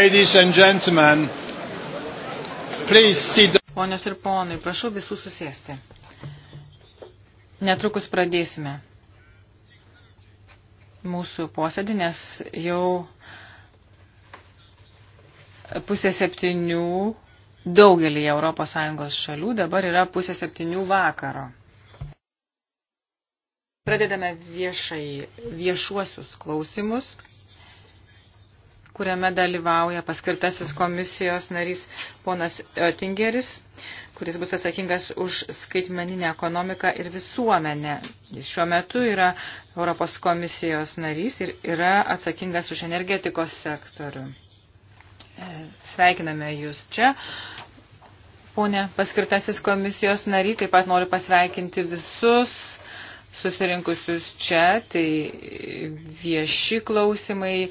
Ladies and gentlemen, please sit. Ponios ir ponai, prašau visų susėsti. Netrukus pradėsime mūsų posėdį, nes jau pusė septynių daugelį ES šalių dabar yra pusė septynių vakaro. Pradedame viešai, viešuosius klausimus kuriame dalyvauja paskirtasis komisijos narys ponas Oettingeris, kuris bus atsakingas už skaitmeninę ekonomiką ir visuomenę. Jis šiuo metu yra Europos komisijos narys ir yra atsakingas už energetikos sektorių. E, sveikiname Jūs čia. Pone paskirtasis komisijos nary, taip pat noriu pasveikinti visus susirinkusius čia, tai vieši klausimai,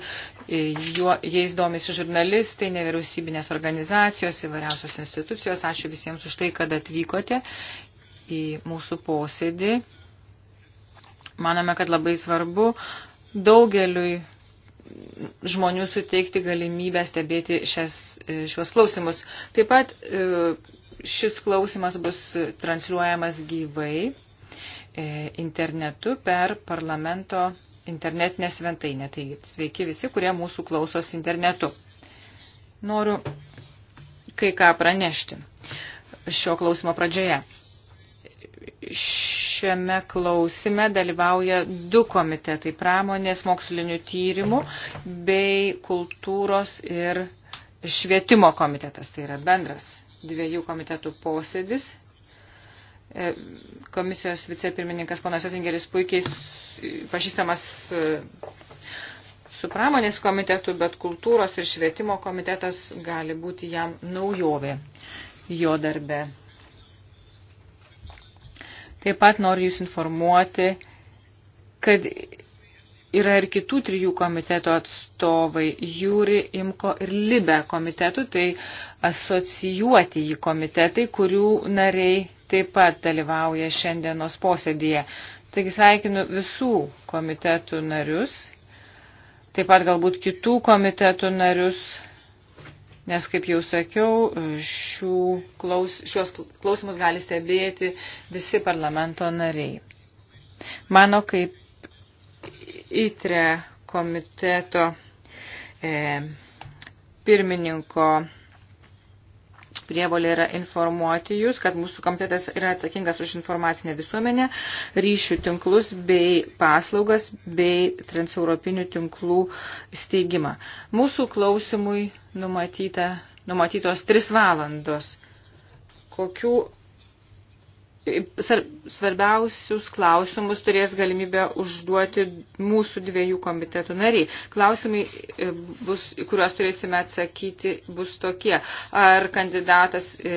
juo, jais domisi žurnalistai, nevyriausybinės organizacijos, įvairiausios institucijos. Ačiū visiems už tai, kad atvykote į mūsų posėdį. Manome, kad labai svarbu daugeliui žmonių suteikti galimybę stebėti šias, šios klausimus. Taip pat e, šis klausimas bus transliuojamas gyvai. E, internetu per parlamento internetinę svetainę. Taigi sveiki visi, kurie mūsų klausos internetu. Noriu kai ką pranešti šio klausimo pradžioje. Šiame klausime dalyvauja du komitetai - pramonės mokslinių tyrimų bei kultūros ir švietimo komitetas. Tai yra bendras dviejų komitetų posėdis E, komisijos vicepirmininkas ponas Jotingeris puikiai pažįstamas e, su pramonės komitetu, bet kultūros ir švietimo komitetas gali būti jam naujovė jo darbe. Taip pat noriu Jūs informuoti, kad yra ir kitų trijų komiteto atstovai – Jūri, Imko ir Libe komitetų, tai asocijuoti į komitetai, kurių nariai taip pat dalyvauja šiandienos posėdėje. Taigi sveikinu visų komitetų narius, taip pat galbūt kitų komitetų narius, nes, kaip jau sakiau, klaus, šios klausimus gali stebėti visi parlamento nariai. Mano kaip įtre komiteto e, pirmininko prievolė yra informuoti jūs, kad mūsų komitetas yra atsakingas už informacinę visuomenę, ryšių tinklus bei paslaugas bei transeuropinių tinklų steigimą. Mūsų klausimui numatyta, numatytos tris valandos. Kokių svarbiausius klausimus turės galimybę užduoti mūsų dviejų komitetų nariai. Klausimai, e, bus, kuriuos turėsime atsakyti, bus tokie. Ar kandidatas e,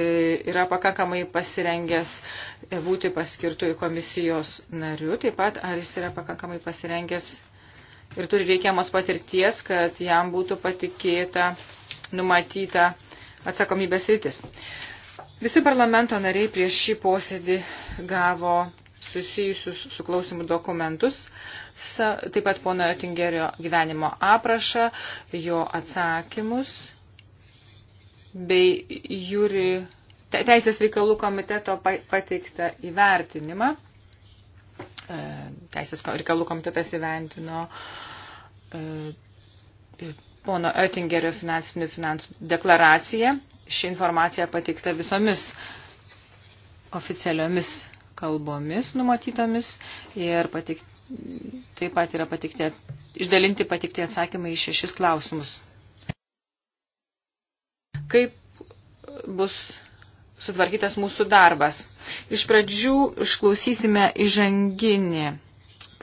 yra pakankamai pasirengęs e, būti paskirtų į komisijos narių, taip pat ar jis yra pakankamai pasirengęs ir turi reikiamos patirties, kad jam būtų patikėta numatyta atsakomybės rytis. Uh, Visi parlamento nariai prieš šį posėdį gavo susijusius su klausimų dokumentus, taip pat pono Oettingerio gyvenimo aprašą, jo atsakymus bei jūri Teisės reikalų komiteto pateiktą įvertinimą. E, Teisės reikalų komitetas įventino e, pono Oettingerio finansinių finansų deklaraciją. Ši informacija pateikta visomis oficialiomis kalbomis numatytomis ir pateik, taip pat yra pateikti, išdalinti pateikti atsakymai į šešis klausimus. Kaip bus sutvarkytas mūsų darbas? Iš pradžių išklausysime įžanginį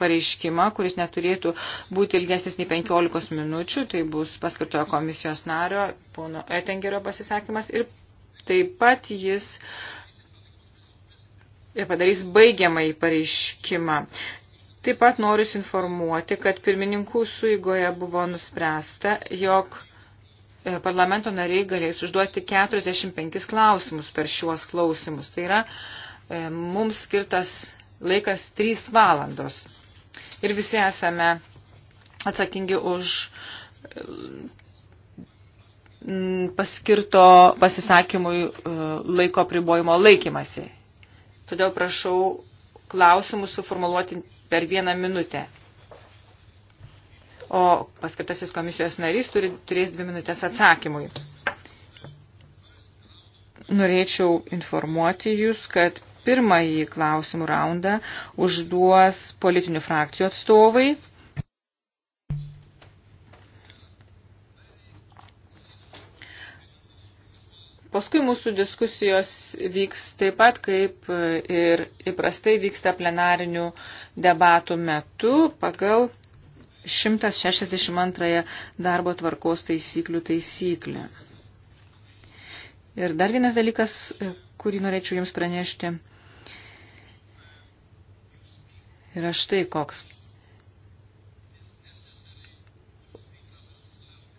pareiškimą, kuris neturėtų būti ilgesnis nei 15 minučių. Tai bus paskirtojo komisijos nario, pono Oettingerio pasisakymas. Ir taip pat jis padarys baigiamąjį pareiškimą. Taip pat noriu informuoti, kad pirmininkų suigoje buvo nuspręsta, jog e, parlamento nariai galės užduoti 45 klausimus per šiuos klausimus. Tai yra e, mums skirtas laikas 3 valandos ir visi esame atsakingi už mm, paskirto pasisakymui e, laiko pribojimo laikymasi. Todėl prašau klausimus suformuluoti per vieną minutę. O paskirtasis komisijos narys turi, turės dvi minutės atsakymui norėčiau informuoti Jūs, kad pirmąjį klausimų raundą užduos politinių frakcijų atstovai. Paskui mūsų diskusijos vyks taip pat, kaip ir įprastai vyksta plenarinių debatų metu pagal 162 darbo tvarkos taisyklių taisyklę. Ir dar vienas dalykas, kurį norėčiau Jums pranešti yra štai koks.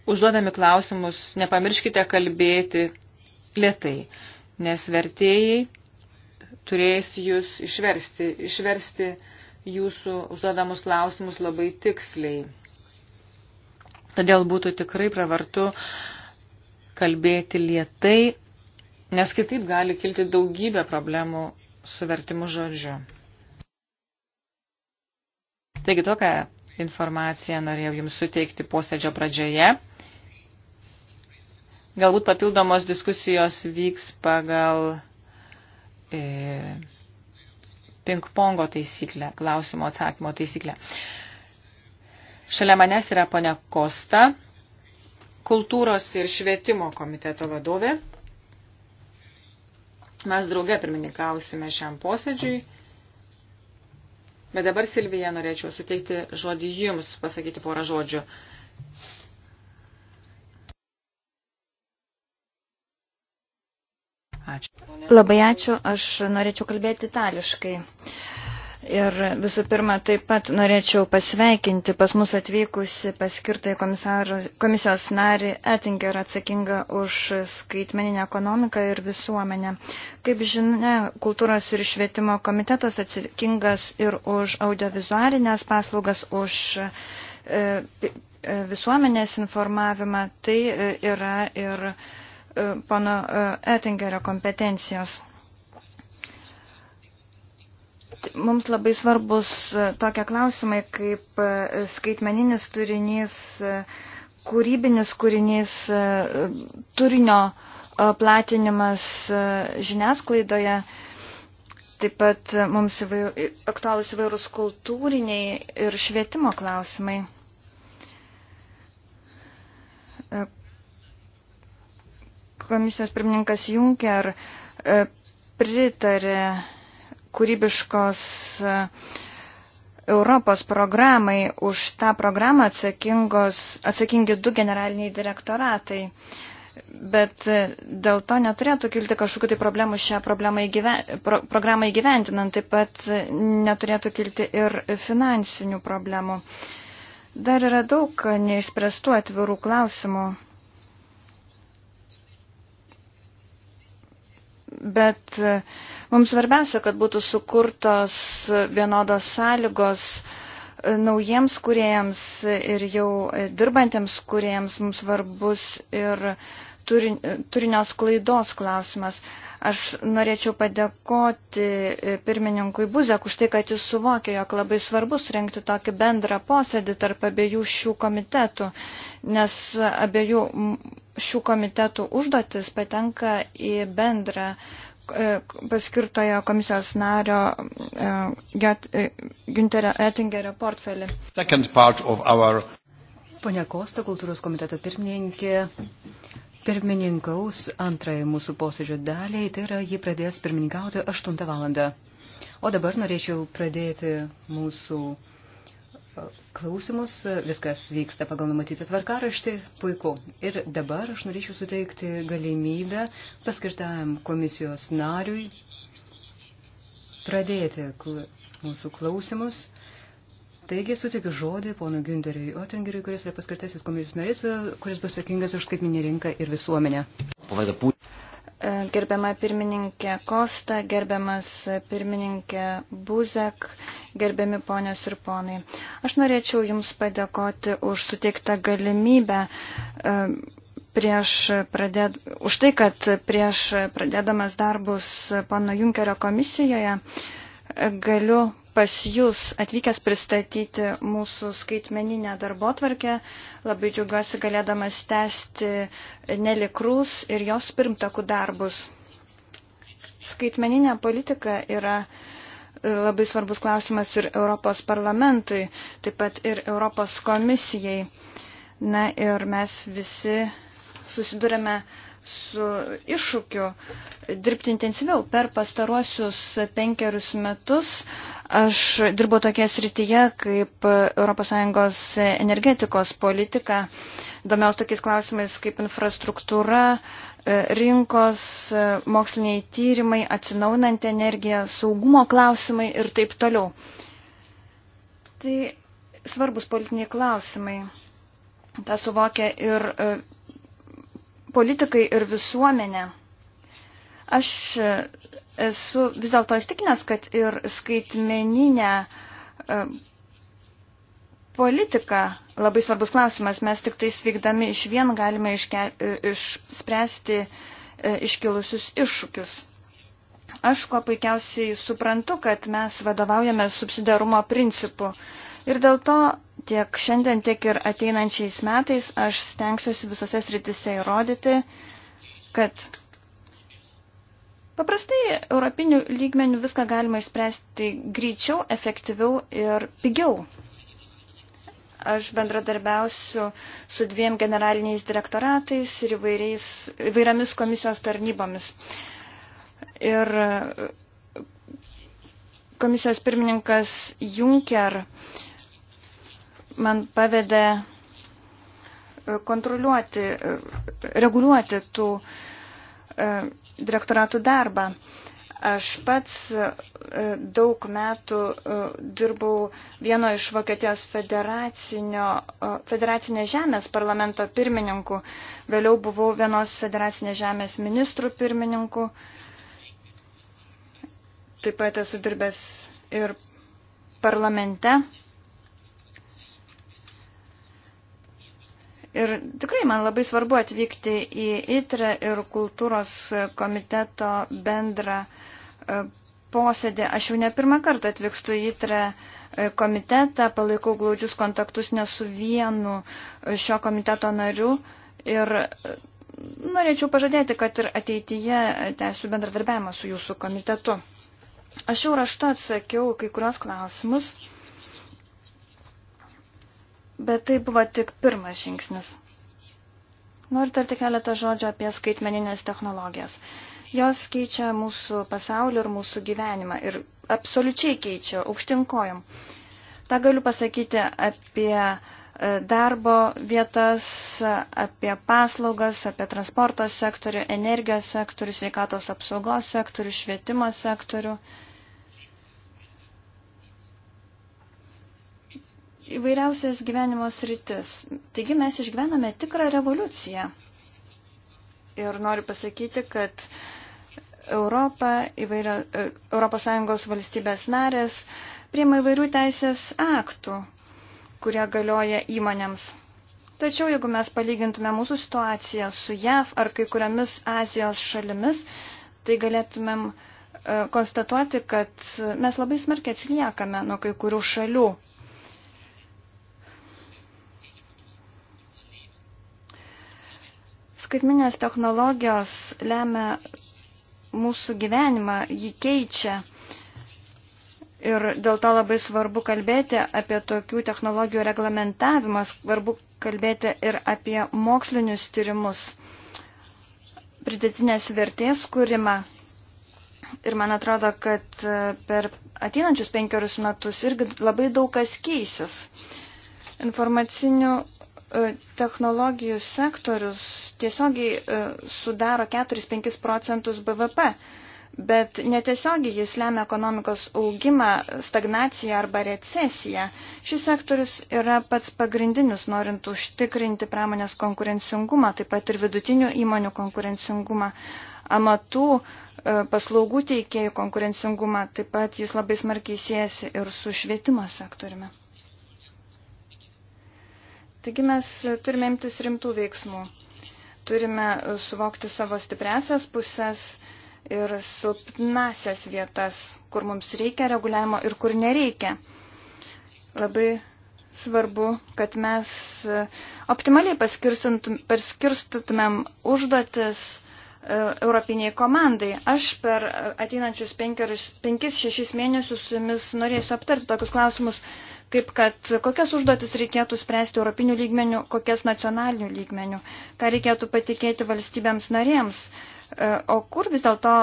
Užduodami klausimus, nepamirškite kalbėti lietai, nes vertėjai turės jūs išversti, išversti jūsų užduodamus klausimus labai tiksliai. Todėl būtų tikrai pravartu kalbėti lietai, nes kitaip gali kilti daugybę problemų su vertimu žodžiu. Taigi tokią informaciją norėjau Jums suteikti posėdžio pradžioje. Galbūt papildomos diskusijos vyks pagal e, ping-pongo taisyklę, klausimo atsakymo taisyklę. Šalia manęs yra ponia Kosta, kultūros ir švietimo komiteto vadovė. Mes drauge pirmininkausime šiam posėdžiui. Bet dabar, Silvija, norėčiau suteikti žodį jums, pasakyti porą žodžių. Ačiū. Labai ačiū, aš norėčiau kalbėti itališkai. Uh, Ir visų pirma, taip pat norėčiau pasveikinti pas mus atvykusi paskirtai komisijos narį Ettinger atsakingą už skaitmeninę ekonomiką ir visuomenę. Kaip žinia, kultūros ir švietimo komitetos atsakingas ir už audiovizualinės paslaugas, už e, e, visuomenės informavimą, tai e, yra ir pono Ettingerio kompetencijos mums labai svarbus e, tokie klausimai kaip e, skaitmeninis turinys, e, kūrybinis kūrinys, turinio platinimas žiniasklaidoje. Taip pat mums įvair, aktualūs įvairūs kultūriniai ir švietimo klausimai. Komisijos pirmininkas Juncker pritarė kūrybiškos e, Europos programai. Už tą programą atsakingi du generaliniai direktoratai. Bet e, dėl to neturėtų kilti kažkokių tai problemų šią įgyven, pro, programą įgyventinant, taip pat e, neturėtų kilti ir finansinių problemų. Dar yra daug neišspręstų atvirų klausimų. Bet Mums svarbiausia, kad būtų sukurtos vienodos sąlygos naujiems kuriejams ir jau dirbantiems kuriejams mums svarbus ir turinio sklaidos klausimas. Aš norėčiau padėkoti pirmininkui Buzek už tai, kad jis suvokė, jog labai svarbu surinkti tokį bendrą posėdį tarp abiejų šių komitetų, nes abiejų šių komitetų užduotis patenka į bendrą E, paskirtojo komisijos nario e, e, Günterio Ettingerio portfelį. Our... Pone Kosta, kultūros komiteto pirmininkė, pirmininkaus antrąją mūsų posėdžio daliai, tai yra ji pradės pirmininkauti 8 valandą. O dabar norėčiau pradėti mūsų klausimus, viskas vyksta pagal numatytą tvarkaraštį, puiku. Ir dabar aš norėčiau suteikti galimybę paskirtajam komisijos nariui pradėti mūsų klausimus. Taigi sutikiu žodį pono Günderiui Otingeriui, kuris yra paskirtasis komisijos narys, kuris bus sakingas už skaitminį rinką ir visuomenę gerbiama pirmininkė Kosta, gerbiamas pirmininkė Buzek, gerbiami ponios ir ponai. Aš norėčiau Jums padėkoti už suteiktą galimybę. E, prieš pradėd... Už tai, kad prieš pradėdamas darbus pano Junkerio komisijoje e, galiu pas Jūs atvykęs pristatyti mūsų skaitmeninę darbo tvarkę. Labai džiaugiuosi galėdamas tęsti nelikrus ir jos pirmtakų darbus. Skaitmeninė politika yra e, labai svarbus klausimas ir Europos parlamentui, taip pat ir Europos komisijai. Na ir mes visi susidurėme su iššūkiu dirbti intensyviau. Per pastaruosius penkerius metus Aš dirbu tokia srityje kaip ES energetikos politika, domiaus tokiais klausimais kaip infrastruktūra, e, rinkos, e, moksliniai tyrimai, atsinaunanti energija, saugumo klausimai ir taip toliau. Tai svarbus politiniai klausimai. Ta suvokia ir e, politikai, ir visuomenė. Aš e, esu vis dėlto įstikinęs, kad ir skaitmeninė e, politika labai svarbus klausimas. Mes tik tais vykdami iš vien galime iške, e, išspręsti iškilusius iššūkius. Aš kuo puikiausiai suprantu, kad mes vadovaujame subsidarumo principu. Ir dėl to tiek šiandien, tiek ir ateinančiais metais aš stengsiuosi visose sritise įrodyti, kad Paprastai europinių lygmenių viską galima išspręsti greičiau, efektyviau ir pigiau. Aš bendradarbiausiu su dviem generaliniais direktoratais ir įvairiamis komisijos tarnybomis. Ir komisijos pirmininkas Juncker man pavedė kontroliuoti, reguliuoti tų direktoratų darbą. Aš pats e, daug metų e, dirbau vieno iš Vokietijos e, federacinės žemės parlamento pirmininku, vėliau buvau vienos federacinės žemės ministrų pirmininku, taip pat esu dirbęs ir parlamente. Ir tikrai man labai svarbu atvykti į ITRE ir kultūros komiteto bendrą e, posėdį. Aš jau ne pirmą kartą atvykstu į ITRE e, komitetą, palaikau glaudžius kontaktus ne su vienu e, šio komiteto nariu ir norėčiau pažadėti, kad ir ateityje tęsiu bendradarbiavimą su jūsų komitetu. Aš jau raštu atsakiau kai kurios klausimus. Bet tai buvo tik pirmas žingsnis. Noriu tarti keletą žodžių apie skaitmeninės technologijas. Jos keičia mūsų pasaulį ir mūsų gyvenimą ir absoliučiai keičia aukštinkojom. Ta galiu pasakyti apie e, darbo vietas, apie paslaugas, apie transporto sektorių, energijos sektorių, sveikatos apsaugos sektorių, švietimo sektorių. sektorių įvairiausias gyvenimo sritis. Taigi mes išgyvename tikrą revoliuciją. Ir noriu pasakyti, kad Europa, įvairia, Europos Sąjungos valstybės narės priima įvairių teisės aktų, kurie galioja įmonėms. Tačiau jeigu mes palygintume mūsų situaciją su JAV ar kai kuriamis Azijos šalimis, tai galėtumėm e, konstatuoti, kad mes labai smarkiai atsiliekame nuo kai kurių šalių Skaitminės technologijos lemia mūsų gyvenimą, jį keičia. Ir dėl to labai svarbu kalbėti apie tokių technologijų reglamentavimą, svarbu kalbėti ir apie mokslinius tyrimus, pridėtinės vertės kūrimą. Ir man atrodo, kad e, per ateinančius penkerius metus irgi labai daug kas keisis. Informacinių E, technologijų sektorius tiesiogiai e, sudaro 4-5 procentus BVP, bet netiesiogiai jis lemia ekonomikos augimą, stagnaciją arba recesiją. Šis sektorius yra pats pagrindinis, norint užtikrinti pramonės konkurencingumą, taip pat ir vidutinių įmonių konkurencingumą, amatų, e, paslaugų teikėjų konkurencingumą, taip pat jis labai smarkiai siejasi ir su švietimo sektoriumi. Taigi mes turime imtis rimtų veiksmų. Turime suvokti savo stipresias pusės ir silpnasias vietas, kur mums reikia reguliavimo ir kur nereikia. Labai svarbu, kad mes optimaliai paskirstytumėm užduotis e, Europiniai komandai. Aš per ateinančius 5-6 mėnesius su jumis norėsiu aptarti tokius klausimus kaip kad kokias užduotis reikėtų spręsti europinių lygmenių, kokias nacionalinių lygmenių, ką reikėtų patikėti valstybėms narėms, e, o kur vis dėlto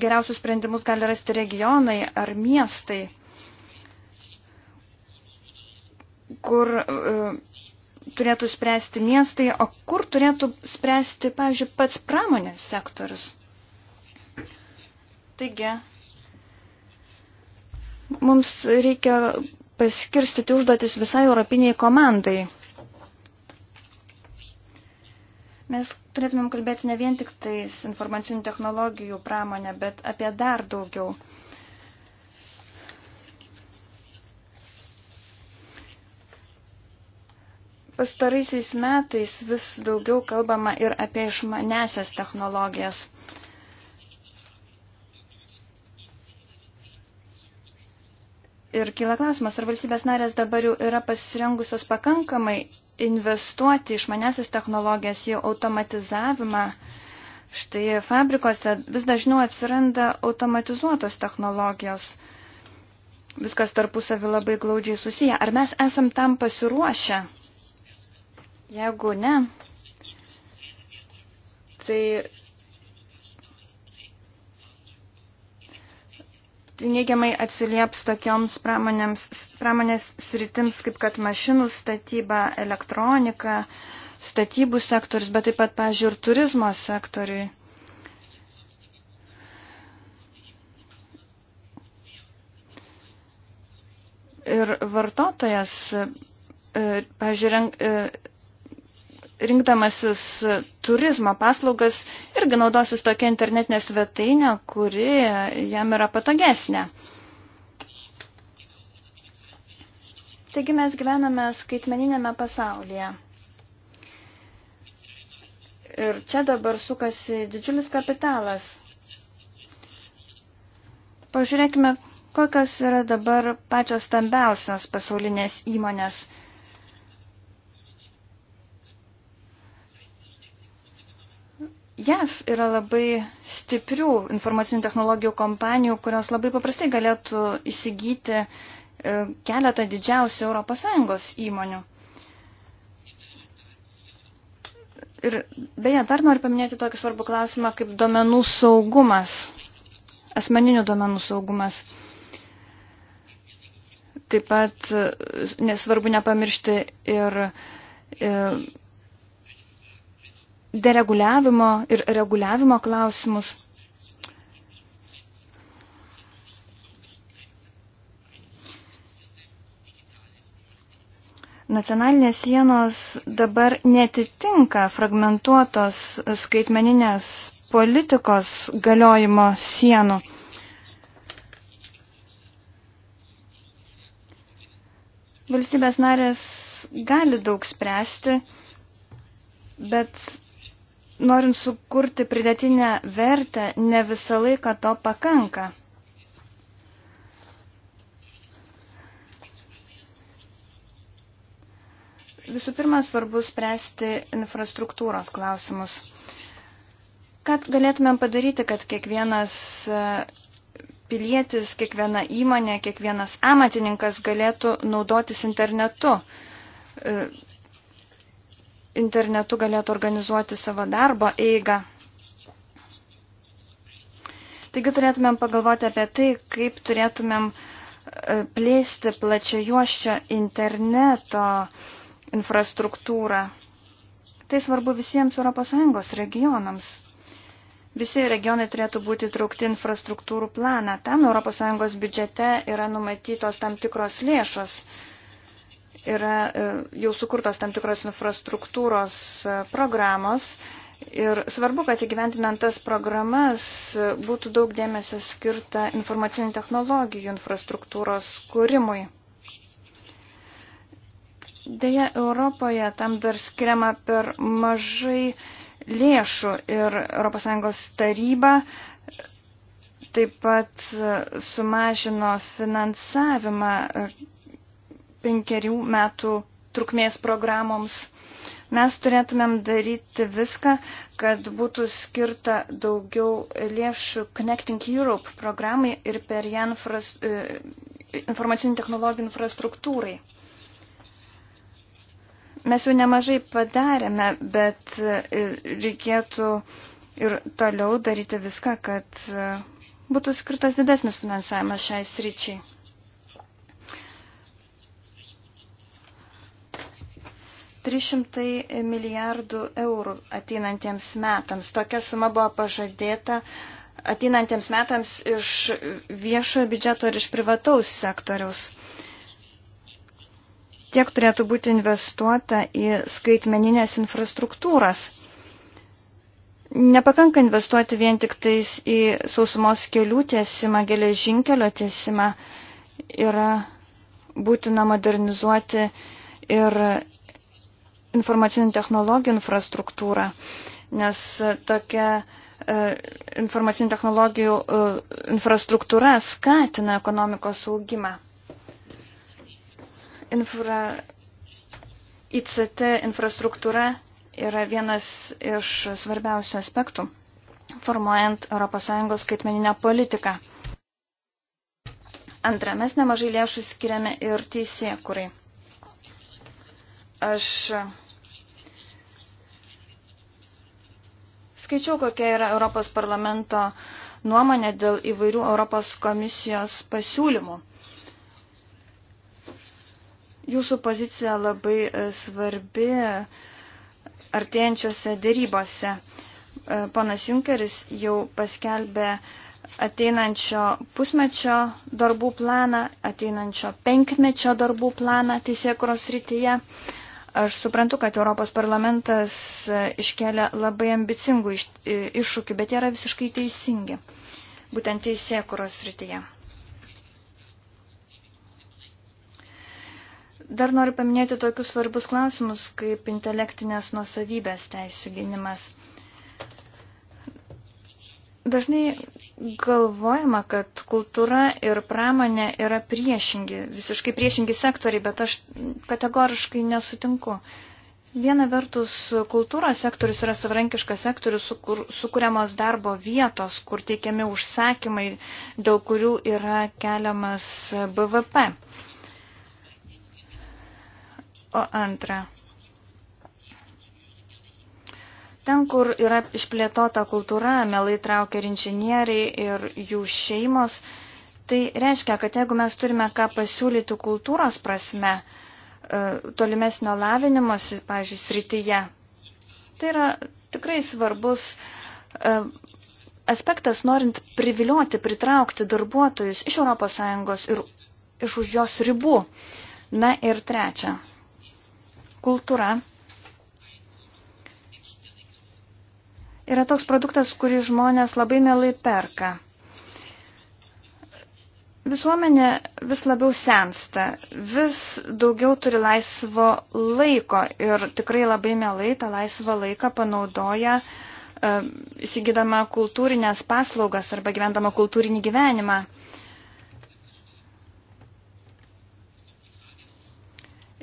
geriausius sprendimus gali rasti regionai ar miestai, kur e, turėtų spręsti miestai, o kur turėtų spręsti, pavyzdžiui, pats pramonės sektorius. Taigi, mums reikia paskirstyti užduotis visai europiniai komandai. Mes turėtumėm kalbėti ne vien tik tais informacinių technologijų pramonę, bet apie dar daugiau. Pastaraisiais metais vis daugiau kalbama ir apie išmanesias technologijas. Ir kyla klausimas, ar valstybės narės dabar jau yra pasirengusios pakankamai investuoti išmanesis technologijas į automatizavimą. Štai fabrikose vis dažniau atsiranda automatizuotos technologijos. Viskas tarpusavį labai glaudžiai susiję. Ar mes esam tam pasiruošę? Jeigu ne, tai neigiamai atsilieps tokioms pramonės sritims, kaip kad mašinų statyba, elektronika, statybų sektorius, bet taip pat, pažiūrėjau, ir turizmo sektoriui. Ir vartotojas, e, pažiūrėjau, rinkdamasis turizmo paslaugas, irgi naudosis tokia internetinė svetainė, kuri jam yra patogesnė. Taigi mes gyvename skaitmeninėme pasaulyje. Ir čia dabar sukasi didžiulis kapitalas. Pažiūrėkime, kokios yra dabar pačios stambiausios pasaulinės įmonės – JAV yra labai stiprių informacinių technologijų kompanijų, kurios labai paprastai galėtų įsigyti e, keletą didžiausių ES įmonių. Ir beje, dar noriu paminėti tokį svarbų klausimą kaip domenų saugumas, asmeninių domenų saugumas. Taip pat e, nesvarbu nepamiršti ir, ir e, dereguliavimo ir reguliavimo klausimus. Nacionalinės sienos dabar netitinka fragmentuotos skaitmeninės politikos galiojimo sienų. Valstybės narės gali daug spręsti, bet norint sukurti pridėtinę vertę, ne visą laiką to pakanka. Visų pirma, svarbu spręsti infrastruktūros klausimus. Ką galėtumėm padaryti, kad kiekvienas e, pilietis, kiekviena įmonė, kiekvienas amatininkas galėtų naudotis internetu? E, internetu galėtų organizuoti savo darbo eigą. Taigi turėtumėm pagalvoti apie tai, kaip turėtumėm e, plėsti plačiajuoščio interneto infrastruktūrą. Tai svarbu visiems ES regionams. Visi regionai turėtų būti traukti infrastruktūrų planą. Tam ES biudžete yra numatytos tam tikros lėšos yra e, jau sukurtos tam tikros infrastruktūros e, programos. Ir svarbu, kad įgyventinant tas programas e, būtų daug dėmesio skirta informacinių technologijų infrastruktūros kūrimui. Deja, Europoje tam dar skiriama per mažai lėšų ir ES taryba taip pat sumažino finansavimą penkerių metų trukmės programoms. Mes turėtumėm daryti viską, kad būtų skirta daugiau lėšų Connecting Europe programai ir per ją infras, e, informacinių technologijų infrastruktūrai. Mes jau nemažai padarėme, bet e, reikėtų ir toliau daryti viską, kad e, būtų skirtas didesnis finansavimas šiai sryčiai. 300 milijardų eurų ateinantiems metams. Tokia suma buvo pažadėta ateinantiems metams iš viešojo biudžeto ir iš privataus sektoriaus. Tiek turėtų būti investuota į skaitmeninės infrastruktūras. Nepakanka investuoti vien tik tais į sausumos kelių tiesimą, geležinkelio tiesimą. Yra būtina modernizuoti ir informacinių technologijų infrastruktūrą, nes tokia e, informacinių technologijų e, infrastruktūra skatina ekonomikos augimą. Infra, ICT infrastruktūra yra vienas iš svarbiausių aspektų, formuojant ES skaitmeninę politiką. Antra, mes nemažai lėšų skiriame ir teisėkurai. kurai. Aš skaičiau, kokia yra Europos parlamento nuomonė dėl įvairių Europos komisijos pasiūlymų. Jūsų pozicija labai e, svarbi artėjančiose dėrybose. E, Panas Junkeris jau paskelbė ateinančio pusmečio darbų planą, ateinančio penkmečio darbų planą teisėkros rytyje. Uh, Aš suprantu, kad Europos parlamentas iškelia labai ambicingų iššūkių, bet jie yra visiškai teisingi, būtent teisėkuros srityje. Dar noriu paminėti tokius svarbus klausimus, kaip intelektinės nuosavybės teisų gynimas. Dažnai galvojama, kad kultūra ir pramonė yra priešingi, visiškai priešingi sektoriai, bet aš kategoriškai nesutinku. Viena vertus, kultūros sektorius yra savarankiškas sektorius, sukur, sukūriamos darbo vietos, kur teikiami užsakymai, dėl kurių yra keliamas BVP. O antra, Ten, kur yra išplėtota kultūra, melai traukia ir inžinieriai, ir jų šeimos. Tai reiškia, kad jeigu mes turime ką pasiūlyti kultūros prasme, e, tolimesnio lavinimosi, pavyzdžiui, srityje, tai yra tikrai svarbus e, aspektas, norint privilioti, pritraukti darbuotojus iš ES ir iš už jos ribų. Na ir trečia. Kultūra yra toks produktas, kurį žmonės labai mielai perka. Visuomenė vis labiau sensta, vis daugiau turi laisvo laiko ir tikrai labai mielai tą laisvą laiką panaudoja e, įsigydama kultūrinės paslaugas arba gyvendama kultūrinį gyvenimą.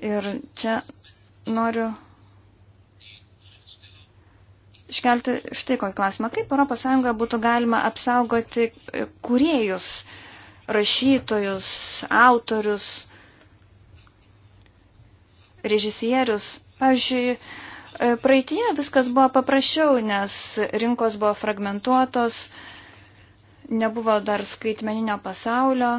Ir čia noriu iškelti štai kokį klausimą. Kaip ES būtų galima apsaugoti e, kuriejus, rašytojus, autorius, režisierius? Pavyzdžiui, e, praeitie viskas buvo paprasčiau, nes rinkos buvo fragmentuotos, nebuvo dar skaitmeninio pasaulio,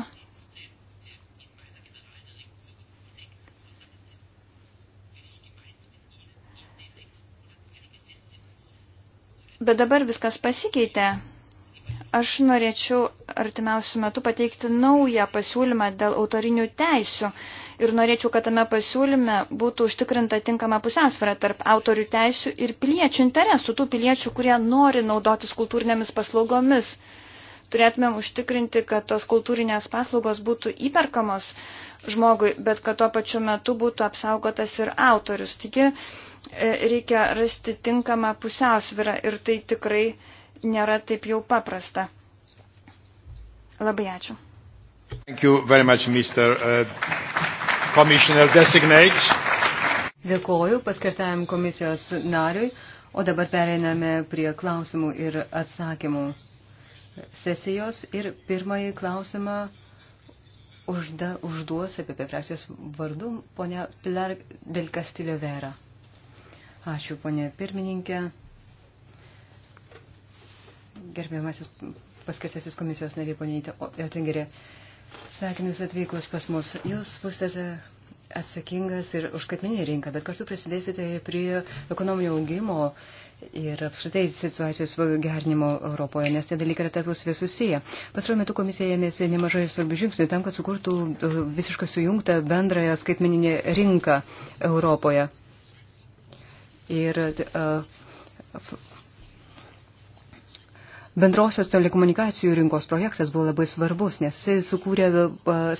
Bet dabar viskas pasikeitė. Aš norėčiau artimiausių metų pateikti naują pasiūlymą dėl autorinių teisių ir norėčiau, kad tame pasiūlyme būtų užtikrinta tinkama pusiausvara tarp autorių teisių ir piliečių interesų, tų piliečių, kurie nori naudotis kultūrinėmis paslaugomis. Turėtumėm užtikrinti, kad tos kultūrinės paslaugos būtų įperkamos žmogui, bet kad tuo pačiu metu būtų apsaugotas ir autorius. Taigi, E, reikia rasti tinkamą pusiausvyrą ir tai tikrai nėra taip jau paprasta. Labai ačiū. Thank you very much, Mr. Uh, Commissioner Designate. Dėkoju paskirtajam komisijos nariui, o dabar pereiname prie klausimų ir atsakymų sesijos ir pirmąjį klausimą užda, užduos apie frakcijos vardu ponia Pilar del Castillo Vera. Ačiū, ponė pirmininkė. Gerbiamasis paskirtasis komisijos nariai, ponė Jotingerė. Sveikinu Jūs atvykus pas mus. Jūs būsite atsakingas ir už skaitmeninį rinką, bet kartu prisidėsite ir prie ekonominio augimo ir apskritai situacijos gerinimo Europoje, nes tie dalykai yra tarpusavė susiję. Pastaruoju metu komisija ėmėsi nemažai svarbių žingsnių tam, kad sukurtų uh, visiškai sujungtą bendrąją skaitmeninę rinką Europoje ir bendrosios telekomunikacijų rinkos projektas buvo labai svarbus, nes jis sukūrė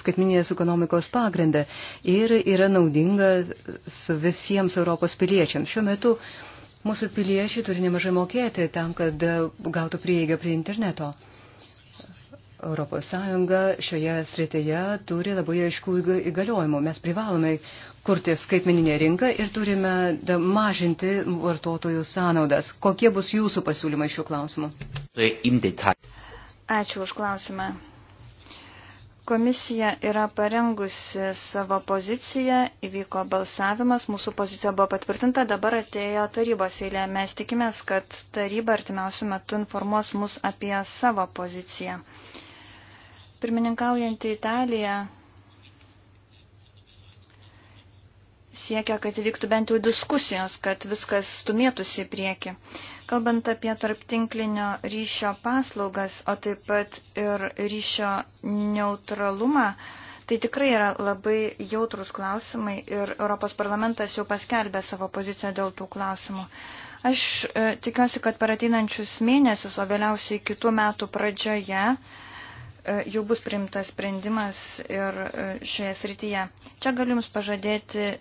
skaitminės ekonomikos pagrindą ir yra naudingas visiems Europos piliečiams. Šiuo metu mūsų piliečiai turi nemažai mokėti tam, kad gautų prieigą prie interneto. Europos Sąjunga šioje srityje turi labai aiškų įgaliojimų. Mes privalome kurti skaitmeninę rinką ir turime mažinti vartotojų sąnaudas. Kokie bus jūsų pasiūlymai šiuo klausimu? Ačiū už klausimą. Komisija yra parengusi savo poziciją, įvyko balsavimas, mūsų pozicija buvo patvirtinta, dabar atėjo tarybos eilė. Mes tikimės, kad taryba artimiausių metų informuos mus apie savo poziciją. Pirmininkaujantį Italiją siekia, kad įvyktų bent jau diskusijos, kad viskas stumėtųsi į priekį. Kalbant apie tarptinklinio ryšio paslaugas, o taip pat ir ryšio neutralumą, tai tikrai yra labai jautrus klausimai ir Europos parlamentas jau paskelbė savo poziciją dėl tų klausimų. Aš e, tikiuosi, kad per ateinančius mėnesius, o vėliausiai kitų metų pradžioje, E, jau bus priimtas sprendimas ir e, šioje srityje. Čia galiu Jums pažadėti e,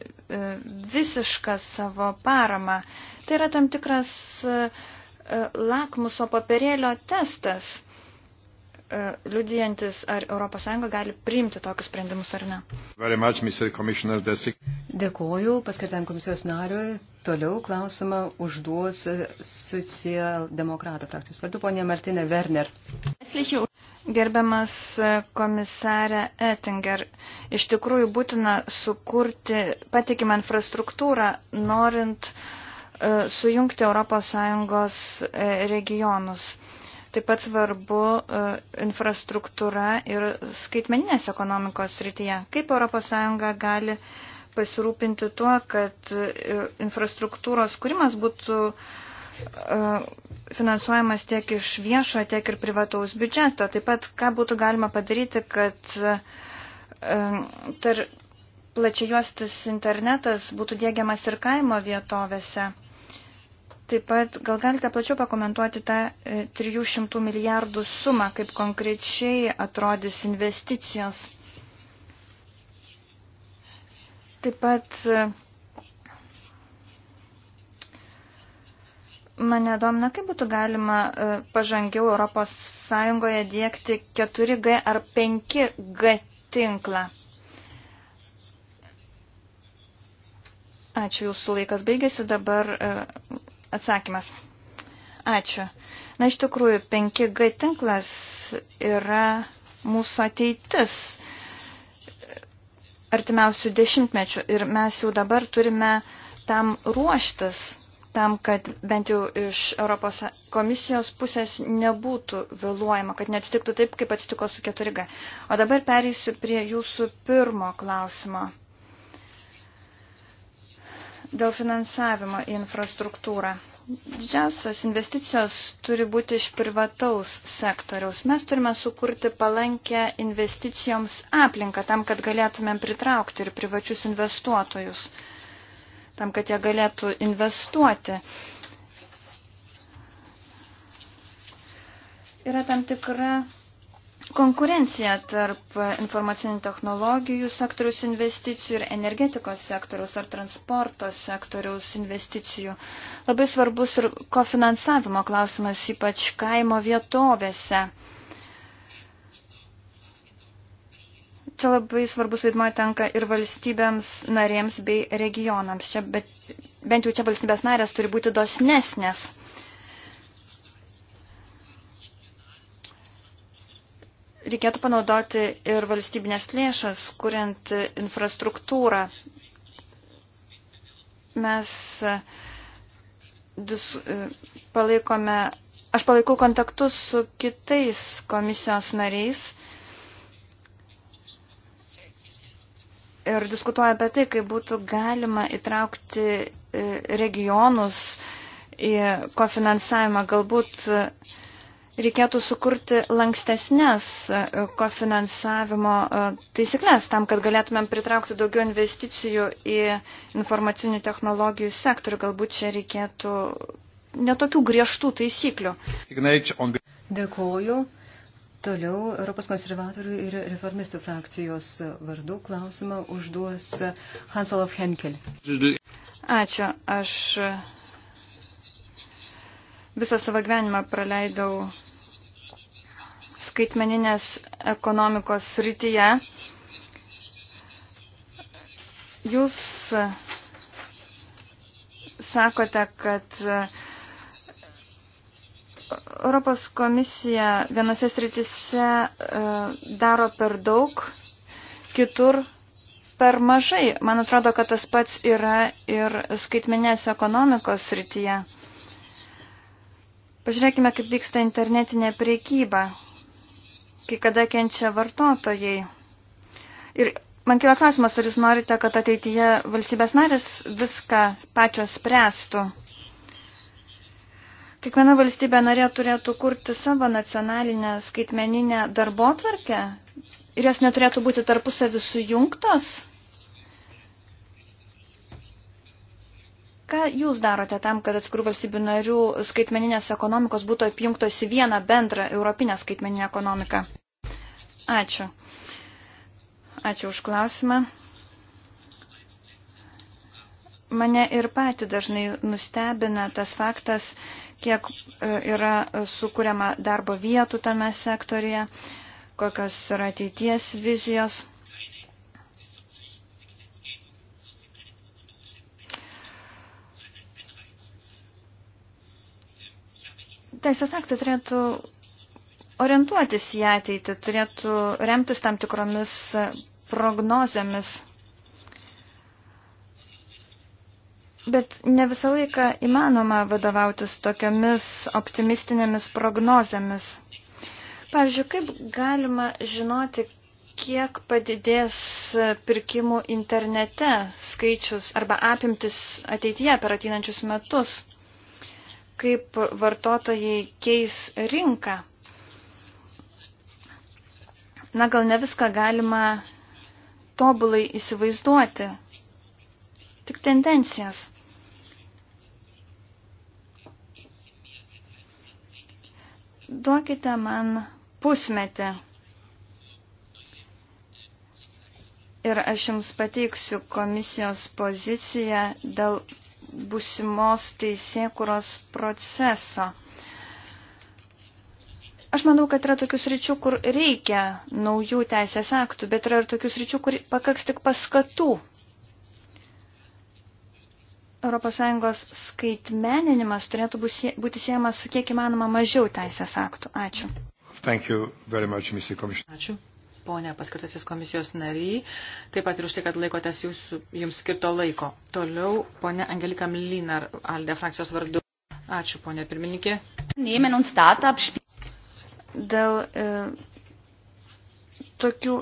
visišką savo paramą. Tai yra tam tikras lakmuso papirėlio testas. E, liudijantis, ar ES gali priimti tokius sprendimus ar ne. Much, Dėkuoju paskirtam komisijos nariui. Toliau klausimą užduos socialdemokratų frakcijos vardu ponė Martina Werner. Gerbiamas e, komisarė Ettinger, iš tikrųjų būtina sukurti patikimą infrastruktūrą, norint e, sujungti ES regionus. Taip pat svarbu e, infrastruktūra ir skaitmeninės ekonomikos srityje. Kaip ES gali pasirūpinti tuo, kad e, infrastruktūros kūrimas būtų e, finansuojamas tiek iš viešo, tiek ir privataus biudžeto. Taip pat, ką būtų galima padaryti, kad tar plačiajuostis internetas būtų dėgiamas ir kaimo vietovėse. Taip pat gal galite plačiau pakomentuoti tą 300 e, milijardų sumą, kaip konkrečiai atrodys investicijos. Taip pat e, mane domina, kaip būtų galima e, pažangiau Europos Sąjungoje dėkti 4G ar 5G tinklą. Ačiū, jūsų laikas baigėsi, dabar Atsakymas. Ačiū. Na, iš tikrųjų, 5G tinklas yra mūsų ateitis artimiausių dešimtmečių ir mes jau dabar turime tam ruoštis, tam, kad bent jau iš Europos komisijos pusės nebūtų vėluojama, kad neatsitiktų taip, kaip atsitiko su 4G. O dabar pereisiu prie jūsų pirmo klausimo dėl finansavimo į infrastruktūrą. Didžiausios investicijos turi būti iš privataus sektoriaus. Mes turime sukurti palankę investicijoms aplinką tam, kad galėtumėm pritraukti ir privačius investuotojus, tam, kad jie galėtų investuoti. Yra tam tikra Konkurencija tarp informacinių technologijų sektoriaus investicijų ir energetikos sektoriaus ar transporto sektoriaus investicijų. Labai svarbus ir kofinansavimo klausimas, ypač kaimo vietovėse. Čia labai svarbus vaidmuo tenka ir valstybėms narėms bei regionams. Čia, bet, bent jau čia valstybės narės turi būti dosnesnės. reikėtų panaudoti ir valstybinės lėšas, kuriant infrastruktūrą. Mes e, dis, e, palaikome, aš palaikau kontaktus su kitais komisijos nariais ir diskutuoju apie tai, kaip būtų galima įtraukti e, regionus į kofinansavimą. Galbūt reikėtų sukurti lankstesnės e, kofinansavimo e, taisyklės tam, kad galėtumėm pritraukti daugiau investicijų į informacinių technologijų sektorių. Galbūt čia reikėtų netokių griežtų taisyklių. Dėkuoju. Toliau Europos konservatorių ir reformistų frakcijos vardų klausimą užduos Hans Olaf Henkel. Ačiū. Aš visą savo gyvenimą praleidau skaitmeninės ekonomikos srityje. Jūs sakote, kad Europos komisija vienose srityse e, daro per daug, kitur per mažai. Man atrodo, kad tas pats yra ir skaitmenės ekonomikos srityje. Pažiūrėkime, kaip vyksta internetinė priekyba kai kada kenčia vartotojai. Ir man kila klausimas, ar jūs norite, kad ateityje valstybės narės viską pačios spręstų. Kiekviena valstybė narė turėtų kurti savo nacionalinę skaitmeninę darbotvarkę ir jos neturėtų būti tarpusavį sujungtos. Ką jūs darote tam, kad atskirų valstybių narių skaitmeninės ekonomikos būtų apjungtos į vieną bendrą europinę skaitmeninę ekonomiką? Ačiū. Ačiū už klausimą. Mane ir pati dažnai nustebina tas faktas, kiek e, yra sukūriama darbo vietų tame sektorija, kokios yra ateities vizijos. Teisės aktai turėtų orientuotis į ateitį, turėtų remtis tam tikromis prognozėmis. Bet ne visą laiką įmanoma vadovautis tokiomis optimistinėmis prognozėmis. Pavyzdžiui, kaip galima žinoti, kiek padidės pirkimų internete skaičius arba apimtis ateityje per ateinančius metus, kaip vartotojai keis rinką. Na, gal ne viską galima tobulai įsivaizduoti, tik tendencijas. Duokite man pusmetį ir aš jums pateiksiu komisijos poziciją dėl busimos teisėkuros proceso. Aš manau, kad yra tokius ryčių, kur reikia naujų teisės aktų, bet yra ir tokius ryčių, kur pakaks tik paskatų. ES skaitmeninimas turėtų būti siejamas su kiek įmanoma mažiau teisės aktų. Ačiū. Thank you very much, Mr. Commissioner. Ačiū ponė paskirtasis komisijos nariai, taip pat ir už tai, kad laikotės jūsų, jums skirto laiko. Toliau ponė Angelika Mlinar, Alde frakcijos vardu. Ačiū, ponė pirmininkė dėl e, tokių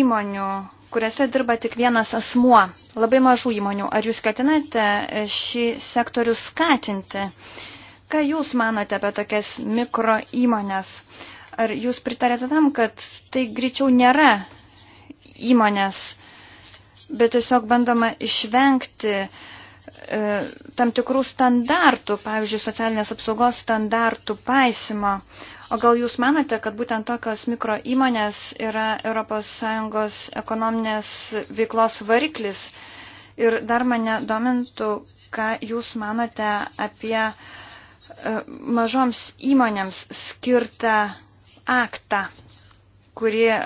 įmonių, kuriuose dirba tik vienas asmuo, labai mažų įmonių. Ar jūs ketinate e, šį sektorių skatinti? Ką jūs manote apie tokias mikro įmonės? Ar jūs pritarėte tam, kad tai greičiau nėra įmonės, bet tiesiog bandoma išvengti uh, E, tam tikrų standartų, pavyzdžiui, socialinės apsaugos standartų paisimo. O gal jūs manote, kad būtent tokios mikro įmonės yra ES ekonominės veiklos variklis? Ir dar mane domintų, ką jūs manote apie e, mažoms įmonėms skirtą aktą, kurį e,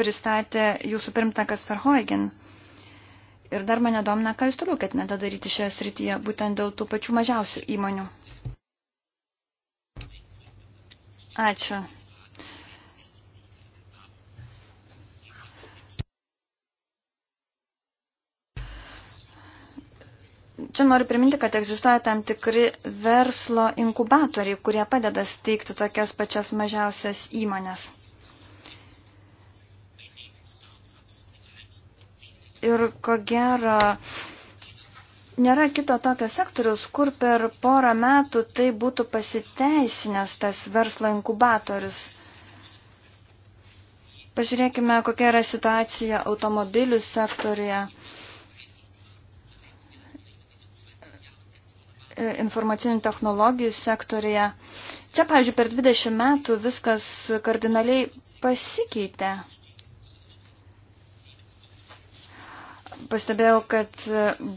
pristatė jūsų pirmtakas Verhoigin. Ir dar mane domina, ką jūs toliau ketinate daryti šioje srityje, būtent dėl tų pačių mažiausių įmonių. Ačiū. Čia noriu priminti, kad egzistuoja tam tikri verslo inkubatoriai, kurie padeda steigti tokias pačias mažiausias įmonės. Ir ko gero, nėra kito tokio sektoriaus, kur per porą metų tai būtų pasiteisinęs tas verslo inkubatorius. Pažiūrėkime, kokia yra situacija automobilių sektorija. informacinių technologijų sektorija. Čia, pavyzdžiui, per 20 metų viskas kardinaliai pasikeitė. Pastebėjau, kad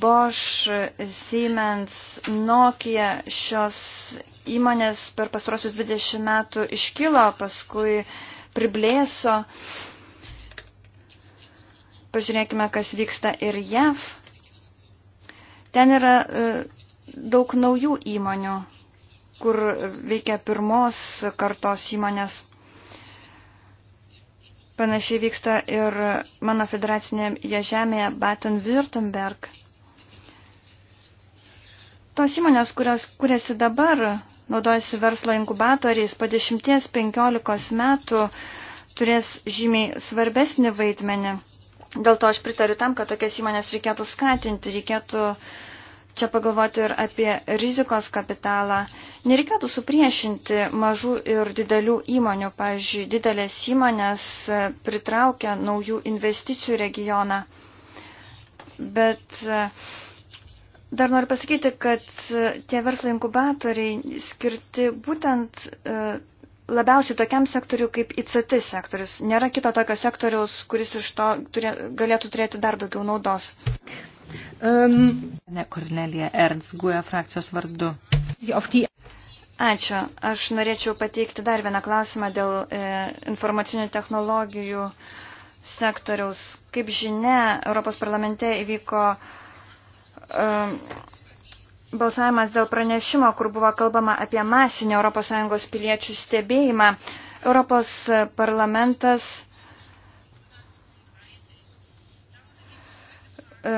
Bosch, Siemens, Nokia šios įmonės per pastarosius 20 metų iškilo, paskui priblėso. Pažiūrėkime, kas vyksta ir JAV. Ten yra e, daug naujų įmonių, kur veikia pirmos kartos įmonės. Panašiai vyksta ir mano federacinėje žemėje Baden-Württemberg. Tos įmonės, kurios kuriasi dabar, naudojasi verslo inkubatoriais, po 10-15 metų turės žymiai svarbesnį vaidmenį. Dėl to aš pritariu tam, kad tokias įmonės reikėtų skatinti, reikėtų uh, čia pagalvoti ir apie rizikos kapitalą. Nereikėtų supriešinti mažų ir didelių įmonių. Pavyzdžiui, didelės įmonės pritraukia naujų investicijų regioną. Bet e, dar noriu pasakyti, kad e, tie verslo inkubatoriai skirti būtent e, labiausiai tokiam sektoriu kaip ICT sektorius. Nėra kito tokio sektoriaus, kuris iš to turė, galėtų turėti dar daugiau naudos. Okay. Um, ehm, ne Kornelija Ernst, guoja e frakcijos vardu. Ačiū. Aš norėčiau pateikti dar vieną klausimą dėl e, informacinių technologijų sektoriaus. Kaip žinia, Europos parlamente įvyko e, balsavimas dėl pranešimo, kur buvo kalbama apie masinį ES piliečių stebėjimą. Europos parlamentas E,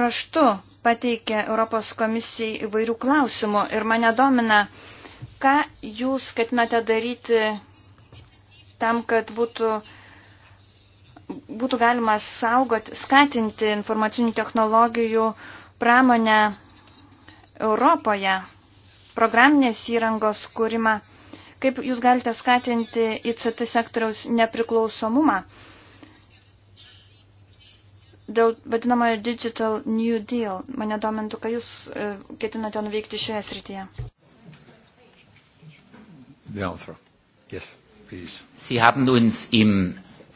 raštu pateikė Europos komisijai įvairių klausimų ir mane domina, ką jūs ketinate daryti tam, kad būtų, būtų galima saugot, skatinti informacinių technologijų pramonę Europoje, programinės įrangos kūrimą. Kaip jūs galite skatinti ICT sektoriaus nepriklausomumą? Dėl vadinamojo Digital New Deal, mane domintų, ką jūs e, ketinate nuveikti šioje srityje. The answer. Yes, please. Sie haben uns im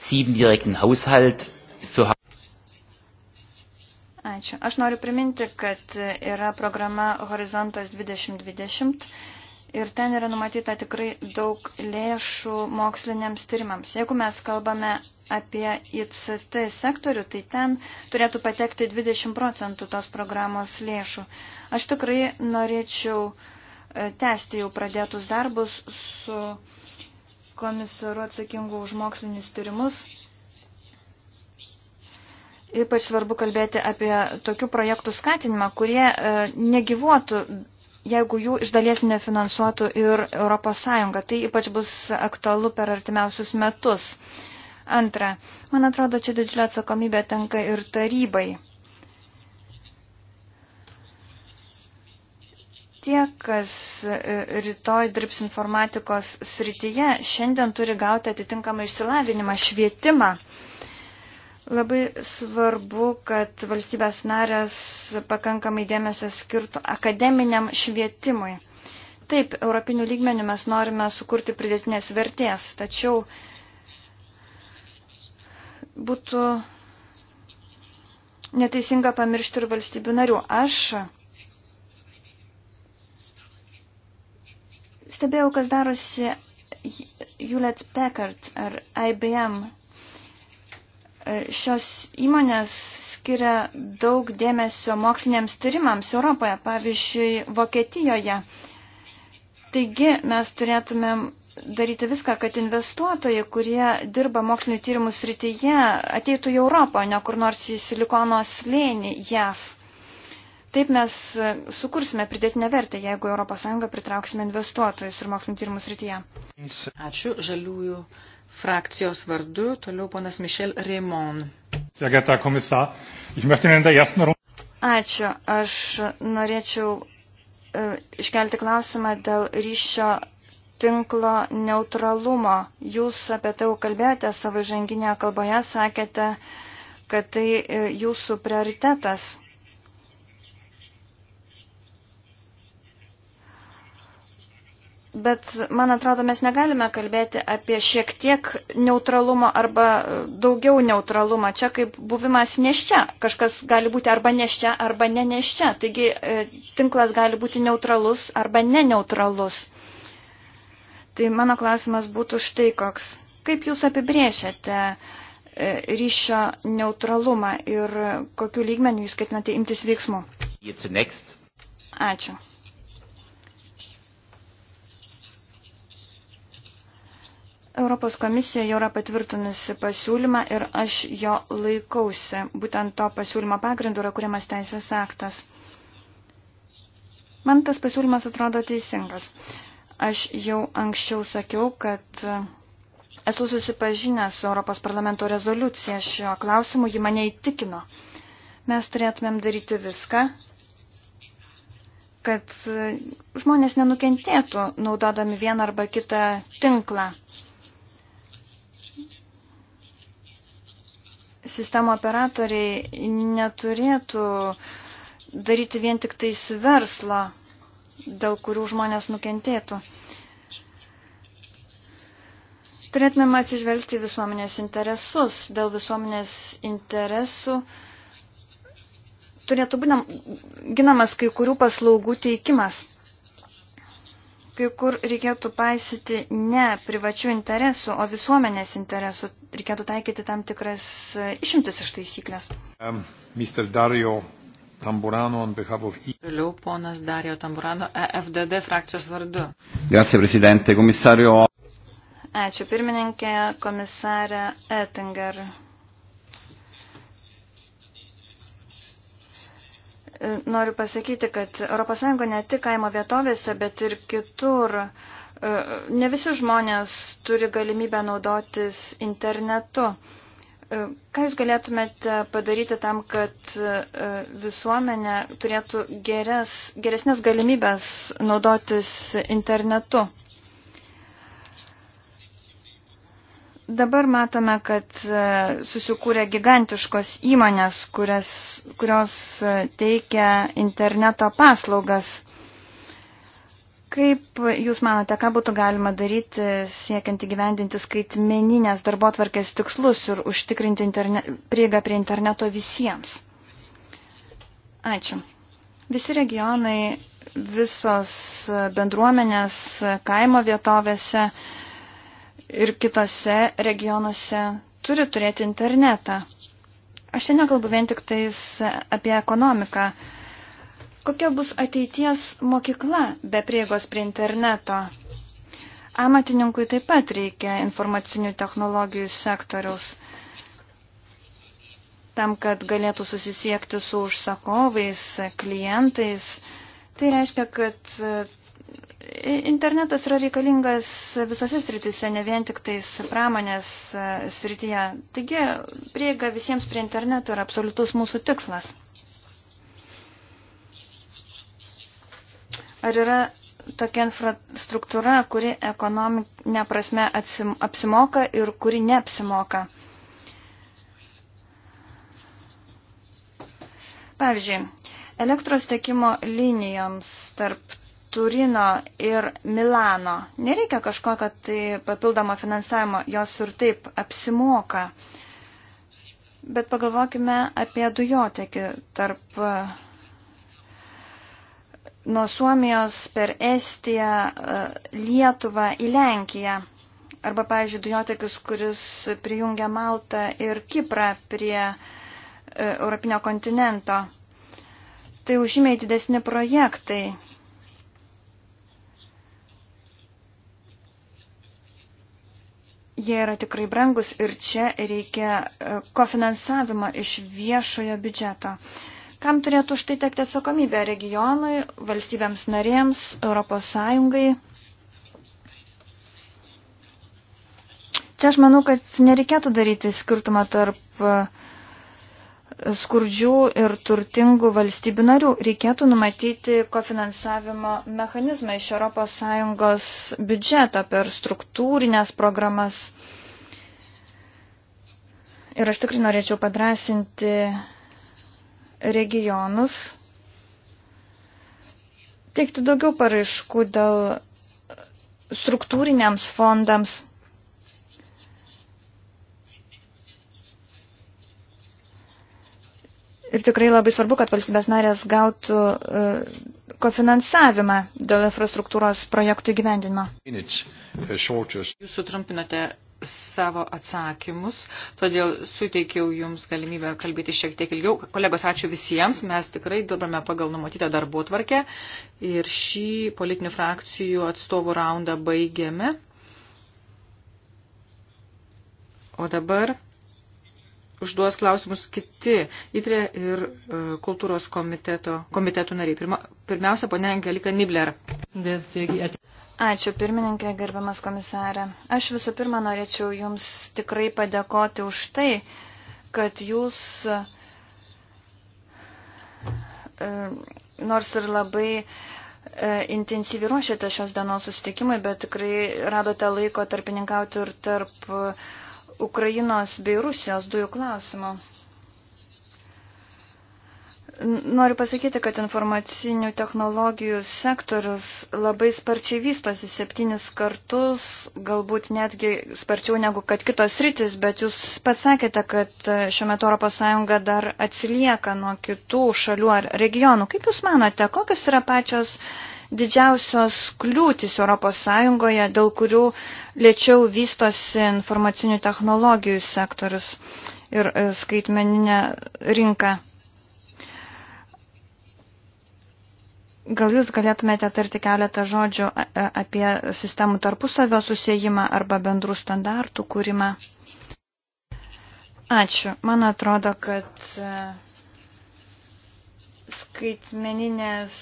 siebenjährigen Haushalt für Ačiū. Aš noriu priminti, kad yra programa Horizontas 2020 ir ten yra numatyta tikrai daug lėšų moksliniams tyrimams. Jeigu mes kalbame apie ICT sektorių, tai ten turėtų patekti 20 procentų tos programos lėšų. Aš tikrai norėčiau e, tęsti jau pradėtus darbus su komisaru atsakingu už mokslinius tyrimus. Ypač svarbu kalbėti apie tokių projektų skatinimą, kurie e, negyvuotų jeigu jų iš dalies nefinansuotų ir ES. Tai ypač bus aktualu per artimiausius metus. Antra, man atrodo, čia didžiulė atsakomybė tenka ir tarybai. Tie, kas e, rytoj dirbs informatikos srityje, šiandien turi gauti atitinkamą išsilavinimą, švietimą. Labai svarbu, kad valstybės narės pakankamai dėmesio skirtų akademiniam švietimui. Taip, europinių lygmenių mes norime sukurti pridėtinės vertės, tačiau būtų neteisinga pamiršti ir valstybių narių. Aš stebėjau, kas darosi Hewlett Packard ar IBM E, šios įmonės skiria daug dėmesio moksliniams tyrimams Europoje, pavyzdžiui, Vokietijoje. Taigi mes turėtumėm daryti viską, kad investuotojai, kurie dirba mokslinio tyrimų srityje, ateitų į Europą, ne kur nors į Silikono slėnį JAV. Taip mes sukursime pridėtinę vertę, jeigu ES pritrauksime investuotojus ir mokslinio tyrimų srityje. Ačiū žaliųjų frakcijos vardu. Toliau ponas Mišel Raimon. Ačiū. Aš norėčiau e, iškelti klausimą dėl ryšio tinklo neutralumo. Jūs apie tai jau kalbėjote savo žanginėje kalboje, sakėte, kad tai e, jūsų prioritetas. Bet, man atrodo, mes negalime kalbėti apie šiek tiek neutralumo arba daugiau neutralumą. Čia kaip buvimas neščia. Kažkas gali būti arba neščia, arba ne neščia. Taigi e, tinklas gali būti neutralus arba neneutralus. Tai mano klausimas būtų štai koks. Kaip Jūs apibrėžiate e, ryšio neutralumą ir kokiu lygmeniu Jūs ketinate imtis veiksmų? Ačiū. Europos komisija jau yra patvirtinusi pasiūlymą ir aš jo laikausi. Būtent to pasiūlymo pagrindu yra kuriamas teisės aktas. Man tas pasiūlymas atrodo teisingas. Aš jau anksčiau sakiau, kad esu susipažinęs su Europos parlamento rezoliucija šio klausimu, ji mane įtikino. Mes turėtumėm daryti viską, kad žmonės nenukentėtų naudodami vieną arba kitą tinklą sistemo operatoriai neturėtų daryti vien tik tais verslą, dėl kurių žmonės nukentėtų. Turėtumėm atsižvelgti visuomenės interesus. Dėl visuomenės interesų turėtų būti ginamas kai kurių paslaugų teikimas kai kur reikėtų paisyti ne privačių interesų, o visuomenės interesų. Reikėtų taikyti tam tikras e, išimtis iš taisyklės. Um, Tamburano on behalf of I. E- Toliau ponas Dario Tamburano, EFDD frakcijos vardu. Grazie, prezidente, komisario. Ačiū, pirmininkė, komisarė Ettinger. Noriu pasakyti, kad ES ne tik kaimo vietovėse, bet ir kitur. E, ne visi žmonės turi galimybę naudotis internetu. E, ką Jūs galėtumėte padaryti tam, kad e, visuomenė turėtų geres, geresnės galimybės naudotis internetu? Dabar matome, kad e, susikūrė gigantiškos įmonės, kurias, kurios e, teikia interneto paslaugas. Kaip Jūs manote, ką būtų galima daryti siekiant įgyvendinti skaitmeninės darbo tvarkės tikslus ir užtikrinti interne... prieigą prie interneto visiems? Ačiū. Visi regionai, visos bendruomenės kaimo vietovėse ir kitose regionuose turi turėti internetą. Aš čia nekalbu vien tik tais apie ekonomiką. Kokia bus ateities mokykla be prieigos prie interneto? Amatininkui taip pat reikia informacinių technologijų sektoriaus tam, kad galėtų susisiekti su užsakovais, klientais. Tai reiškia, kad Internetas yra reikalingas visose sritise, ne vien tik tais pramonės e, srityje. Taigi, prieiga visiems prie interneto yra absoliutus mūsų tikslas. Ar yra tokia infrastruktūra, kuri ekonominė prasme atsim, apsimoka ir kuri neapsimoka? Pavyzdžiui, elektros tekimo linijoms tarp Turino ir Milano. Nereikia kažkokio tai papildomo finansavimo, jos ir taip apsimoka. Bet pagalvokime apie dujotekį tarp e, nuo Suomijos per Estiją, e, Lietuvą į Lenkiją. Arba, pavyzdžiui, dujotekis, kuris prijungia Maltą ir Kiprą prie e, Europinio kontinento. Tai užimiai didesni projektai Jie yra tikrai brangus ir čia reikia e, kofinansavimą iš viešojo biudžeto. Kam turėtų štai tekti atsakomybę regionui, valstybėms narėms, Europos Sąjungai? Čia aš manau, kad nereikėtų daryti skirtumą tarp uh, skurdžių ir turtingų valstybių narių. Reikėtų numatyti kofinansavimo mechanizmą iš ES biudžeto per struktūrinės programas. Ir aš tikrai norėčiau padrasinti regionus, teikti daugiau paraiškų dėl struktūriniams fondams Ir tikrai labai svarbu, kad valstybės narės gautų e, kofinansavimą dėl infrastruktūros projektų įgyvendinimo. Uh, Jūs sutrumpinote savo atsakymus, todėl suteikiau Jums galimybę kalbėti šiek tiek ilgiau. Kolegos, ačiū visiems, mes tikrai dirbame pagal numatytą darbo tvarkę ir šį politinių frakcijų atstovų raundą baigėme. O dabar užduos klausimus kiti įtrė ir e, kultūros komiteto, komitetų nariai. Pirma, pirmiausia, ponė Angelika Nibler. Ačiū, pirmininkė, gerbiamas komisarė. Aš visų pirma norėčiau Jums tikrai padėkoti už tai, kad Jūs e, nors ir labai e, intensyviai ruošėte šios dienos susitikimui, bet tikrai radote laiko tarpininkauti ir tarp uh, Ukrainos bei Rusijos dujų klausimo. Noriu pasakyti, kad informacinių technologijų sektorius labai sparčiai vystosi septynis kartus, galbūt netgi sparčiau negu kad kitos rytis, bet jūs pasakėte, kad šiuo metu ES dar atsilieka nuo kitų šalių ar regionų. Kaip Jūs manote, kokios yra pačios uh, didžiausios kliūtis ES, dėl kurių lėčiau vystosi informacinių technologijų sektorius ir e, skaitmeninė rinka. Gal jūs galėtumėte tarti keletą žodžių e, e, apie sistemų tarpusavio susijimą arba bendrų standartų kūrimą? Ačiū. Man atrodo, kad skaitmeninės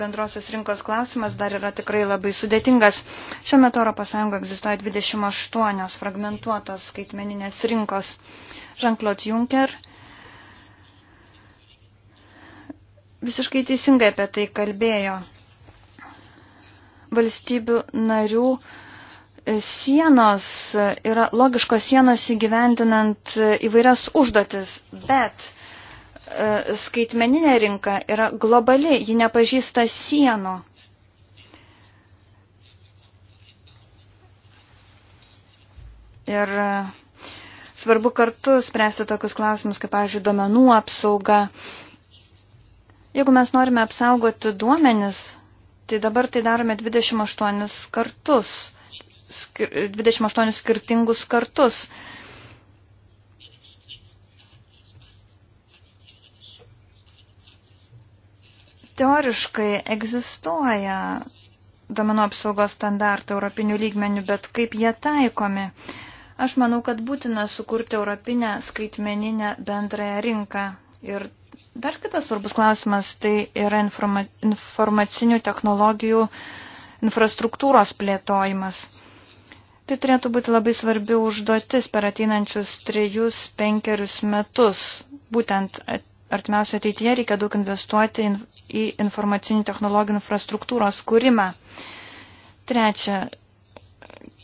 bendrosios rinkos klausimas dar yra tikrai labai sudėtingas. Šiuo metu ES egzistuoja 28 fragmentuotos skaitmeninės rinkos. Jean-Claude Juncker visiškai teisingai apie tai kalbėjo. Valstybių narių sienos yra logiškos sienos įgyvendinant įvairias užduotis, bet E, skaitmeninė rinka yra globali, ji nepažįsta sienų. Ir e, svarbu kartu spręsti tokius klausimus, kaip, pavyzdžiui, duomenų apsauga. Jeigu mes norime apsaugoti duomenis, tai dabar tai darome 28 kartus, 28 skirtingus kartus. teoriškai egzistuoja domenų apsaugos standartai europinių lygmenių, bet kaip jie taikomi. Aš manau, kad būtina sukurti europinę skaitmeninę bendrąją rinką. Ir dar kitas svarbus klausimas tai yra informa informacinių technologijų infrastruktūros plėtojimas. Tai turėtų būti labai svarbi užduotis per ateinančius trejus, penkerius metus, būtent at artimiausio ateityje reikia daug investuoti in, į informacinių technologijų infrastruktūros kūrimą. Trečia,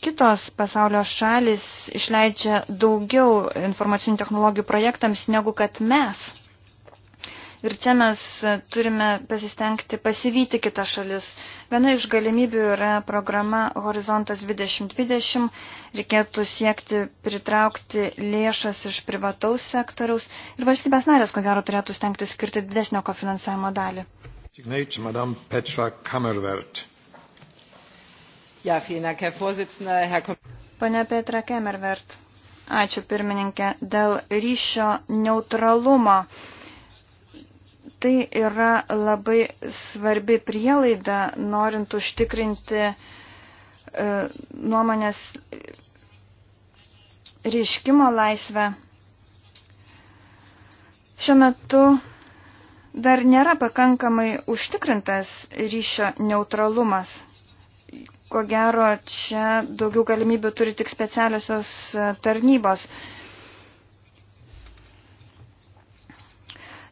kitos pasaulio šalis išleidžia daugiau informacinių technologijų projektams negu kad mes. Ir čia mes turime pasistengti pasivyti kitas šalis. Viena iš galimybių yra programa Horizontas 2020. Reikėtų siekti pritraukti lėšas iš privataus sektoriaus. Ir valstybės narės, ko gero, turėtų stengti skirti didesnio kofinansavimo dalį. Pane Petra Kemervert. Ačiū pirmininkė dėl ryšio neutralumo. Tai yra labai svarbi prielaida, norint užtikrinti e, nuomonės ryškimo laisvę. Šiuo metu dar nėra pakankamai užtikrintas ryšio neutralumas. Ko gero, čia daugiau galimybių turi tik specialiosios tarnybos.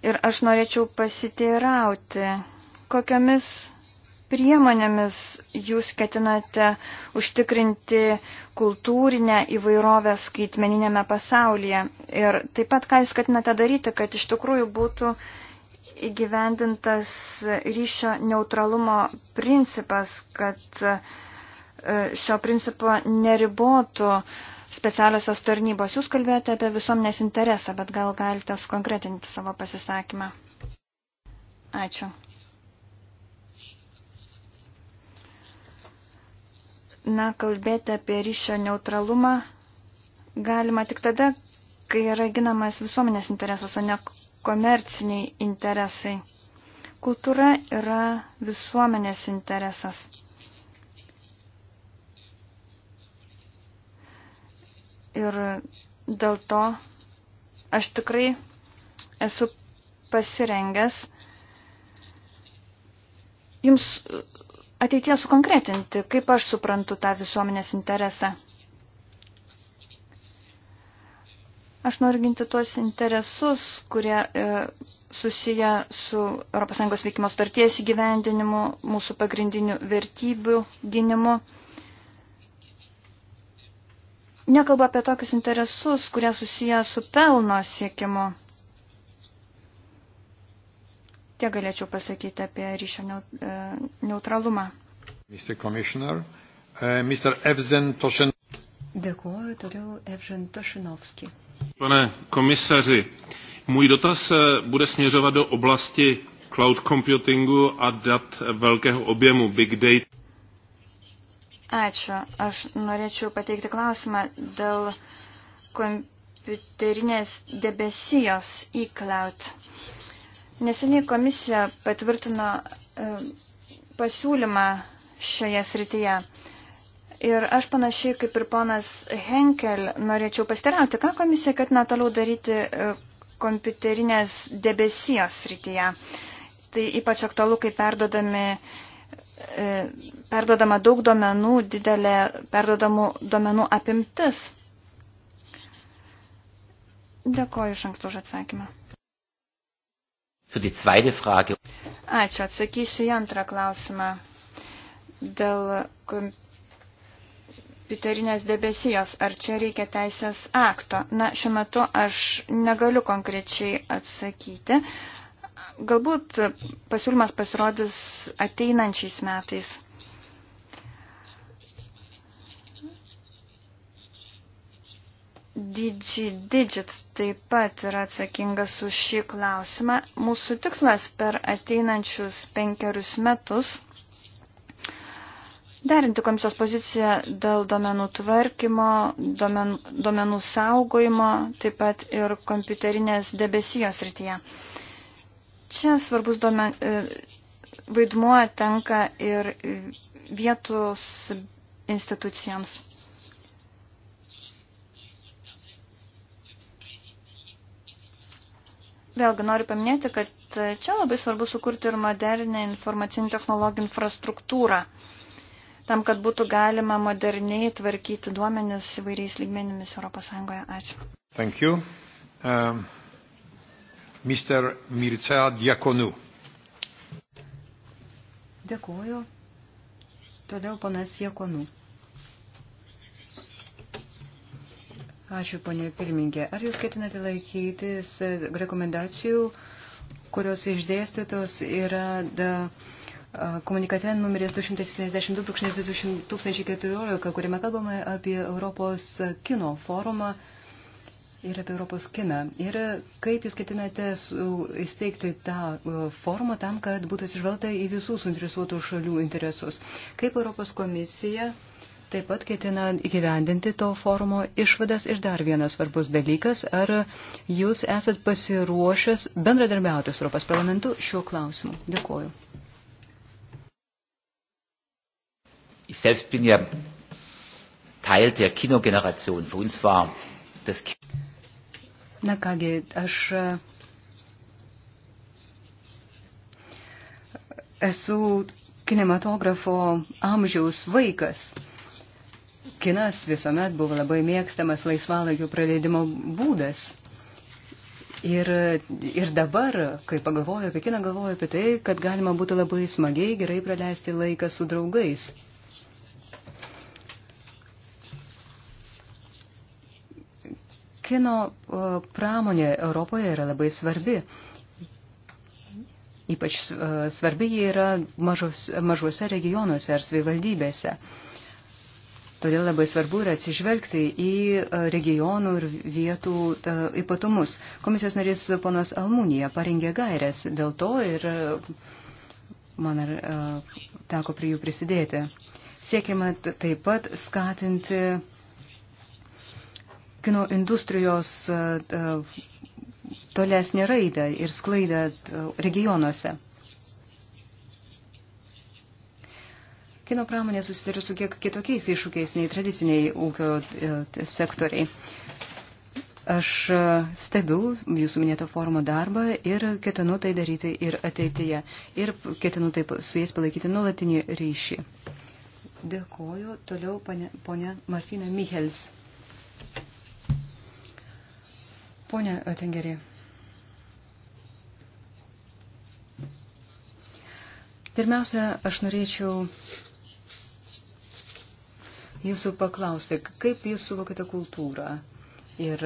Ir aš norėčiau pasiteirauti, kokiamis priemonėmis jūs ketinate užtikrinti kultūrinę įvairovę skaitmeninėme pasaulyje. Ir taip pat, ką jūs ketinate daryti, kad iš tikrųjų būtų įgyvendintas ryšio neutralumo principas, kad e, šio principo neribotų uh, specialiosios tarnybos. Jūs kalbėjote apie visuomenės interesą, bet gal galite skonkretinti savo pasisakymą. Ačiū. Na, kalbėti apie ryšio neutralumą galima tik tada, kai yra ginamas visuomenės interesas, o ne komerciniai interesai. Kultūra yra visuomenės interesas. Ir dėl to aš tikrai esu pasirengęs jums ateitie sukonkretinti, kaip aš suprantu tą visuomenės interesą. Aš noriu ginti tuos interesus, kurie e, susiję su ES veikimo starties įgyvendinimu, mūsų pagrindinių vertybių gynimu. E, nekalba apie tokius interesus, kurie susiję su pelno siekimu. Tie galėčiau pasakyti apie ryšio e, neutralumą. Mr. Commissioner, uh, e, Mr. Evzen Toshen. Dėkuoju, toliau Evžen Tošinovský. Pane komisaři, můj dotaz e, bude směřovat do oblasti cloud computingu a dat velkého objemu, big data. Ačiū. Aš norėčiau pateikti klausimą dėl kompiuterinės debesijos e-cloud. Neseniai komisija patvirtino e, pasiūlymą šioje srityje. Ir aš panašiai kaip ir ponas Henkel norėčiau pasteriauti, ką komisija ketina toliau daryti e, kompiuterinės debesijos srityje. Tai ypač aktualu, kai perdodami E, perdodama daug duomenų, didelė perdodamų duomenų apimtis. Dėkoju iš anksto už atsakymą. Ačiū, atsakysiu į antrą klausimą dėl kompiuterinės debesijos. Ar čia reikia teisės akto? Na, šiuo metu aš negaliu konkrečiai atsakyti. Uh, Galbūt pasiūlymas pasirodys ateinančiais metais. Digi Digit taip pat yra atsakingas už šį klausimą. Mūsų tikslas per ateinančius penkerius metus derinti komisijos poziciją dėl domenų tvarkymo, domenų, domenų saugojimo, taip pat ir kompiuterinės debesijos rytyje. Čia svarbus duomen, e, vaidmuo tenka ir vietos institucijoms. Vėlgi noriu paminėti, kad čia labai svarbu sukurti ir modernę informacinių technologijų infrastruktūrą, tam, kad būtų galima moderniai tvarkyti duomenis įvairiais lygmenimis ES. Ačiū. Thank you. Um... Mr. Mircea Diakonu. Dėkuoju. Toliau panas Diakonu. Ačiū, ponė pirmingė. Ar jūs ketinate laikytis e, rekomendacijų, kurios išdėstytos yra da, komunikate numeris 272-2014, kuriame kalbame apie Europos kino forumą ir apie Europos kiną. Ir kaip jūs ketinate įsteigti tą e, formą tam, kad būtų atsižvelgta į visų suinteresuotų šalių interesus. Kaip Europos komisija taip pat ketina įgyvendinti to forumo išvadas ir dar vienas svarbus dalykas, ar jūs esat pasiruošęs bendradarbiauti su Europos parlamentu šiuo klausimu. Dėkuoju. Ich selbst bin ja Teil der Kinogeneration. Für uns war das Kino Na kągi, aš e, esu kinematografo amžiaus vaikas. Kinas visuomet buvo labai mėgstamas laisvalaikio praleidimo būdas. Ir, ir dabar, kai pagalvoju apie kiną, galvoju apie tai, kad galima būtų labai smagiai, gerai praleisti laiką su draugais. Kino pramonė Europoje yra labai svarbi. Ypač svarbi jie yra mažos, mažuose regionuose ar savivaldybėse. Todėl labai svarbu yra atsižvelgti į regionų ir vietų ypatumus. Komisijos narys ponas Almūnija parengė gairias dėl to ir man ar, teko prie jų prisidėti. Siekime taip pat skatinti kino industrijos e, e, tolesnį raidą ir sklaidą e, regionuose. Kino pramonė susiduria su kiek kitokiais iššūkiais nei tradiciniai ūkio sektoriai. Aš stebiu jūsų minėto forumo darbą ir ketinu tai daryti ir ateityje. Ir ketinu taip su jais palaikyti nuolatinį ryšį. Dėkoju. Toliau ponia Martina Michels. Pone Otingeri. Pirmiausia, aš norėčiau jūsų paklausti, kaip jūs suvokite kultūrą ir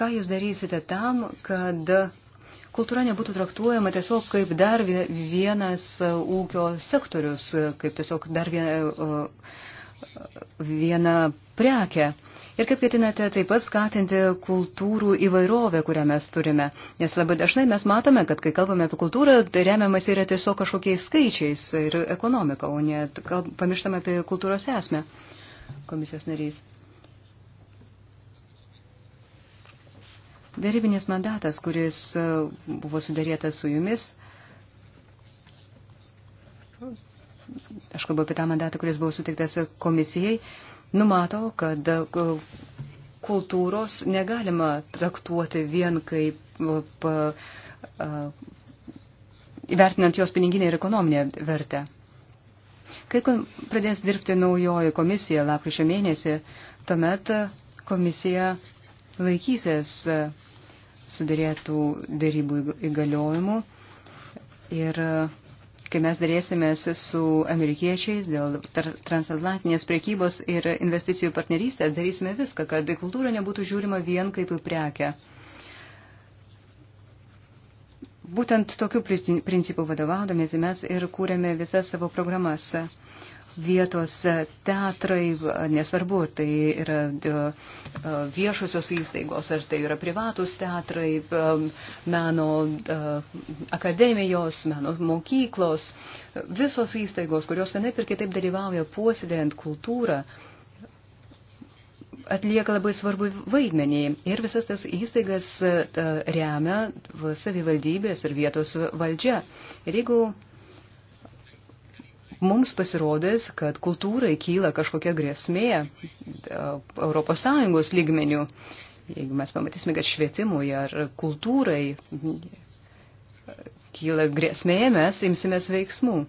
ką jūs darysite tam, kad kultūra nebūtų traktuojama tiesiog kaip dar vienas e, ūkio sektorius, kaip tiesiog dar e, viena, viena prekia. Ir kaip ketinate taip pat skatinti kultūrų įvairovę, kurią mes turime? Nes labai dažnai mes matome, kad kai kalbame apie kultūrą, tai remiamas yra tiesiog kažkokiais skaičiais ir ekonomika, o ne pamirštame apie kultūros esmę. Komisijos narys. Darybinis mandatas, kuris e, buvo sudarėtas su jumis, aš kalbu apie tą mandatą, kuris buvo suteiktas komisijai, numato, kad e, kultūros negalima traktuoti vien kaip e, e, įvertinant jos piniginę ir ekonominę vertę. Kai pradės dirbti naujoji komisija lapkričio mėnesį, tuomet komisija laikysis sudėrėtų dėrybų įgaliojimų ir uh, kai mes dėrėsimės su amerikiečiais dėl transatlantinės priekybos ir investicijų partnerystės, darysime viską, kad kultūra nebūtų žiūrima vien kaip į prekę. Būtent tokiu principu vadovaudomės mes ir kūrėme visas savo programas vietos e, teatrai, e, nesvarbu, tai yra e, viešusios įstaigos, ar tai yra privatus teatrai, meno akademijos, meno mokyklos, visos įstaigos, kurios vienaip ir kitaip dalyvauja puosidėjant kultūrą atlieka labai svarbu vaidmenį ir visas tas įstaigas remia savivaldybės ir vietos valdžia. Ir jeigu mums pasirodės, kad kultūrai kyla kažkokia grėsmė ES lygmenių. Jeigu mes pamatysime, kad švietimui ar kultūrai kyla grėsmė, mes imsimės veiksmų.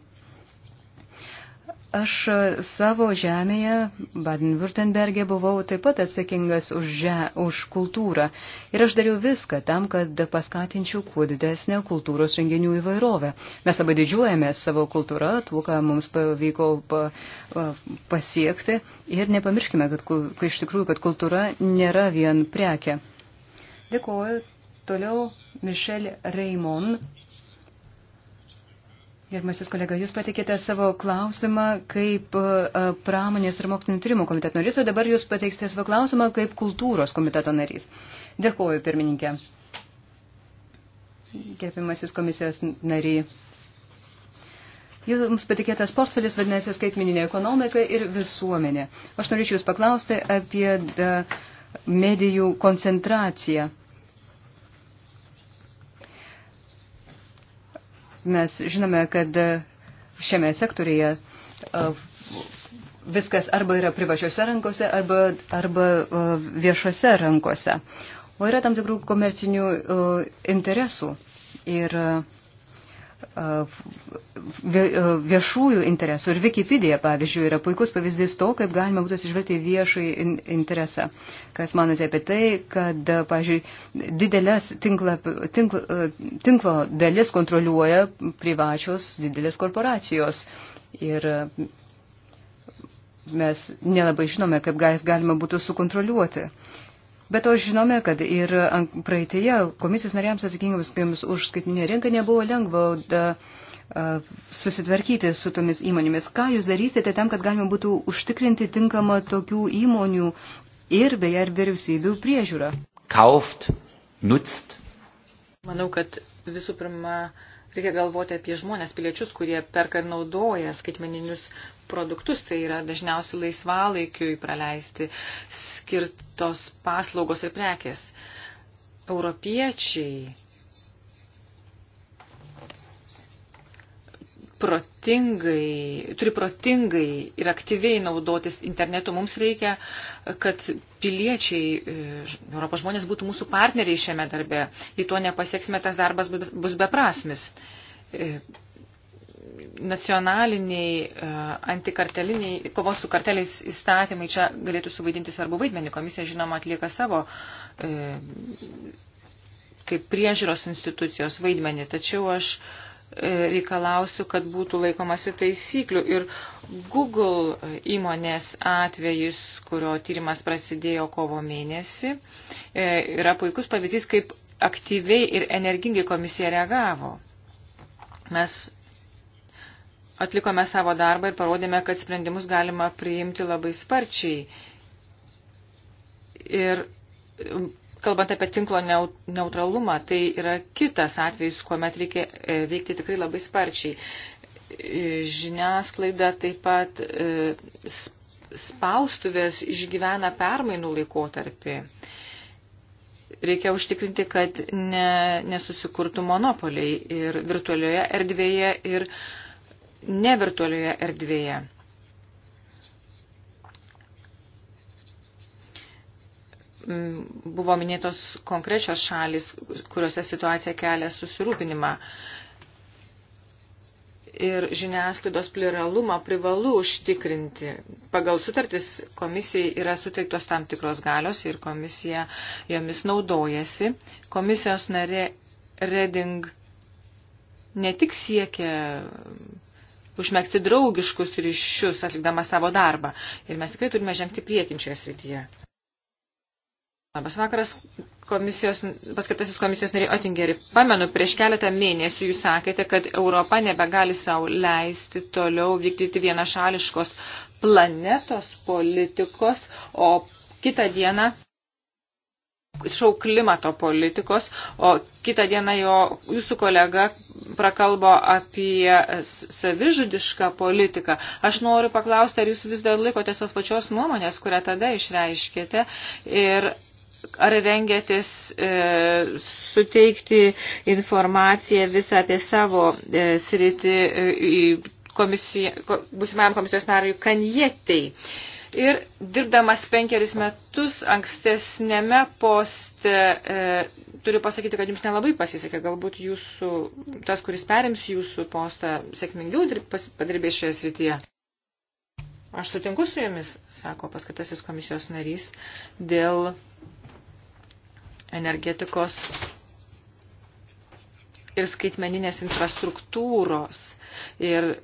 Aš e, savo žemėje, Baden-Württembergė, buvau taip pat atsakingas už, že, už kultūrą. Ir aš dariau viską tam, kad paskatinčiau kuo didesnę kultūros renginių įvairovę. Mes labai didžiuojamės savo kultūrą, tuo, ką mums pavyko pa, pasiekti. Ir nepamirškime, kad, kad iš tikrųjų, kad kultūra nėra vien prekia. Dėkuoju. Toliau Mišel Raimon Gerbiamasis kolega, jūs patikėte savo klausimą kaip e, pramonės ir mokslinio tyrimų komiteto narys, o dabar jūs pateiksite savo klausimą kaip kultūros komiteto narys. Dėkuoju, pirmininkė. Gerbiamasis komisijos nariai. Jums patikėtas portfelis vadinasi skaitmininė ekonomika ir visuomenė. Aš norėčiau Jūs paklausti apie e, medijų koncentraciją. Mes žinome, kad šiame sektorėje viskas arba yra privačiose rankose, arba, arba viešose rankose. O yra tam tikrų komercinių interesų. Ir uh, viešųjų interesų. Ir Wikipedia, pavyzdžiui, yra puikus pavyzdys to, kaip galima būtų atsižvelgti viešai interesą. Kas manote apie tai, kad, pavyzdžiui, didelės tinkla, tinklo, tinklo dalis kontroliuoja privačios didelės korporacijos. Ir mes nelabai žinome, kaip gais galima būtų sukontroliuoti. Bet to žinome, kad ir praeitėje komisijos nariams atsakingiams už skaitinę rinką nebuvo lengva da, susitvarkyti su tomis įmonėmis. Ką jūs darysite tam, kad galima būtų užtikrinti tinkamą tokių įmonių ir beje ir vyriausybių priežiūrą? Kauft, nutst. Manau, kad visų pirma, reikia galvoti apie žmonės, piliečius, kurie perka ir naudoja skaitmeninius produktus, tai yra dažniausiai laisvalaikiui praleisti skirtos paslaugos ir prekės. Europiečiai protingai, turi protingai ir aktyviai naudotis internetu. Mums reikia, kad piliečiai, e, Europos žmonės būtų mūsų partneriai šiame darbe. Jei to nepasieksime, tas darbas bus beprasmis. E, nacionaliniai e, antikarteliniai kovos su karteliais įstatymai čia galėtų suvaidinti svarbu vaidmenį. Komisija, žinoma, atlieka savo e, kaip priežiūros institucijos vaidmenį, tačiau aš e, reikalausiu, kad būtų laikomasi taisyklių. Ir Google įmonės atvejis, kurio tyrimas prasidėjo kovo mėnesį, e, yra puikus pavyzdys, kaip aktyviai ir energingai komisija reagavo. Mes atlikome savo darbą ir parodėme, kad sprendimus galima priimti labai sparčiai. Ir um, kalbant apie tinklo neutralumą, tai yra kitas atvejis, kuomet reikia e, veikti tikrai labai sparčiai. E, žiniasklaida taip pat e, spaustuvės išgyvena permainų laikotarpį. Reikia užtikrinti, kad ne, nesusikurtų monopoliai ir virtualioje erdvėje, ir uh, ne virtualioje erdvėje. Buvo minėtos konkrečios šalis, kuriuose situacija kelia susirūpinimą. Ir žiniasklaidos pluralumą privalu užtikrinti. Pagal sutartis komisijai yra suteiktos tam tikros galios ir komisija jomis naudojasi. Komisijos narė Reding ne tik siekia užmėgsti draugiškus ryšius, atlikdama savo darbą. Ir mes tikrai turime žengti priekinčioje srityje. Labas vakaras, komisijos, paskirtasis komisijos nariai Otingeri. Pamenu, prieš keletą mėnesių jūs sakėte, kad Europa nebegali savo leisti toliau vykdyti vienašališkos planetos politikos, o kitą dieną šau klimato politikos, o kitą dieną jo, jūsų kolega prakalbo apie savižudišką politiką. Aš noriu paklausti, ar jūs vis dar likotės tos pačios nuomonės, kurią tada išreiškėte ir ar rengėtės e, suteikti informaciją visą apie savo e, sritį e, komisija, ko, būsimajam komisijos nariui Kanjetai. E, Ir dirbdamas penkeris metus ankstesnėme poste, e, turiu pasakyti, kad jums nelabai pasisekė, galbūt jūsų, tas, kuris perims jūsų postą, sėkmingiau padirbės šioje srityje. Aš sutinku su jumis, sako paskatasis komisijos narys, dėl energetikos ir skaitmeninės infrastruktūros ir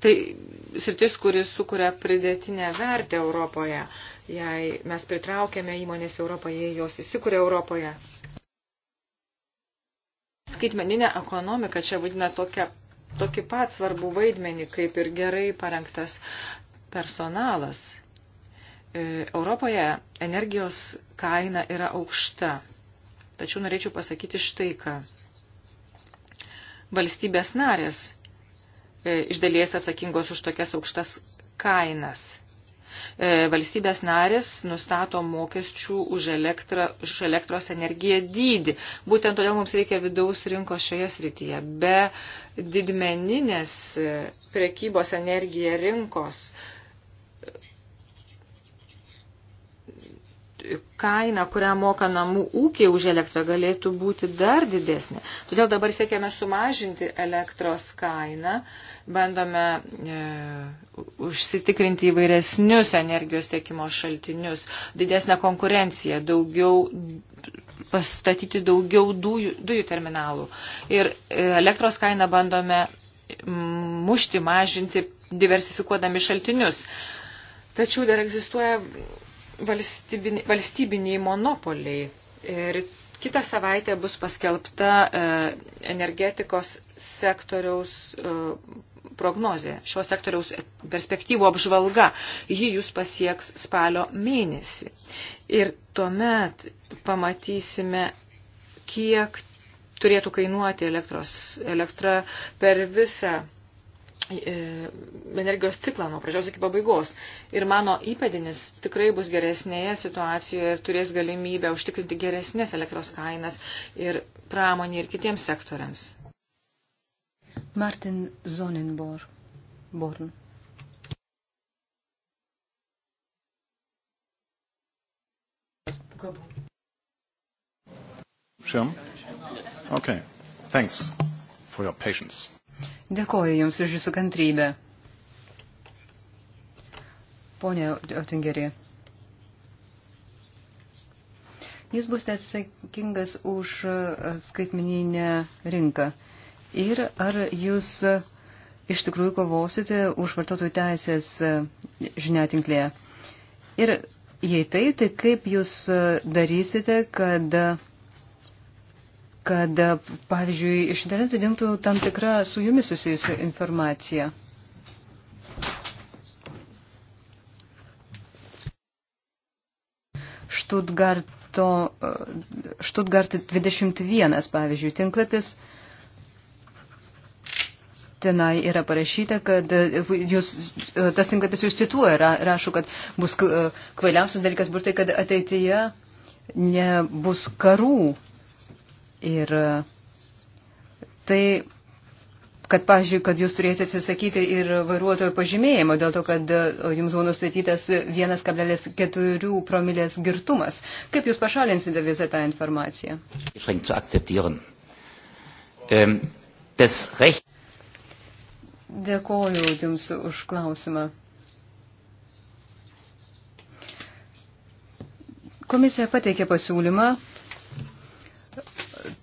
tai sritis, kuris sukuria pridėtinę vertę Europoje, jei mes pritraukiame įmonės Europoje, jos įsikuria Europoje. Skaitmeninė ekonomika čia vadina tokia, tokį pat svarbų vaidmenį, kaip ir gerai parengtas personalas. E, Europoje energijos kaina yra aukšta. Tačiau norėčiau pasakyti štai ką. Valstybės narės E, iš dalies atsakingos už tokias aukštas kainas. E, valstybės narės nustato mokesčių už, elektrą, už elektros energiją dydį. Būtent todėl mums reikia vidaus rinko šioje srityje. Be didmeninės e, prekybos energija rinkos kaina, kurią moka namų ūkiai už elektrą, galėtų būti dar didesnė. Todėl dabar siekiame sumažinti elektros kainą, bandome e, užsitikrinti įvairesnius energijos tiekimo šaltinius, didesnę konkurenciją, daugiau, pastatyti daugiau dujų, dujų terminalų. Ir e, elektros kainą bandome mušti, mažinti, diversifikuodami šaltinius. Tačiau dar egzistuoja valstybiniai, valstybiniai monopoliai. Ir kitą savaitę bus paskelbta e, energetikos sektoriaus e, prognozė, šio sektoriaus perspektyvų apžvalga. Ji jūs pasieks spalio mėnesį. Ir tuomet pamatysime, kiek turėtų kainuoti elektros, elektra per visą E, energijos ciklą nuo pradžios iki pabaigos. Ir mano įpėdinis tikrai bus geresnėje situacijoje ir turės galimybę užtikrinti geresnės elektros kainas ir pramonį ir kitiems sektoriams. Martin Zonenborn. Born. Sure. Okay. Thanks for your patience. Dėkoju Jums už Jūsų kantrybę. Pone Otingeri, Jūs būsite atsakingas už e, skaitmeninę rinką. Ir ar Jūs e, iš tikrųjų kovosite už vartotojų teisės e, žiniatinklėje? Ir jei tai, tai kaip Jūs darysite, kad kad, pavyzdžiui, iš interneto dingtų tam tikra su jumis susijusi informacija. Štutgarto, Štutgart 21, pavyzdžiui, tinklapis. Tenai yra parašyta, kad e, jūs, e, tas tinklapis jūs cituoja, ra, rašo, kad bus e, kvailiausias dalykas būtų tai, kad ateityje nebus karų Ir e, tai, kad, pažiūrėjau, kad jūs turėsite atsisakyti ir vairuotojo pažymėjimo, dėl to, kad e, jums buvo nustatytas 1,4 promilės girtumas. Kaip jūs pašalinsite visą tą informaciją? Ähm, Dėkoju Jums už klausimą. Komisija pateikė pasiūlymą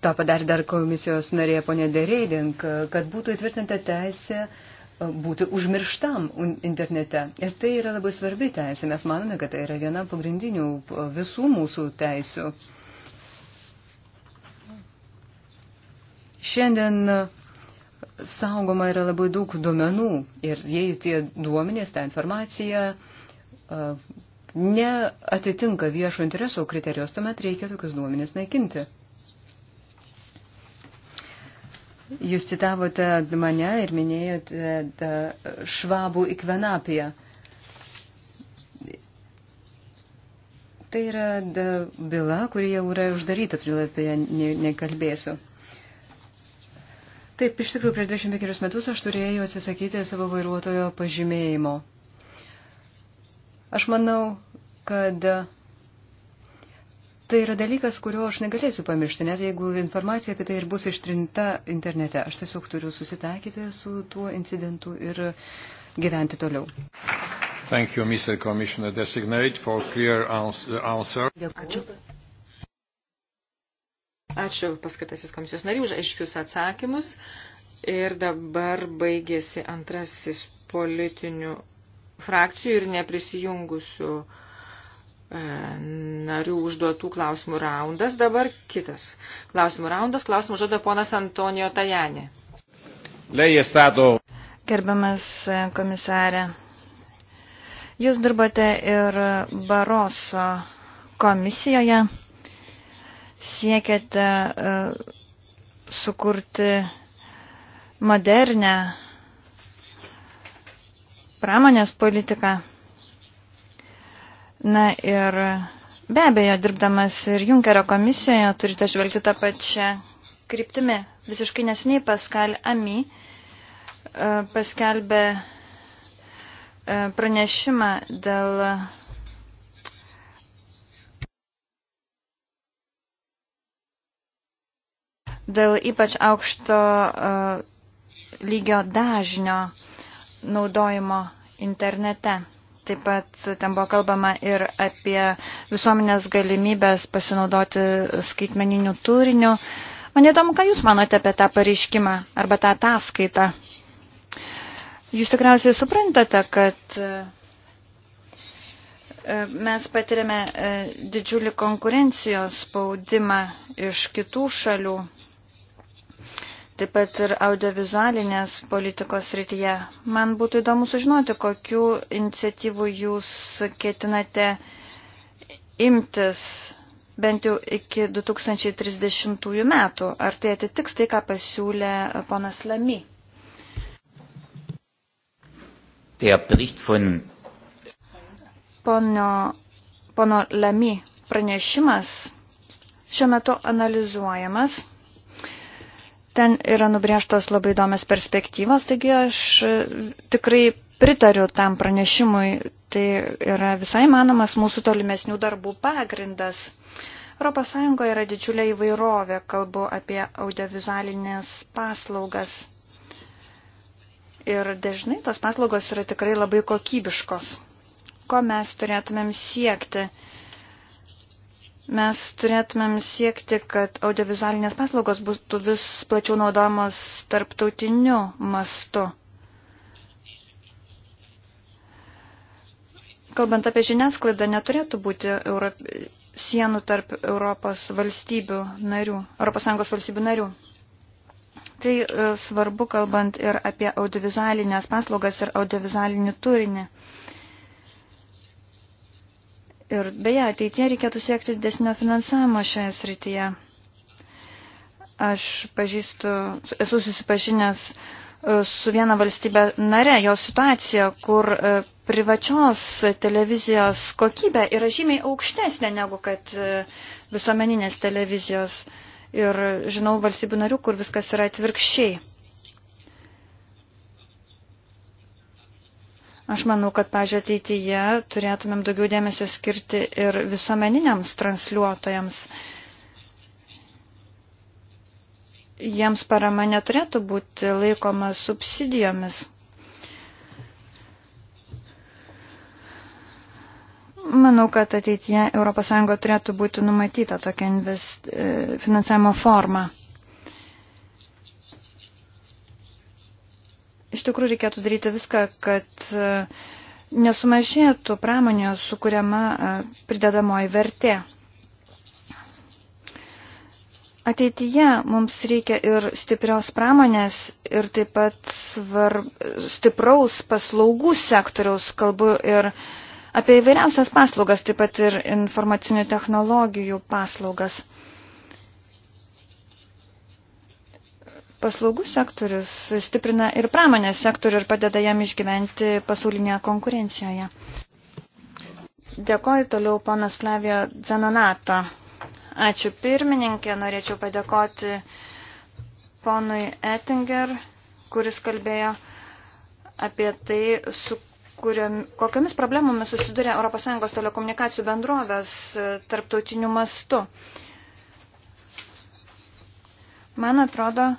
tą padarė dar komisijos narė ponė Dereidink, kad būtų įtvirtinta teisė e, būti užmirštam internete. Ir tai yra labai svarbi teisė. Mes manome, kad tai yra viena pagrindinių e, visų mūsų teisių. Šiandien e, saugoma yra labai daug duomenų ir jei tie duomenės, ta informacija neatitinka viešo intereso kriterijos, tuomet reikia tokius duomenys naikinti. Jūs citavote mane ir minėjote e, švabų ikvenapiją. Tai yra byla, kuri jau yra uždaryta, todėl apie ją nekalbėsiu. Taip, iš tikrųjų, prieš 25 metus aš turėjau atsisakyti savo vairuotojo pažymėjimo. Aš manau, kad Tai yra dalykas, kurio aš negalėsiu pamiršti, net jeigu informacija apie tai ir bus ištrinta internete. Aš tiesiog turiu susitaikyti su tuo incidentu ir gyventi toliau. Thank you, Mr. Commissioner Designate, for clear answer. Ačiū. Ačiū paskatasis komisijos narių už aiškius atsakymus. Ir dabar baigėsi antrasis politinių frakcijų ir neprisijungusių E, narių užduotų klausimų raundas. Dabar kitas klausimų raundas. Klausimų žada ponas Antonijo Tajani. Lei è stato. Gerbiamas e, komisarė, jūs dirbate ir Baroso komisijoje, siekiate e, sukurti modernę pramonės politiką. Na ir be abejo, dirbdamas ir Junkerio komisijoje turite žvelgti tą pačią kryptimį. Visiškai nesiniai Paskal Ami e, paskelbė e, pranešimą dėl dėl ypač aukšto e, lygio dažnio naudojimo internete. Taip pat ten buvo kalbama ir apie visuomenės galimybės pasinaudoti skaitmeniniu turiniu. Man įdomu, ką Jūs manote apie tą pareiškimą arba tą ataskaitą. Jūs tikriausiai suprantate, kad e, mes patiriame e, didžiulį konkurencijos spaudimą iš kitų šalių, taip pat ir audiovizualinės politikos rytyje. Man būtų įdomu sužinoti, kokiu iniciatyvu jūs ketinate imtis bent jau iki 2030 metų. Ar tai atitiks tai, ką pasiūlė ponas Lamy? Von... Pono, pono Lamy pranešimas šiuo metu analizuojamas Ten yra nubrėžtos labai įdomios perspektyvos, taigi aš e, tikrai pritariu tam pranešimui. Tai yra visai manomas mūsų tolimesnių darbų pagrindas. ES yra didžiulė įvairovė, kalbu apie audiovizualinės paslaugas. Ir dažnai tos paslaugos yra tikrai labai kokybiškos. Ko mes turėtumėm siekti? Mes turėtumėm siekti, kad audiovizualinės paslaugos būtų vis plačiau naudojamos tarptautiniu mastu. Kalbant apie žiniasklaidą, neturėtų būti Euro... sienų tarp Europos valstybių narių, ES valstybių narių. Tai e, svarbu, kalbant ir apie audiovizualinės paslaugas ir audiovizualinį turinį. Ir beje, ateitie reikėtų siekti didesnio finansavimo šioje srityje. Aš pažįstu, esu susipažinęs e, su viena valstybė nare, jo situacija, kur e, privačios televizijos kokybė yra žymiai aukštesnė negu kad e, visuomeninės televizijos. Ir žinau valstybių narių, kur viskas yra atvirkščiai. Aš manau, kad, pažiūrėjau, ateityje turėtumėm daugiau dėmesio skirti ir visuomeniniams transliuotojams. Jiems parama neturėtų būti laikoma subsidijomis. Manau, kad ateityje ES turėtų būti numatyta tokia invest, e, finansavimo forma. Iš tikrųjų reikėtų daryti viską, kad e, nesumažėtų pramonė sukuriama e, pridedamoji vertė. Ateityje mums reikia ir stiprios pramonės, ir taip pat svarb, stipraus paslaugų sektoriaus, kalbu ir apie įvairiausias paslaugas, taip pat ir informacinių technologijų paslaugas. Paslaugų sektorius stiprina ir pramonės sektorių ir padeda jam išgyventi pasaulinėje konkurencijoje. Dėkoju toliau ponas Flavio Zenonato. Ačiū pirmininkė, norėčiau padėkoti ponui Ettinger, kuris kalbėjo apie tai, su kuriam, kokiamis problemomis susiduria ES telekomunikacijų bendrovės e, tarptautiniu mastu. Man atrodo,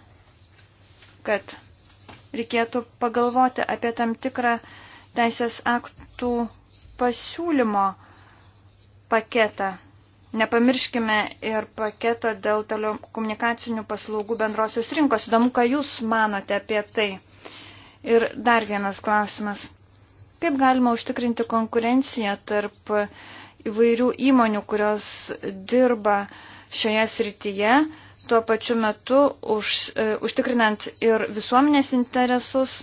kad reikėtų pagalvoti apie tam tikrą teisės aktų pasiūlymo paketą. Nepamirškime ir paketą dėl telekomunikacinių paslaugų bendrosios rinkos. Įdomu, ką Jūs manote apie tai. Ir dar vienas klausimas. Kaip galima užtikrinti konkurenciją tarp įvairių įmonių, kurios dirba šioje srityje? tuo pačiu metu už, e, užtikrinant ir visuomenės interesus.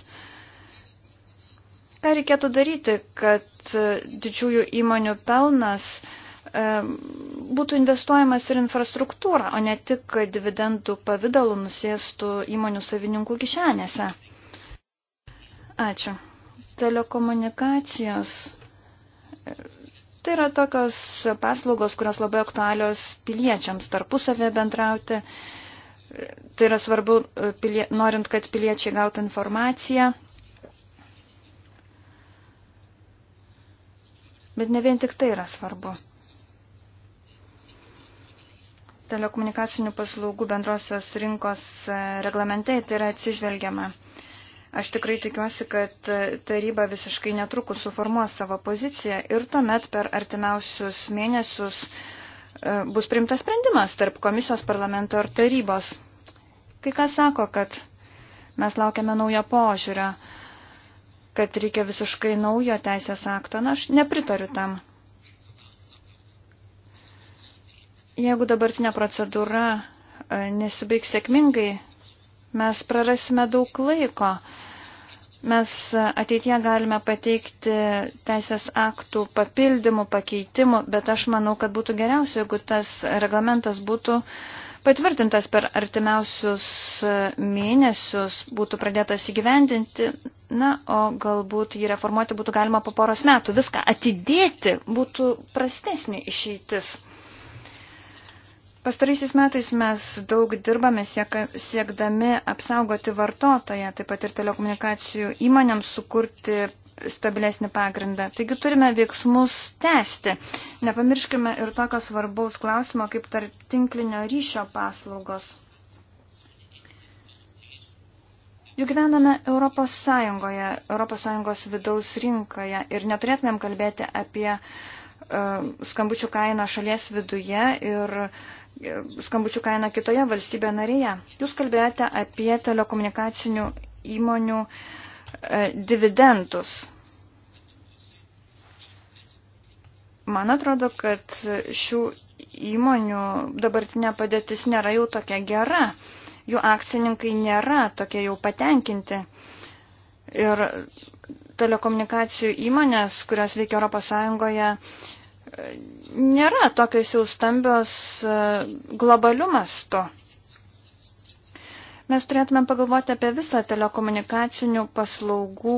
Ką reikėtų daryti, kad e, didžiųjų įmonių pelnas e, būtų investuojamas ir infrastruktūra, o ne tik dividendų pavydalų nusėstų įmonių savininkų kišenėse. Ačiū. Telekomunikacijos Tai yra tokios paslaugos, kurios labai aktualios piliečiams tarpusavė bendrauti. Tai yra svarbu, e, pilie, norint, kad piliečiai gautų informaciją. Bet ne vien tik tai yra svarbu. Telekomunikacinių paslaugų bendrosios rinkos e, reglamentai tai yra atsižvelgiama. Aš tikrai tikiuosi, kad taryba visiškai netrukus suformuos savo poziciją ir tuomet per artimiausius mėnesius e, bus priimtas sprendimas tarp komisijos parlamento ir tarybos. Kai kas sako, kad mes laukiame naujo požiūrio, kad reikia visiškai naujo teisės akto, na aš nepritariu tam. Jeigu dabartinė procedūra e, nesibaigs sėkmingai, Mes prarasime daug laiko. Mes ateitie galime pateikti teisės aktų papildymų, pakeitimų, bet aš manau, kad būtų geriausia, jeigu tas reglamentas būtų patvirtintas per artimiausius mėnesius, būtų pradėtas įgyvendinti, na, o galbūt jį reformuoti būtų galima po poros metų. Viską atidėti būtų prastesnė išeitis. Pastaraisiais metais mes daug dirbame sieka, siekdami apsaugoti vartotoją, taip pat ir telekomunikacijų įmonėms sukurti stabilesnį pagrindą. Taigi turime veiksmus tęsti. Nepamirškime ir tokio svarbaus klausimo kaip tarp tinklinio ryšio paslaugos. Juk gyvename Europos Sąjungoje, Europos Sąjungos vidaus rinkoje ir neturėtumėm kalbėti apie uh, E, skambučių kainą šalies viduje ir e, skambučių kainą kitoje valstybė narėje. Jūs kalbėjote apie telekomunikacinių įmonių e, dividendus. Man atrodo, kad šių įmonių dabartinė padėtis nėra jau tokia gera. Jų akcininkai nėra tokie jau patenkinti. Ir telekomunikacijų įmonės, kurios veikia Europos Sąjungoje, nėra tokios jau stambios e, globalių mastų. Mes turėtume pagalvoti apie visą telekomunikacinių paslaugų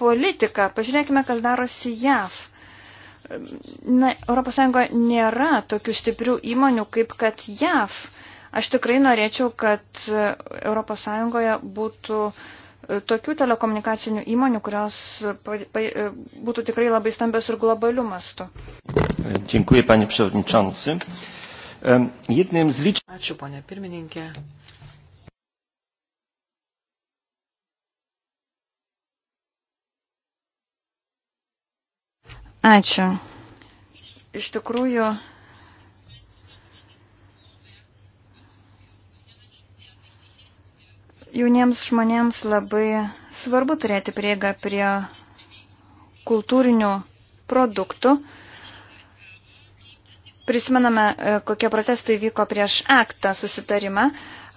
politiką. Pažiūrėkime, kas darosi JAV. Na, ES nėra tokių stiprių įmonių kaip kad JAV. Aš tikrai norėčiau, kad ES būtų uh, tokių telekomunikacinių įmonių, kurios e, būtų tikrai labai stambios ir globalių mastų. Dziękuję, panie przewodniczący. Jednym z liczb... Ačiū, ponė pirmininkė. Ačiū. Iš tikrųjų, Jauniems žmonėms labai svarbu turėti prieigą prie kultūrinių produktų. Prisimename, e, kokie protestai vyko prieš aktą susitarimą.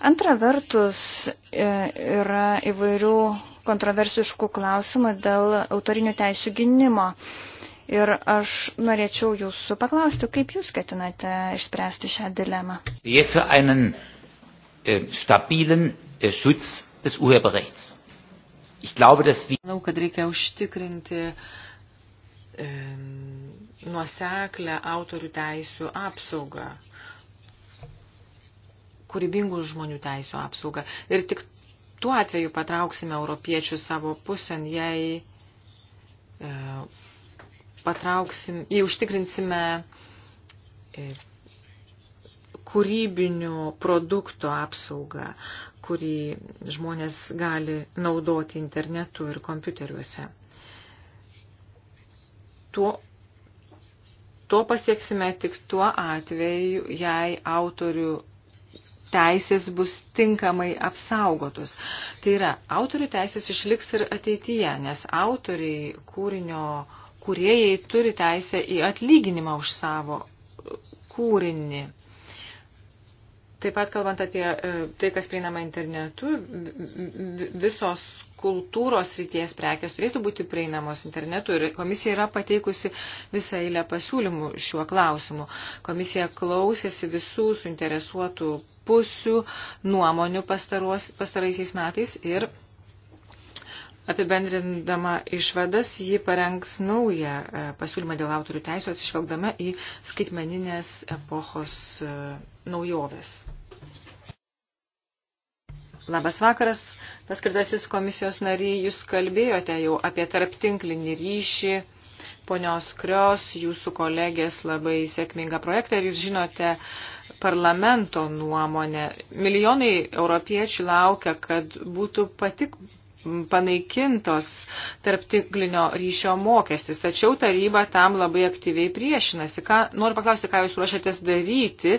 Antra vertus e, yra įvairių kontroversiškų klausimų dėl autorinių teisų gynimo. Ir aš norėčiau jūsų paklausti, kaip jūs ketinate išspręsti šią dilemą. Je für einen Äh, stabilen äh, Schutz des Urheberrechts. Ich glaube, dass wir Manau, kad reikia užtikrinti e, nuoseklę autorių teisų apsaugą, kūrybingų žmonių teisų apsaugą. Ir tik tuo atveju patrauksime europiečių savo pusėn, jei e, patrauksim, jei užtikrinsime e, kūrybinių produktų apsaugą, kurį žmonės gali naudoti internetu ir kompiuteriuose. Tuo, to pasieksime tik tuo atveju, jei autorių teisės bus tinkamai apsaugotos. Tai yra, autorių teisės išliks ir ateityje, nes autoriai kūrinio kuriejai turi teisę į atlyginimą už savo kūrinį. Taip pat kalbant apie e, tai, kas prieinama internetu, visos kultūros ryties prekės turėtų būti prieinamos internetu ir komisija yra pateikusi visą eilę pasiūlymų šiuo klausimu. Komisija klausėsi visų suinteresuotų pusių nuomonių pastaraisiais metais ir apibendrindama išvadas ji parengs naują e, pasiūlymą dėl autorių teisų atsižvelgdama į skaitmeninės epochos e, naujoves. Labas vakaras, paskirtasis komisijos nariai, jūs kalbėjote jau apie tarptinklinį ryšį, ponios Krios, jūsų kolegės labai sėkmingą projektą ir jūs žinote parlamento nuomonę. Milijonai europiečių laukia, kad būtų patik, panaikintos tarptiklinio ryšio mokestis. Tačiau taryba tam labai aktyviai priešinasi. Ką, noriu paklausti, ką jūs ruošiatės daryti,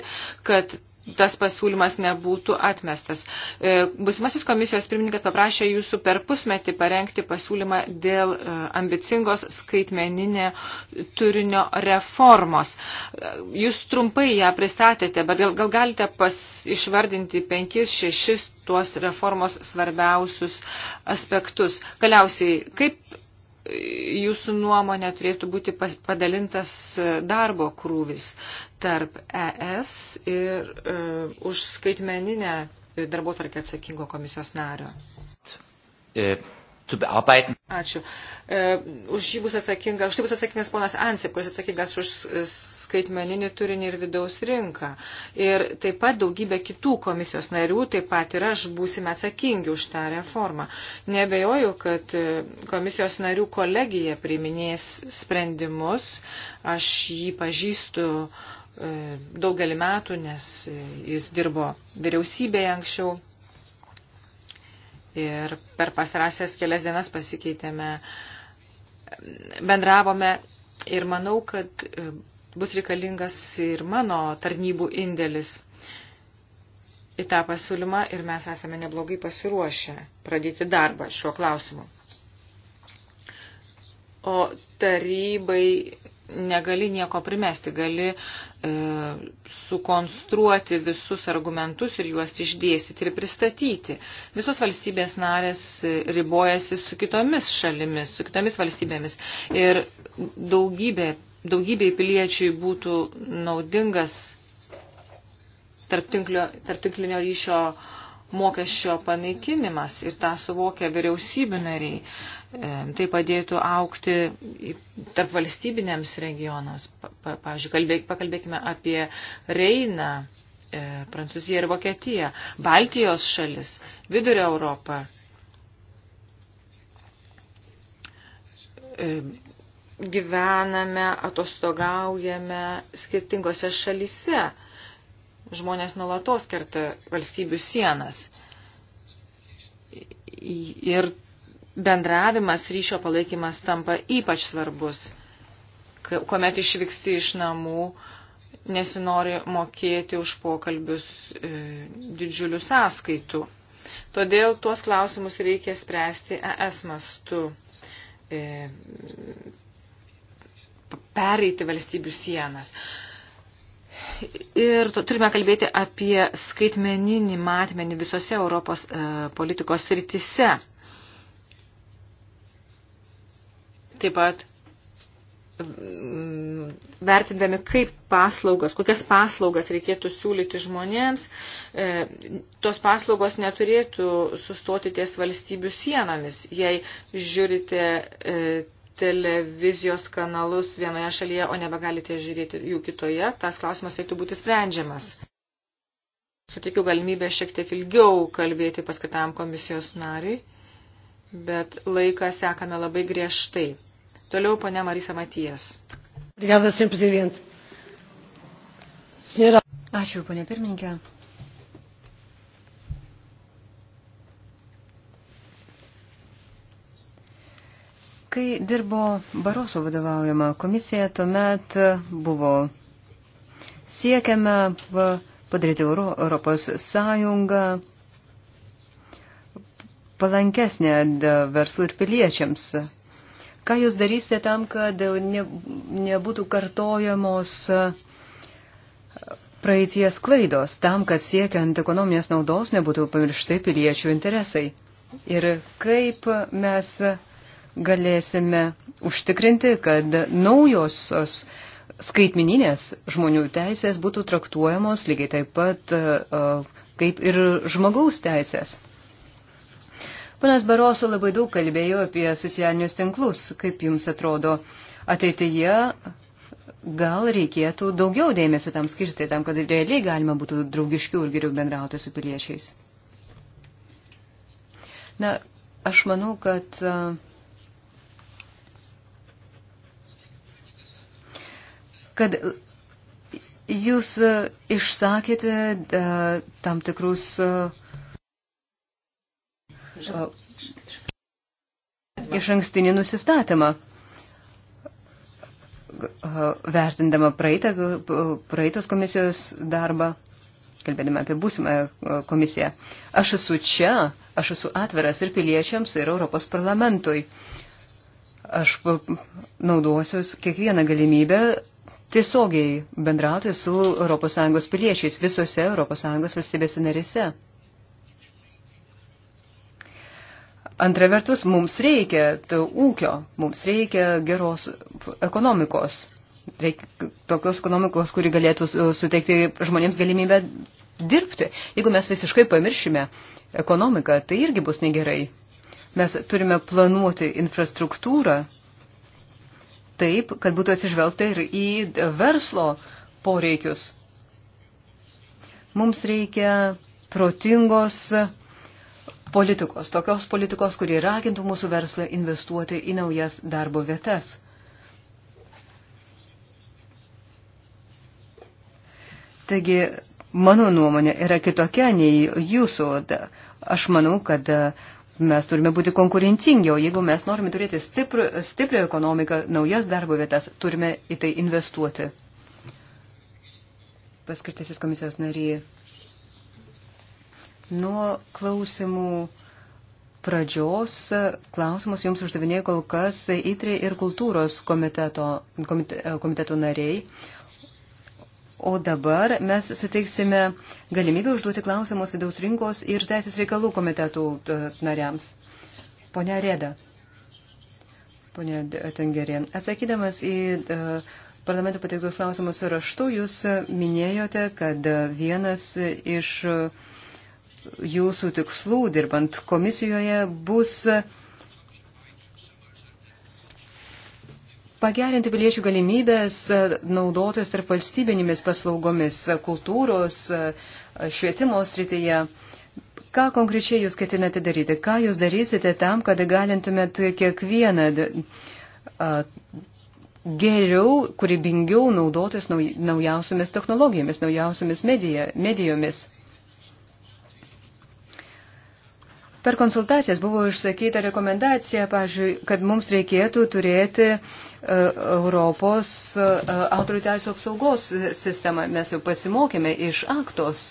kad tas pasiūlymas nebūtų atmestas. E, Busimasis komisijos pirmininkas paprašė jūsų per pusmetį parengti pasiūlymą dėl e, ambicingos skaitmeninė turinio reformos. E, jūs trumpai ją pristatėte, bet gal, gal galite pas, išvardinti penkis, šešis tuos reformos svarbiausius aspektus. Galiausiai, kaip jūsų nuomonė turėtų būti padalintas darbo krūvis tarp ES ir e, už skaitmeninę darbo tvarkę atsakingo komisijos nario. E, Ačiū. E, už jį bus atsakinga, už tai bus atsakingas ponas Ansip, kuris atsakingas už skaitmeninį turinį ir vidaus rinką. Ir taip pat daugybė kitų komisijos narių, taip pat ir aš būsime atsakingi už tą reformą. Nebejoju, kad e, komisijos narių kolegija priiminės sprendimus. Aš jį pažįstu E, daugelį metų, nes jis dirbo vyriausybėje anksčiau. Ir per pastarąsias kelias dienas pasikeitėme, bendravome ir manau, kad e, bus reikalingas ir mano tarnybų indėlis į tą pasiūlymą ir mes esame neblogai pasiruošę pradėti darbą šiuo klausimu. O tarybai negali nieko primesti, gali e, sukonstruoti visus argumentus ir juos išdėstyti ir pristatyti. Visos valstybės narės e, ribojasi su kitomis šalimis, su kitomis valstybėmis. Ir daugybė, daugybė piliečiai būtų naudingas tarptinklinio tarp ryšio mokesčio panaikinimas ir tą suvokia vyriausybių nariai. E, tai padėtų aukti tarp valstybinėms regionams. Pavyzdžiui, pakalbėkime apie Reiną, e, Prancūziją ir Vokietiją, Baltijos šalis, Vidurio Europą. E, gyvename, atostogaujame skirtingose šalise. Žmonės nuolatos kerta valstybių sienas. Ir bendravimas, ryšio palaikymas tampa ypač svarbus, kuomet išvyksti iš namų, nesinori mokėti už pokalbius e, didžiulių sąskaitų. Todėl tuos klausimus reikia spręsti ES mastu, e, pereiti valstybių sienas. Ir turime kalbėti apie skaitmeninį matmenį visose Europos e, politikos rytise. Taip pat mm, vertindami, kaip paslaugos, kokias paslaugas reikėtų siūlyti žmonėms, e, tos paslaugos neturėtų sustoti ties valstybių sienomis. Jei žiūrite e, televizijos kanalus vienoje šalyje, o nebegalite žiūrėti jų kitoje, tas klausimas turėtų būti sprendžiamas. Sutikiu galimybę šiek tiek ilgiau kalbėti paskatam komisijos nariui bet laiką sekame labai griežtai. Toliau ponia Marisa Matijas. Ačiū, ponia pirmininkė. Kai dirbo Baroso vadovaujama komisija, tuomet buvo siekiama padaryti Europos sąjungą palankesnė verslų ir piliečiams. Ką jūs darysite tam, kad ne, nebūtų kartojamos praeities klaidos, tam, kad siekiant ekonominės naudos nebūtų pamirštai piliečių interesai? Ir kaip mes galėsime užtikrinti, kad naujosios skaitmininės žmonių teisės būtų traktuojamos lygiai taip pat kaip ir žmogaus teisės? Panas Baroso labai daug kalbėjo apie socialinius tinklus. Kaip jums atrodo, ateityje gal reikėtų daugiau dėmesio tam skirti, tam, kad realiai galima būtų draugiškiau ir geriau bendrauti su piliečiais? Na, aš manau, kad. kad Jūs išsakėte e, tam tikrus uh, iš ankstinį nusistatymą, vertindama praeitą, praeitos komisijos darbą, kalbėdama apie būsimą komisiją. Aš esu čia, aš esu atviras ir piliečiams, ir Europos parlamentui. Aš naudosiu kiekvieną galimybę tiesiogiai bendrauti su ES piliečiais visose ES valstybėse narise. Antra vertus, mums reikia ūkio, mums reikia geros ekonomikos. Reikia tokios ekonomikos, kuri galėtų suteikti žmonėms galimybę dirbti. Jeigu mes visiškai pamiršime ekonomiką, tai irgi bus negerai. Mes turime planuoti infrastruktūrą taip, kad būtų atsižvelgta ir į verslo poreikius. Mums reikia protingos politikos, tokios politikos, kurie ragintų mūsų verslą investuoti į naujas darbo vietas. Taigi, mano nuomonė yra kitokia nei jūsų. Aš manau, kad e, mes turime būti konkurencingi, o jeigu mes norime turėti stiprų, stiprią ekonomiką, naujas darbo vietas, turime į tai investuoti. Paskirtasis komisijos nariai. Nuo klausimų pradžios klausimus jums uždavinėjo kol kas ITRI ir kultūros komiteto, komite, komiteto nariai. O dabar mes suteiksime galimybę užduoti klausimus vidaus rinkos ir teisės reikalų komitetų e, nariams. Pone Rėda. Pone Tengerė. Atsakydamas į uh, parlamento pateiktus klausimus raštu, jūs minėjote, kad vienas iš uh, jūsų tikslų dirbant komisijoje bus pagerinti piliečių galimybės naudotis tarp valstybinėmis paslaugomis kultūros, švietimo srityje. Ką konkrečiai jūs ketinate daryti? Ką jūs darysite tam, kad galintumėt kiekvieną e, geriau, kūrybingiau naudotis naujausiamis technologijomis, naujausiamis medija, medijomis? Per konsultacijas buvo išsakyta rekomendacija, pažiūrėjau, kad mums reikėtų turėti e, Europos e, autorių teisų apsaugos sistemą. Mes jau pasimokėme iš aktos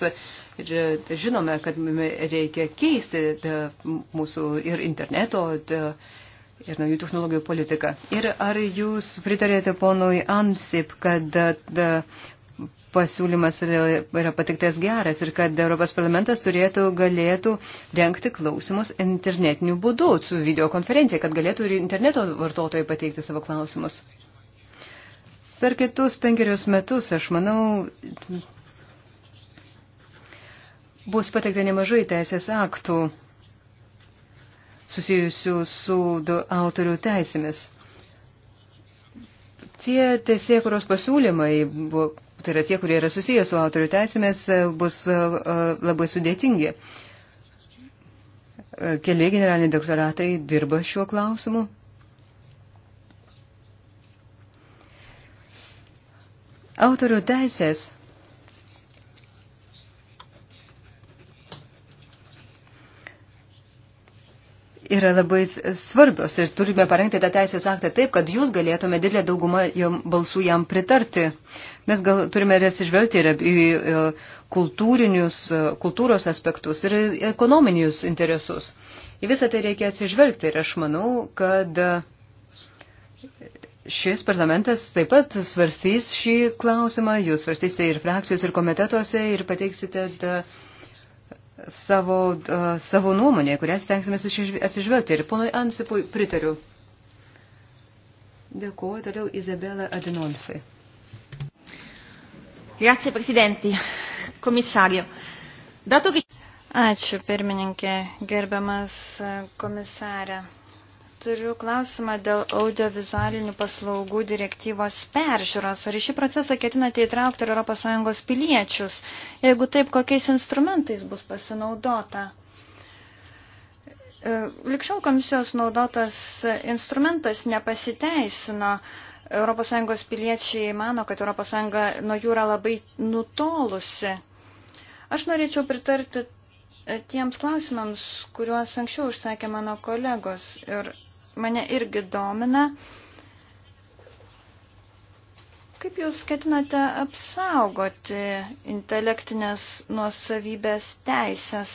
ir e, žinome, kad reikia keisti mūsų ir interneto. Ir naujų technologijų politika. Ir ar jūs pritarėte ponui Ansip, kad pasiūlymas yra patiktas geras ir kad Europos parlamentas turėtų, galėtų renkti klausimus internetiniu būdu su videokonferencija, kad galėtų ir interneto vartotojai pateikti savo klausimus. Per kitus penkerius metus, aš manau, bus pateikta nemažai teisės aktų susijusių su autorių teisėmis. Tie teisėkuros pasiūlymai, tai yra tie, kurie yra susijęs su autorių teisėmis, bus e, labai sudėtingi. E, keli generaliniai doktoratai dirba šiuo klausimu. Autorių teisės yra labai svarbios ir turime parengti tą teisės aktą taip, kad jūs galėtume didelę daugumą jom, balsų jam pritarti. Mes gal turime atsižvelgti ir į e, kultūrinius, e, kultūros aspektus ir ekonominius interesus. Į visą tai reikia atsižvelgti ir aš manau, kad e, šis parlamentas taip pat svarstys šį klausimą, jūs svarstysite ir frakcijos, ir komitetuose ir pateiksite. Da, savo, uh, savo nuomonę, kurią stengsime atsižvelgti. Ir ponui Ansipui pritariu. Dėkuoju toliau Izabela Adinolfi. Grazie, prezidenti. Komisario. Dato, Ačiū, pirmininkė, gerbiamas komisarė turiu klausimą dėl audiovizualinių paslaugų direktyvos peržiūros. Ar į šį procesą ketinate įtraukti ir ES piliečius? Jeigu taip, kokiais instrumentais bus pasinaudota? E, Likščiau komisijos naudotas instrumentas nepasiteisino. ES piliečiai mano, kad ES nuo jų yra labai nutolusi. Aš norėčiau pritarti tiems klausimams, kuriuos anksčiau užsakė mano kolegos. Ir mane irgi domina. Kaip jūs ketinate apsaugoti intelektinės nuosavybės teisės?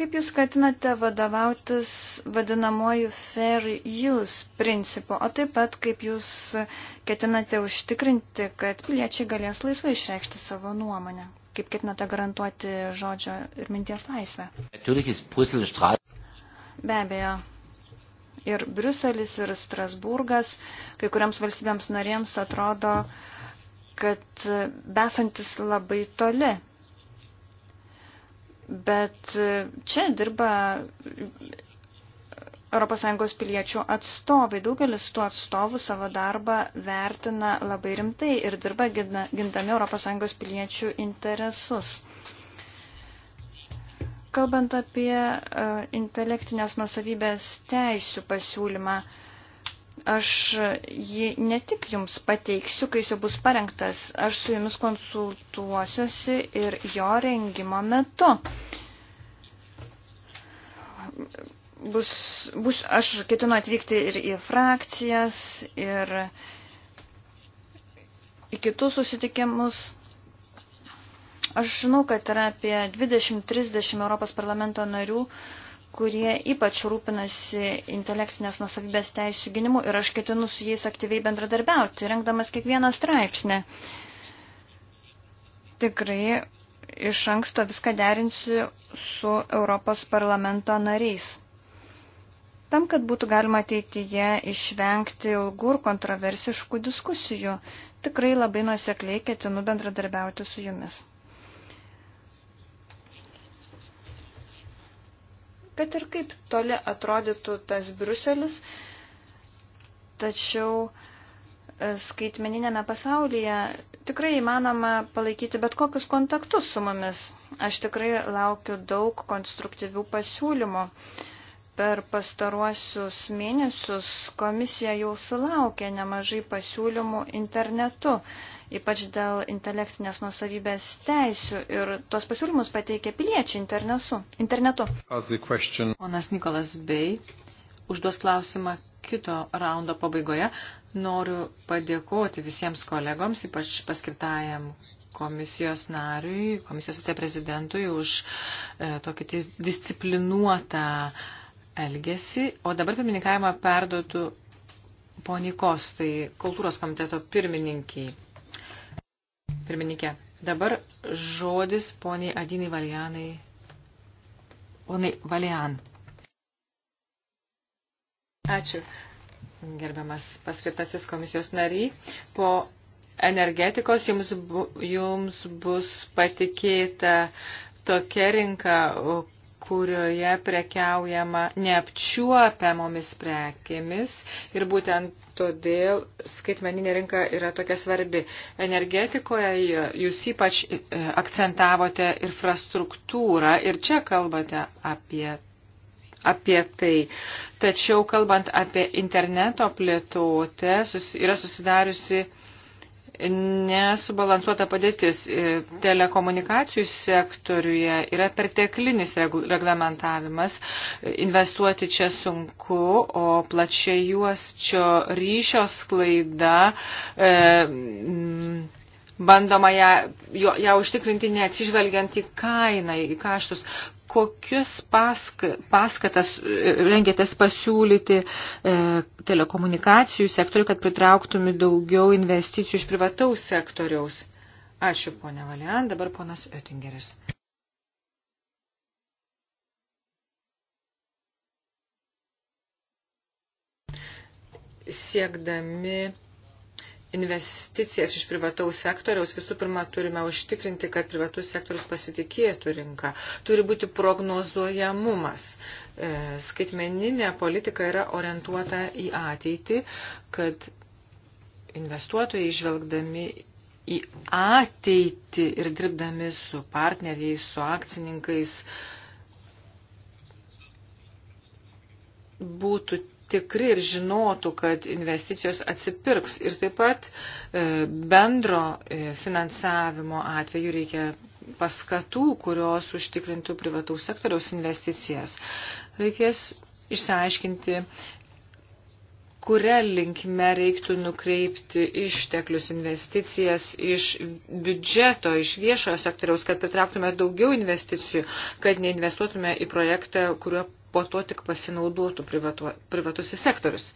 Kaip jūs skatinate vadovautis vadinamoju fair use principu, o taip pat kaip jūs ketinate užtikrinti, kad piliečiai galės laisvai išreikšti savo nuomonę? kaip ketinate garantuoti žodžio ir minties laisvę? Be abejo. Ir Briuselis, ir Strasburgas, kai kuriams valstybėms narėms atrodo, kad besantis labai toli. Bet čia dirba ES piliečių atstovai. Daugelis tų atstovų savo darbą vertina labai rimtai ir dirba gindami ES piliečių interesus. Kalbant apie uh, intelektinės nusavybės teisių pasiūlymą, aš jį ne tik jums pateiksiu, kai jis jau bus parengtas, aš su jumis konsultuosiuosi ir jo rengimo metu bus, bus, aš ketinu atvykti ir į frakcijas, ir į kitus susitikimus. Aš žinau, kad yra apie 20-30 Europos parlamento narių, kurie ypač rūpinasi intelektinės nusavybės teisų gynimu ir aš ketinu su jais aktyviai bendradarbiauti, rengdamas kiekvieną straipsnį. Tikrai iš anksto viską derinsiu su Europos parlamento nariais tam, kad būtų galima ateityje išvengti ilgų ir kontroversiškų diskusijų. Tikrai labai nusekliai ketinu bendradarbiauti su jumis. Kad ir kaip toli atrodytų tas Bruselis, tačiau e, skaitmeninėme pasaulyje tikrai įmanoma palaikyti bet kokius kontaktus su mumis. Aš tikrai laukiu daug konstruktyvių pasiūlymų per pastaruosius mėnesius komisija jau sulaukė nemažai pasiūlymų internetu, ypač dėl intelektinės nusavybės teisių ir tuos pasiūlymus pateikė piliečiai internetu. internetu. Ponas Nikolas Bey užduos klausimą kito raundo pabaigoje. Noriu padėkoti visiems kolegoms, ypač paskirtajam komisijos nariui, komisijos viceprezidentui už e, tokį disciplinuotą e, elgesį, o dabar pirmininkavimą perduotų poniai Kostai, kultūros komiteto pirmininkiai. Pirmininkė, dabar žodis poniai Adinai Valianai. Ponai Valian. Ačiū, gerbiamas paskirtasis komisijos nariai. Po energetikos jums, bu, jums bus patikėta tokia rinka, kurioje prekiaujama neapčiuopiamomis prekėmis ir būtent todėl skaitmeninė rinka yra tokia svarbi. Energetikoje jūs ypač e, akcentavote infrastruktūrą ir čia kalbate apie, apie tai. Tačiau kalbant apie interneto plėtotę, yra susidariusi nesubalansuota padėtis e, telekomunikacijų sektoriuje yra perteklinis reglamentavimas, e, investuoti čia sunku, o plačiai juos čia ryšio sklaida. E, Bandoma ją, ją užtikrinti neatsižvelgiant į kainą, į kaštus kokius pask, paskatas e, rengėtės pasiūlyti e, telekomunikacijų sektoriu, kad pritrauktumį daugiau investicijų iš privataus sektoriaus? Ačiū, ponė Valian. Dabar ponas Oettingeris. Siekdami investicijas iš privataus sektoriaus, visų pirma, turime užtikrinti, kad privatus sektorius pasitikėtų rinką. Turi būti prognozuojamumas. E, skaitmeninė politika yra orientuota į ateitį, kad investuotojai išvelgdami į ateitį ir dirbdami su partneriais, su akcininkais, būtų tikri ir žinotų, kad investicijos atsipirks. Ir taip pat e, bendro e, finansavimo atveju reikia paskatų, kurios užtikrintų privataus sektoriaus investicijas. Reikės išsiaiškinti, kuria linkme reiktų nukreipti išteklius investicijas iš biudžeto, iš viešojo sektoriaus, kad pritrauktume daugiau investicijų, kad neinvestuotume į projektą, kurio po to tik pasinaudotų privatu, privatus sektorius.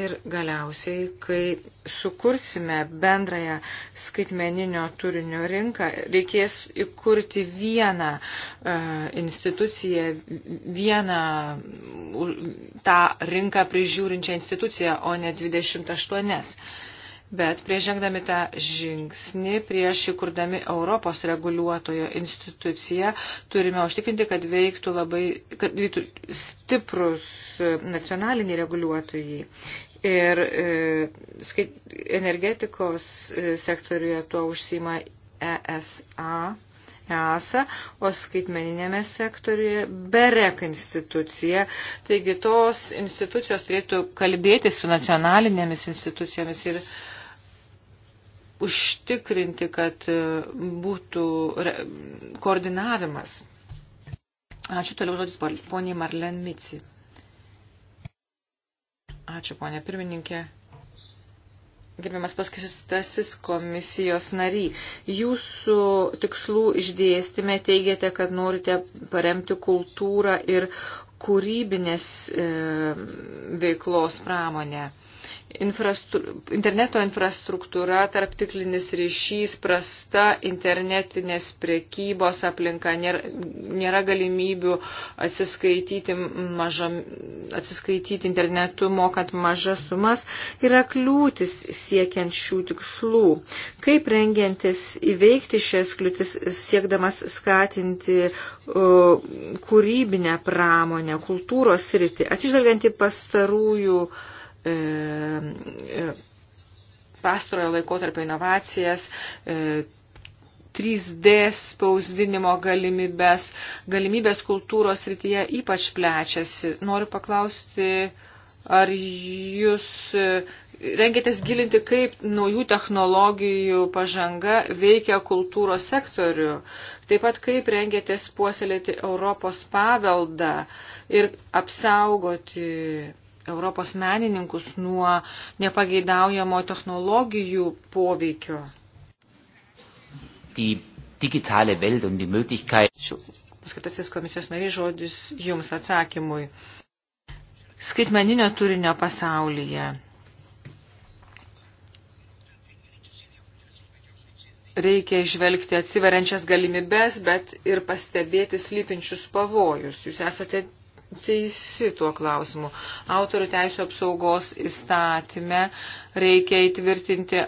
Ir galiausiai, kai sukursime bendrąją skaitmeninio turinio rinką, reikės įkurti vieną e, instituciją, vieną tą rinką prižiūrinčią instituciją, o ne 28. Bet prieš žengdami tą žingsnį, prieš įkurdami Europos reguliuotojo instituciją, turime užtikrinti, kad veiktų labai, kad veiktų stiprus e, nacionaliniai reguliuotojai. Ir e, energetikos e, sektoriuje tuo užsima ESA, EASA, o skaitmeninėme sektoriuje BEREK institucija. Taigi tos institucijos turėtų kalbėti su nacionalinėmis institucijomis ir e, užtikrinti, kad būtų koordinavimas. Ačiū toliau žodis poniai Marlen Mici. Ačiū, ponė pirmininkė. Gerbiamas paskirtasis komisijos nary, jūsų tikslų išdėstime teigiate, kad norite paremti kultūrą ir kūrybinės e, veiklos pramonę. E, Infrastru... Interneto infrastruktūra, tarptiklinis ryšys, prasta internetinės priekybos aplinka, nėra, nėra galimybių atsiskaityti, mažo, atsiskaityti internetu, mokant mažas sumas, yra kliūtis siekiant šių tikslų. Kaip rengiantis įveikti šias kliūtis, siekdamas skatinti uh, kūrybinę pramonę, kultūros sritį, atsižvelgiant į pastarųjų uh, E, e, pastarojo laikotarpio inovacijas, 3D e, spausdinimo galimybės, galimybės kultūros rytyje ypač plečiasi. Noriu paklausti, ar jūs rengėtės gilinti, kaip naujų technologijų pažanga veikia kultūros sektorių, taip pat kaip rengėtės puoselėti Europos paveldą ir apsaugoti Europos menininkus nuo nepageidaujamo technologijų poveikio. Die digitale Welt und die Möglichkeit. Paskatasis komisijos narys žodis jums atsakymui. Skaitmeninio turinio pasaulyje. reikia išvelgti atsiveriančias galimybes, bet ir pastebėti slypinčius pavojus. Jūs esate teisi tuo klausimu. Autorių teisų apsaugos įstatyme reikia įtvirtinti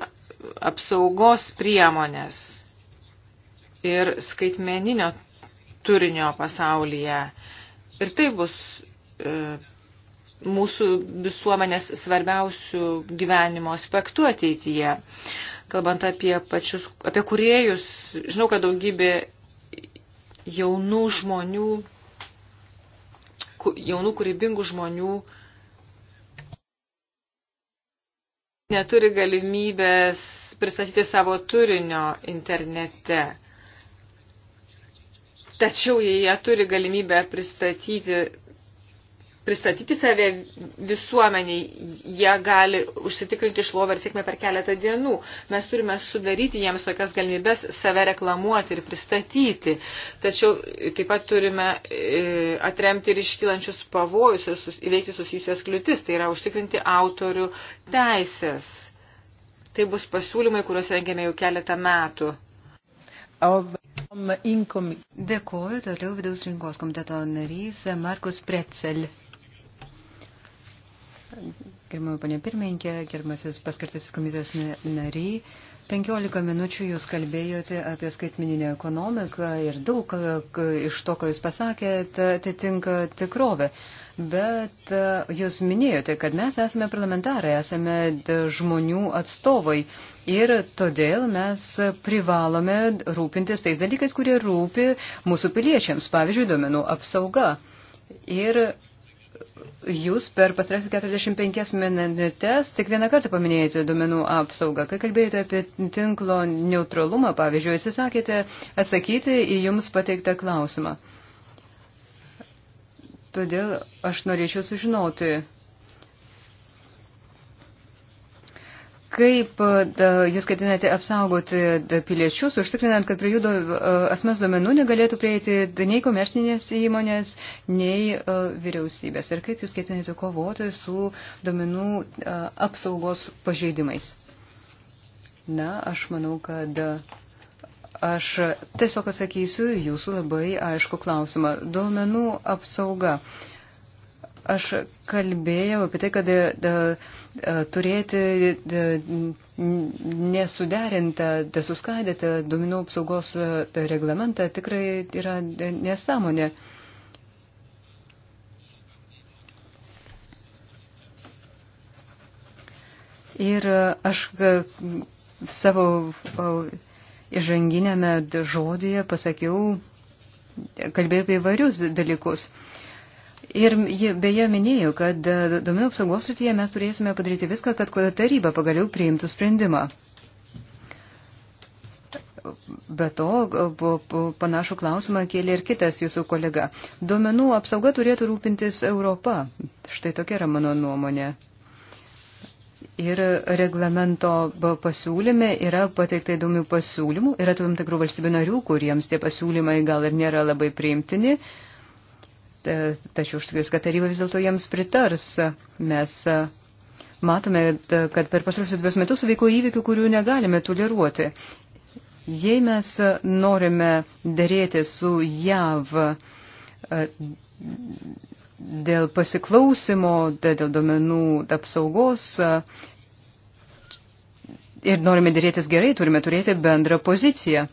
apsaugos priemonės ir skaitmeninio turinio pasaulyje. Ir tai bus e, mūsų visuomenės svarbiausių gyvenimo aspektų ateityje. Kalbant apie pačius, apie kuriejus, žinau, kad daugybė jaunų žmonių jaunų kūrybingų žmonių neturi galimybės pristatyti savo turinio internete. Tačiau jei jie turi galimybę pristatyti pristatyti save visuomeniai, jie gali užsitikrinti šlovę ir sėkmę per keletą dienų. Mes turime sudaryti jiems tokias galimybės save reklamuoti ir pristatyti. Tačiau taip pat turime e, atremti ir iškylančius pavojus ir sus, įveikti susijusias kliūtis, tai yra užtikrinti autorių teisės. Tai bus pasiūlymai, kuriuos rengėme jau keletą metų. Dėkuoju toliau vidaus rinkos komiteto narys Markus Pretzel. Gerbiamą panę pirmininkę, gerbiamasis paskirtasis komitės nariai, 15 minučių jūs kalbėjote apie skaitmininę ekonomiką ir daug iš to, ką jūs pasakėte, atitinka tikrovę. Bet e, jūs minėjote, kad mes esame parlamentarai, esame e, žmonių atstovai ir todėl mes privalome rūpintis tais dalykais, kurie rūpi mūsų piliečiams, pavyzdžiui, duomenų apsauga. Ir jūs per pastrasis 45 minutės tik vieną kartą paminėjote duomenų apsaugą. Kai kalbėjote apie tinklo neutralumą, pavyzdžiui, jūs sakėte atsakyti į jums pateiktą klausimą. Todėl aš norėčiau sužinoti, Kaip e, da, jūs ketinate apsaugoti da, piliečius, užtikrinant, kad prie jų do, e, asmens domenų negalėtų prieiti nei komercinės įmonės, nei a, e, vyriausybės? Ir kaip jūs ketinate kovoti su domenų a, apsaugos pažeidimais? Na, aš manau, kad aš tiesiog atsakysiu jūsų labai aišku klausimą. Domenų apsauga. A, Aš kalbėjau apie tai, kad da, e, da, e, turėti da, e, nesuderintą, suskaidytą duomenų apsaugos reglamentą tikrai yra nesąmonė. Ir aš savo įžanginėme žodėje pasakiau, kalbėjau apie įvairius dalykus. Ir jie beje minėjo, kad e, duomenų apsaugos srityje mes turėsime padaryti viską, kad taryba pagaliau priimtų sprendimą. Be to, e, panašų klausimą kėlė ir kitas jūsų kolega. Duomenų apsauga turėtų rūpintis Europa. Štai tokia yra mano nuomonė. Ir reglamento pasiūlyme yra pateikta įdomių pasiūlymų. Yra tam tikrų valstybių narių, kuriems tie pasiūlymai gal ir nėra labai priimtini. Uh, E, tačiau aš tikiuosi, kad taryba vis dėlto jiems pritars. Mes e, matome, e, kad per pasarosius dvies metus vyko įvykių, kurių negalime toleruoti. Jei mes norime dėrėti su JAV dėl pasiklausimo, dėl domenų apsaugos ir norime dėrėtis gerai, turime turėti bendrą poziciją.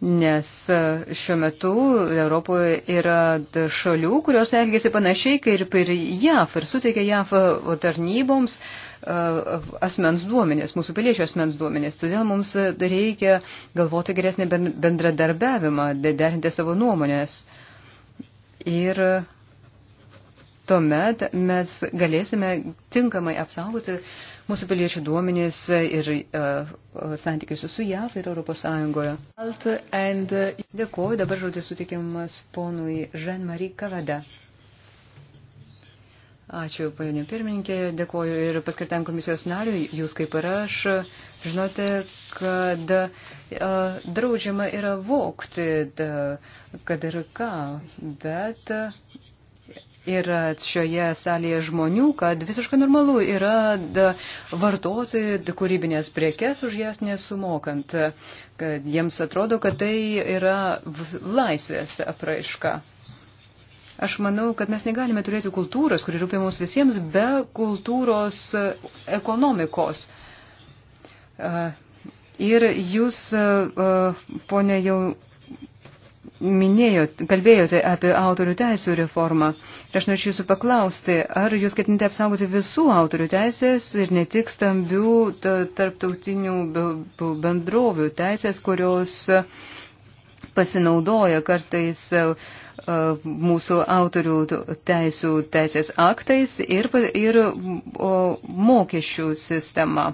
Nes e, šiuo metu Europoje yra šalių, kurios elgėsi panašiai kaip ir JAF ir suteikė JAF e, tarnyboms e, asmens duomenės, mūsų piliečių asmens duomenės. Todėl mums reikia galvoti geresnį bendradarbiavimą, derinti savo nuomonės. Ir tuomet mes galėsime tinkamai apsaugoti mūsų piliečių duomenys ir uh, e, santykius su JAV ir Europos Sąjungoje. And, uh, Dėkuoju, dabar žodis sutikimas ponui Jean-Marie Kavada. Ačiū, pajonė pirmininkė, dėkuoju ir paskirtam komisijos nariui, jūs kaip ir aš, žinote, kad a, e, draudžiama yra vokti, da, kad ir ką, bet. A, ir šioje salėje žmonių, kad visiškai normalu yra vartoti kūrybinės prekes už jas nesumokant, kad jiems atrodo, kad tai yra laisvės apraiška. Aš manau, kad mes negalime turėti kultūros, kuri rūpia mums visiems, be kultūros ekonomikos. Ir jūs, ponė jau minėjot, kalbėjote apie autorių teisų reformą. Ir aš norėčiau jūsų paklausti, ar jūs ketinate apsaugoti visų autorių teisės ir ne tik stambių tarptautinių bendrovių teisės, kurios pasinaudoja kartais e, e, mūsų autorių teisų teisės aktais ir, ir mokesčių sistema.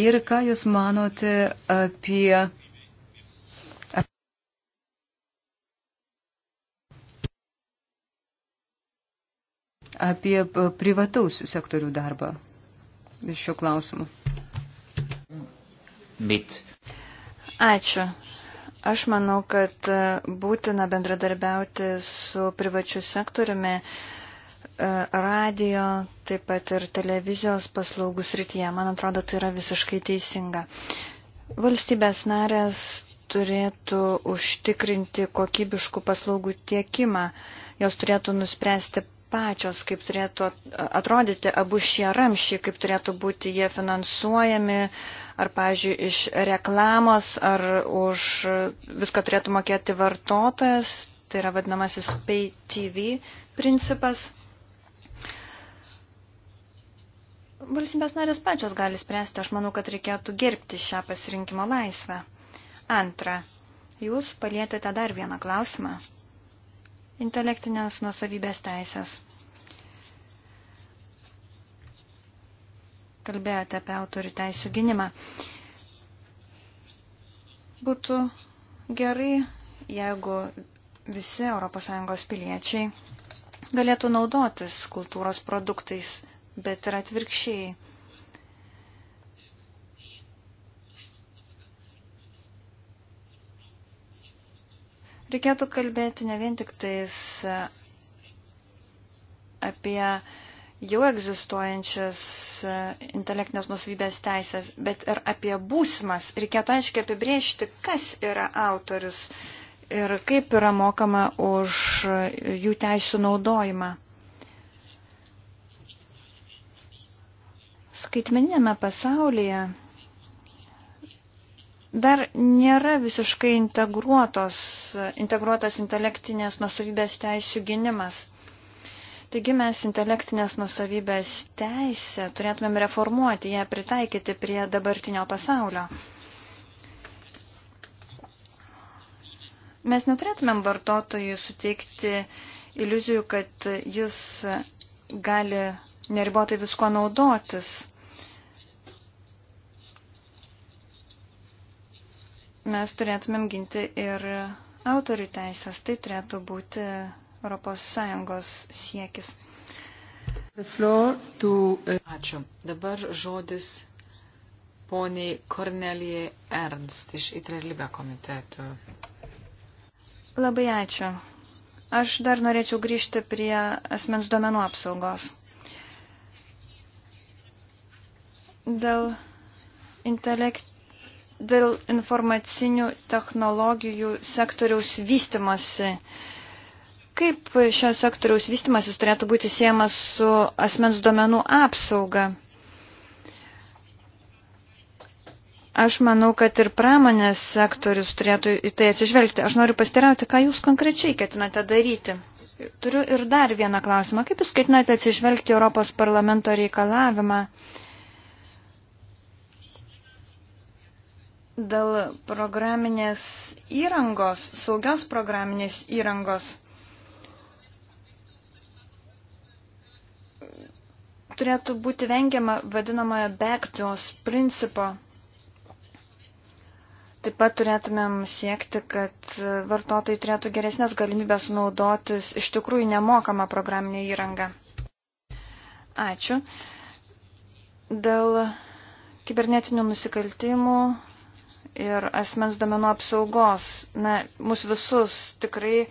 Ir ką Jūs manote apie apie e, privataus sektorių darbą šiuo klausimu. Bet. Ačiū. Aš manau, kad e, būtina bendradarbiauti su privačiu sektoriumi e, radio, taip pat ir televizijos paslaugų srityje. Man atrodo, tai yra visiškai teisinga. Valstybės narės turėtų užtikrinti kokybiškų paslaugų tiekimą. Jos turėtų nuspręsti pačios, kaip turėtų atrodyti abu šie ramšiai, kaip turėtų būti jie finansuojami, ar, pavyzdžiui, iš reklamos, ar už viską turėtų mokėti vartotojas, tai yra vadinamasis pay TV principas. Valstybės narės pačios gali spręsti, aš manau, kad reikėtų gerbti šią pasirinkimo laisvę. Antra, jūs palietėte dar vieną klausimą intelektinės nusavybės teisės. Kalbėjote apie autorių teisų gynimą. Būtų gerai, jeigu visi ES piliečiai galėtų naudotis kultūros produktais, bet ir atvirkščiai Reikėtų kalbėti ne vien tik tais e, apie jau egzistuojančias e, intelektinės nusvybės teisės, bet ir apie būsimas. Reikėtų aiškiai apibriežti, kas yra autorius ir kaip yra mokama už jų teisų naudojimą. Skaitmeninėme pasaulyje dar nėra visiškai integruotos, integruotas intelektinės nusavybės teisų gynimas. Taigi mes intelektinės nusavybės teisę turėtumėm reformuoti, ją pritaikyti prie dabartinio pasaulio. Mes neturėtumėm vartotojui suteikti iliuzijų, kad jis gali neribotai visko naudotis. mes turėtumėm ginti ir autorių teisės. Tai turėtų būti ES siekis. To... Uh, ačiū. Dabar žodis poniai Kornelijai Ernst iš Itrelibė komitetų. Labai ačiū. Aš dar norėčiau grįžti prie asmens duomenų apsaugos. Dėl intelekt dėl informacinių technologijų sektoriaus vystimosi. Kaip šio sektoriaus vystimasis turėtų būti siejamas su asmens duomenų apsauga? Aš manau, kad ir pramonės sektorius turėtų į tai atsižvelgti. Aš noriu pastirauti, ką jūs konkrečiai ketinate daryti. Turiu ir dar vieną klausimą. Kaip jūs ketinate atsižvelgti Europos parlamento reikalavimą? Uh, dėl programinės įrangos, saugios programinės įrangos. Turėtų būti vengiama vadinamojo backdoors principo. Taip pat turėtumėm siekti, kad vartotojai turėtų geresnės galimybės naudotis iš tikrųjų nemokamą programinę įrangą. Ačiū. Dėl kibernetinių nusikaltimų ir asmens domenų apsaugos. Na, mus visus tikrai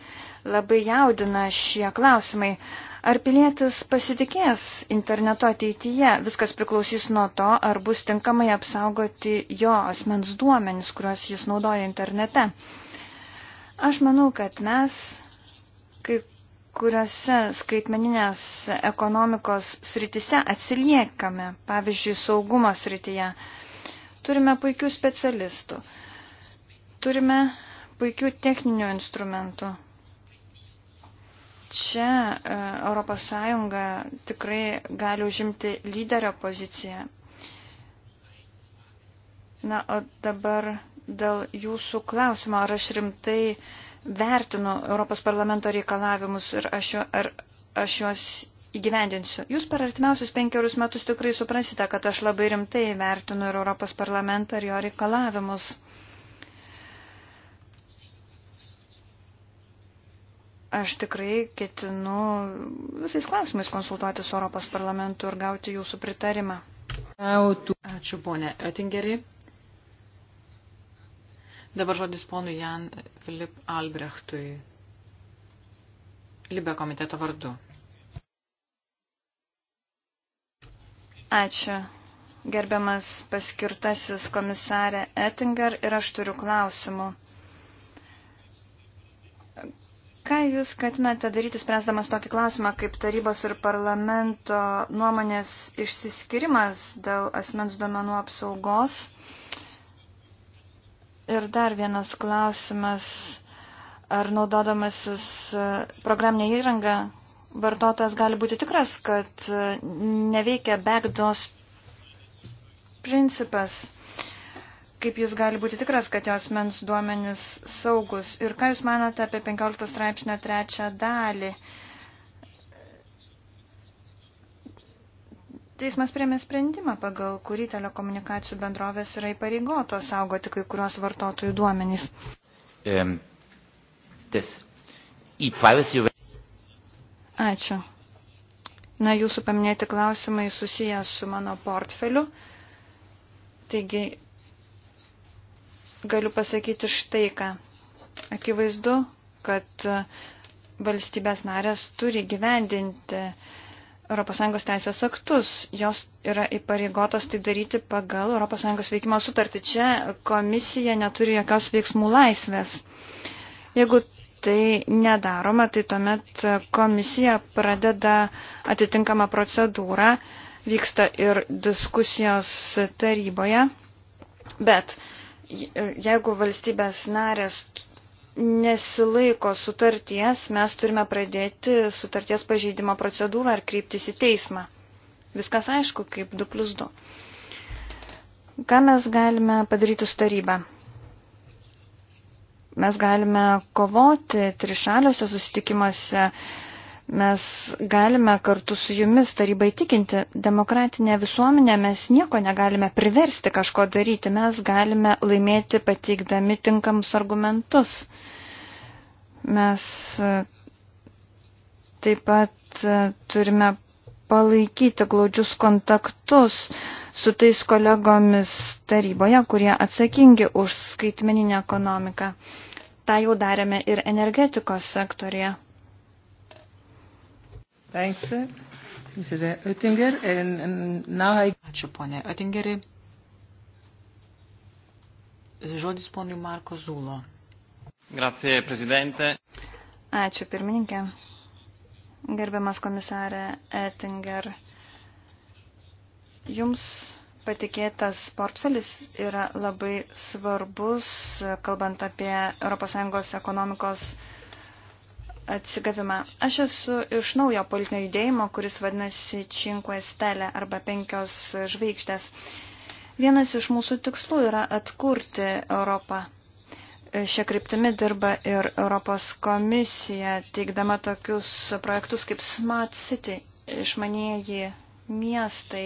labai jaudina šie klausimai. Ar pilietis pasitikės interneto ateityje? Viskas priklausys nuo to, ar bus tinkamai apsaugoti jo asmens duomenys, kuriuos jis naudoja internete. Aš manau, kad mes, kaip kuriuose skaitmeninės ekonomikos sritise atsiliekame, pavyzdžiui, saugumo srityje. Uh, Turime puikių specialistų, turime puikių techninių instrumentų. Čia ES tikrai gali užimti lyderio poziciją. Na, o dabar dėl jūsų klausimo, ar aš rimtai vertinu Europos parlamento reikalavimus ir aš, jo, ar aš juos įgyvendinsiu. Jūs per artimiausius penkerius metus tikrai suprasite, kad aš labai rimtai vertinu ir Europos parlamentą ir jo reikalavimus. Aš tikrai ketinu visais klausimais konsultuoti su Europos parlamentu ir gauti jūsų pritarimą. Ačiū, ponė Oettingeri. Dabar žodis ponui Jan Filip Albrechtui. Libe komiteto vardu. Ačiū, gerbiamas paskirtasis komisarė Ettinger ir aš turiu klausimų. Ką Jūs skatinate daryti, spręsdamas tokį klausimą, kaip tarybos ir parlamento nuomonės išsiskirimas dėl asmens duomenų apsaugos? Ir dar vienas klausimas, ar naudodamasis programinė įranga vartotojas gali būti tikras, kad neveikia backdoors principas, kaip jis gali būti tikras, kad jos mens duomenis saugus. Ir ką Jūs manate apie 15 straipsnio trečią dalį? Teismas priemė sprendimą, pagal kurį telekomunikacijų bendrovės yra įpareigotos saugoti kai kurios vartotojų duomenys. Um, this e-privacy Ačiū. Na, jūsų paminėti klausimai susijęs su mano portfeliu. Taigi, galiu pasakyti štai ką. Akivaizdu, kad valstybės narės turi gyvendinti ES teisės aktus. Jos yra įpareigotos tai daryti pagal ES veikimo sutartį. Čia komisija neturi jokios veiksmų laisvės. Jeigu tai nedaroma, tai tuomet komisija pradeda atitinkamą procedūrą, vyksta ir diskusijos taryboje, bet jeigu valstybės narės nesilaiko sutarties, mes turime pradėti sutarties pažeidimo procedūrą ar kreiptis į teismą. Viskas aišku, kaip 2 plus 2. Ką mes galime padaryti su taryba? mes galime kovoti trišaliuose susitikimuose, mes galime kartu su jumis tarybą įtikinti. Demokratinė visuomenė mes nieko negalime priversti kažko daryti, mes galime laimėti pateikdami tinkamus argumentus. Mes e, taip pat e, turime palaikyti glaudžius kontaktus su tais kolegomis taryboje, kurie atsakingi už skaitmeninę ekonomiką. Ta jau darėme ir energetikos sektorija. Eh, Ačiū, ponė Oettingeri. Žodis ponui Marko Zulo. Grazie, prezidente. Ačiū, pirmininkė. Gerbiamas komisarė Ettinger, jums patikėtas portfelis yra labai svarbus, kalbant apie ES ekonomikos atsigavimą. Aš esu iš naujo politinio judėjimo, kuris vadinasi Cinque Stelle arba penkios žvaigždės. Vienas iš mūsų tikslų yra atkurti Europą. Šia kryptimi dirba ir Europos komisija, teikdama tokius projektus kaip Smart City, išmanėjai miestai.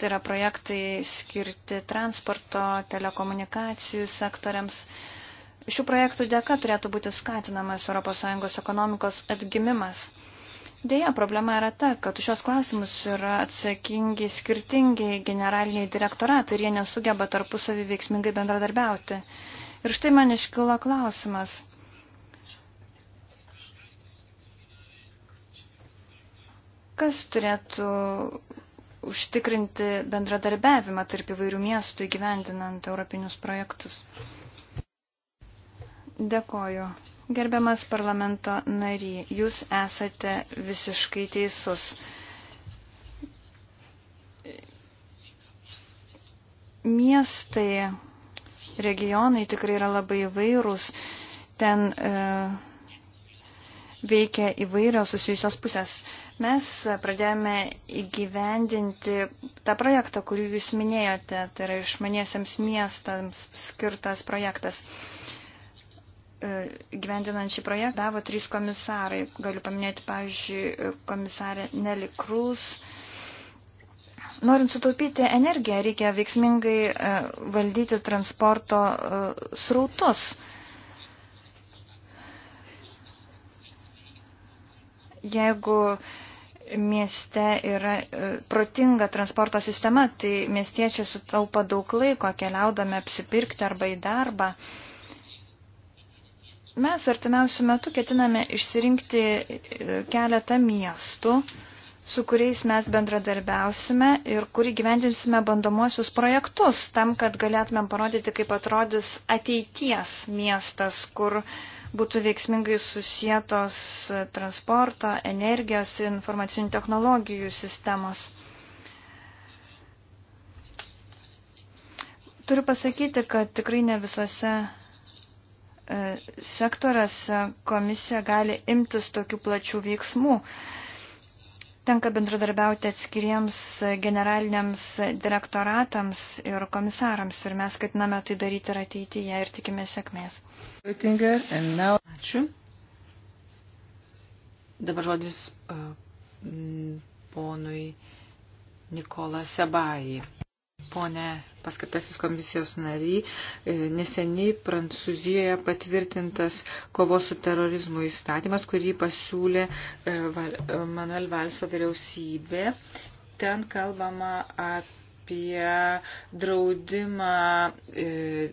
Tai yra projektai skirti transporto, telekomunikacijų sektoriams. Šių projektų dėka turėtų būti skatinamas ES ekonomikos atgimimas. Deja, problema yra ta, kad šios klausimus yra atsakingi skirtingi generaliniai direktoratai ir jie nesugeba tarpusavį veiksmingai bendradarbiauti. Ir štai man iškilo klausimas. Kas turėtų užtikrinti bendradarbiavimą tarp įvairių miestų įgyvendinant europinius projektus? Dėkoju. Gerbiamas parlamento nary, jūs esate visiškai teisus. Miestai regionai tikrai yra labai vairūs. Ten e, veikia įvairios susijusios pusės. Mes pradėjome įgyvendinti tą projektą, kurį jūs minėjote, tai yra išmaniesiams miestams skirtas projektas. E, Gyvendinant šį projektą davo trys komisarai. Galiu paminėti, pavyzdžiui, komisarė Nelly Cruz, Norint sutaupyti energiją, reikia veiksmingai e, valdyti transporto e, srautus. Jeigu mieste yra e, protinga transporto sistema, tai miestiečiai sutaupa daug laiko keliaudami apsipirkti arba į darbą. Mes artimiausių metų ketiname išsirinkti keletą miestų, su kuriais mes bendradarbiausime ir kur įgyvendinsime bandomuosius projektus, tam, kad galėtumėm parodyti, kaip atrodys ateities miestas, kur būtų veiksmingai susijėtos transporto, energijos ir informacinių technologijų sistemos. Turiu pasakyti, kad tikrai ne visose e, sektoriuose komisija gali imtis tokių plačių veiksmų. Tenka bendradarbiauti atskiriems generaliniams direktoratams ir komisarams ir mes skatiname tai daryti ir ateityje ir tikime sėkmės. Ačiū. Dabar žodis uh, ponui Nikola Sebai. Pone paskirtasis komisijos nariai, e, neseniai Prancūzijoje patvirtintas kovos su terorizmu įstatymas, kurį pasiūlė e, Manuel Valso vyriausybė. Ten kalbama apie apie draudimą e,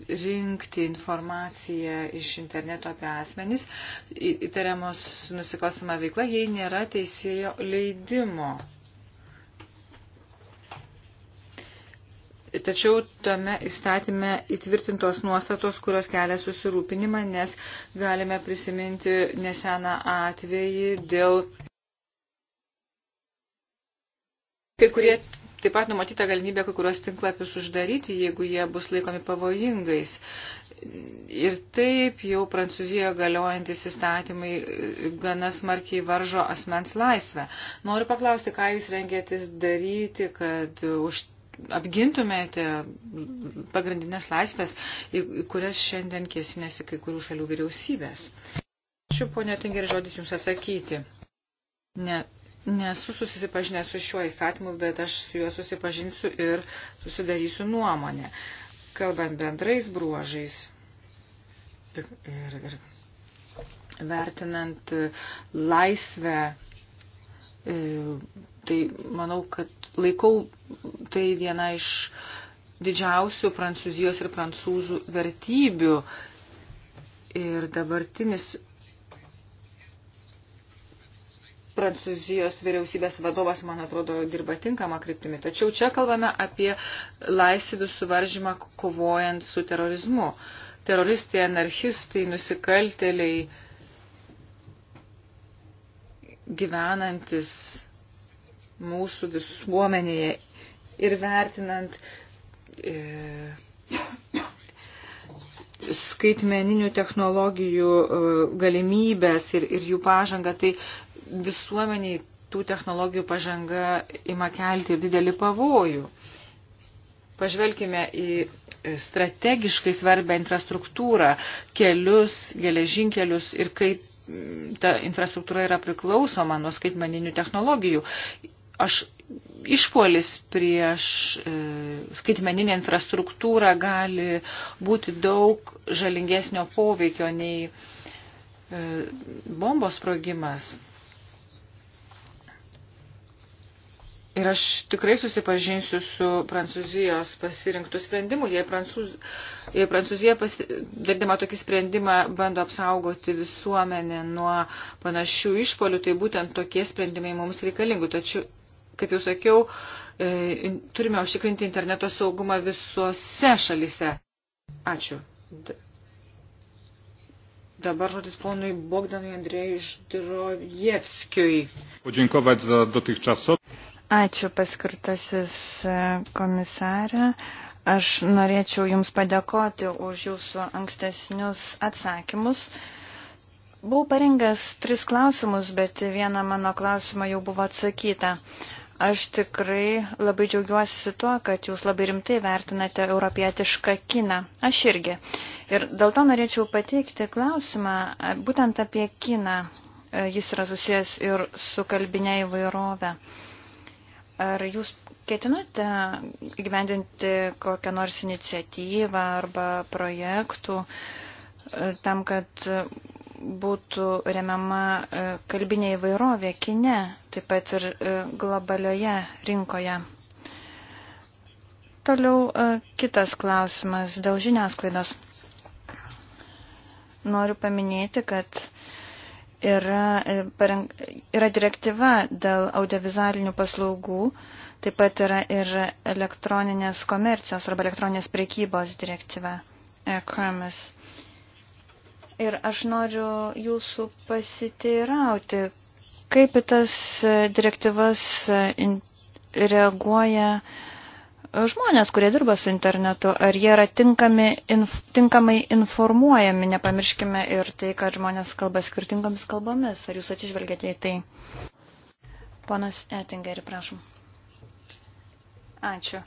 rinkti informaciją iš interneto apie asmenys įtariamos nusikalstama veikla, jei nėra teisėjo leidimo. Tačiau tame įstatymė įtvirtintos nuostatos, kurios kelia susirūpinimą, nes galime prisiminti neseną atvejį dėl. Kai kurie taip pat numatyta galimybė kai kurios tinklapius uždaryti, jeigu jie bus laikomi pavojingais. Ir taip jau Prancūzijoje galiojantis įstatymai e, gana smarkiai varžo asmens laisvę. Noriu paklausti, ką jūs rengėtis daryti, kad už apgintumėte pagrindinės laisvės, į kurias šiandien kėsinėsi kai kurių šalių vyriausybės. Ačiū, ponė Tinger, žodis jums atsakyti. Ne, nesu susipažinęs su šiuo įstatymu, bet aš su juo susipažinsiu ir susidarysiu nuomonę. Kalbant bendrais bruožais ir, ir vertinant laisvę e, Tai manau, kad laikau tai viena iš didžiausių prancūzijos ir prancūzų vertybių. Ir dabartinis Prancūzijos vyriausybės vadovas, man atrodo, dirba tinkamą kryptimį. Tačiau čia kalbame apie laisvių suvaržymą kovojant su terorizmu. Teroristai, anarchistai, nusikalteliai gyvenantis mūsų visuomenėje ir vertinant e, skaitmeninių technologijų e, galimybės ir, ir jų pažangą, tai visuomeniai tų technologijų pažanga ima kelti ir didelį pavojų. Pažvelkime į strategiškai svarbę infrastruktūrą, kelius, geležinkelius ir kaip ta infrastruktūra yra priklausoma nuo skaitmeninių technologijų aš išpolis prieš e, skaitmeninę infrastruktūrą gali būti daug žalingesnio poveikio nei e, bombos sprogimas. Ir aš tikrai susipažinsiu su Prancūzijos pasirinktų sprendimu. Jei, Prancūz... Jei Prancūzija, pasi... dardama tokį sprendimą, bando apsaugoti visuomenę nuo panašių išpolių, tai būtent tokie sprendimai mums reikalingi. Tačiau kaip jau sakiau, e, turime užtikrinti interneto saugumą visuose šalise. Ačiū. Dabar žodis ponui Bogdanui Andrėjui Ždirojevskijui. Podziękować za dotychczasowe. Ačiū paskirtasis e, komisarė. Aš norėčiau Jums padėkoti už Jūsų ankstesnius atsakymus. Buvau parengęs tris klausimus, bet vieną mano klausimą jau buvo atsakyta. Uh, Aš tikrai labai džiaugiuosi tuo, kad jūs labai rimtai vertinate europietišką kiną. Aš irgi. Ir dėl to norėčiau pateikti klausimą būtent apie kiną. E, jis yra susijęs ir su kalbinė įvairovė. Ar jūs ketinate gyvendinti kokią nors iniciatyvą arba projektų e, tam, kad būtų remiama e, kalbinė įvairovė kine, taip pat ir e, globalioje rinkoje. Toliau e, kitas klausimas dėl žiniasklaidos. Noriu paminėti, kad yra, yra direktyva dėl audiovizualinių paslaugų, taip pat yra ir elektroninės komercijos arba elektroninės prekybos direktyva e-commerce. Ir aš noriu jūsų pasiteirauti, kaip į tas direktyvas e, reaguoja žmonės, kurie dirba su internetu, ar jie yra tinkami, inf, tinkamai informuojami, nepamirškime ir tai, kad žmonės kalba skirtingomis kalbomis, ar jūs atsižvelgėte į tai? Ponas Ettingeri, prašom. Ačiū.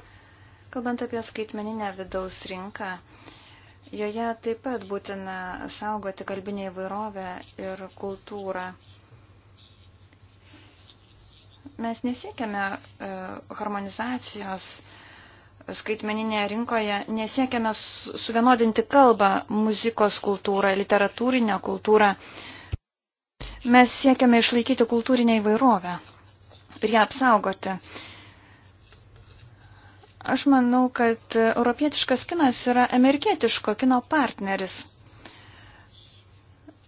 Kalbant apie skaitmeninę vidaus rinką, Joje taip pat būtina saugoti kalbinę įvairovę ir kultūrą. Mes nesiekiame e, harmonizacijos skaitmeninėje rinkoje, nesiekiame suvienodinti kalbą, muzikos kultūrą, literatūrinę kultūrą. Mes siekiame išlaikyti kultūrinę įvairovę ir ją apsaugoti. Aš manau, kad europietiškas kinas yra amerikietiško kino partneris.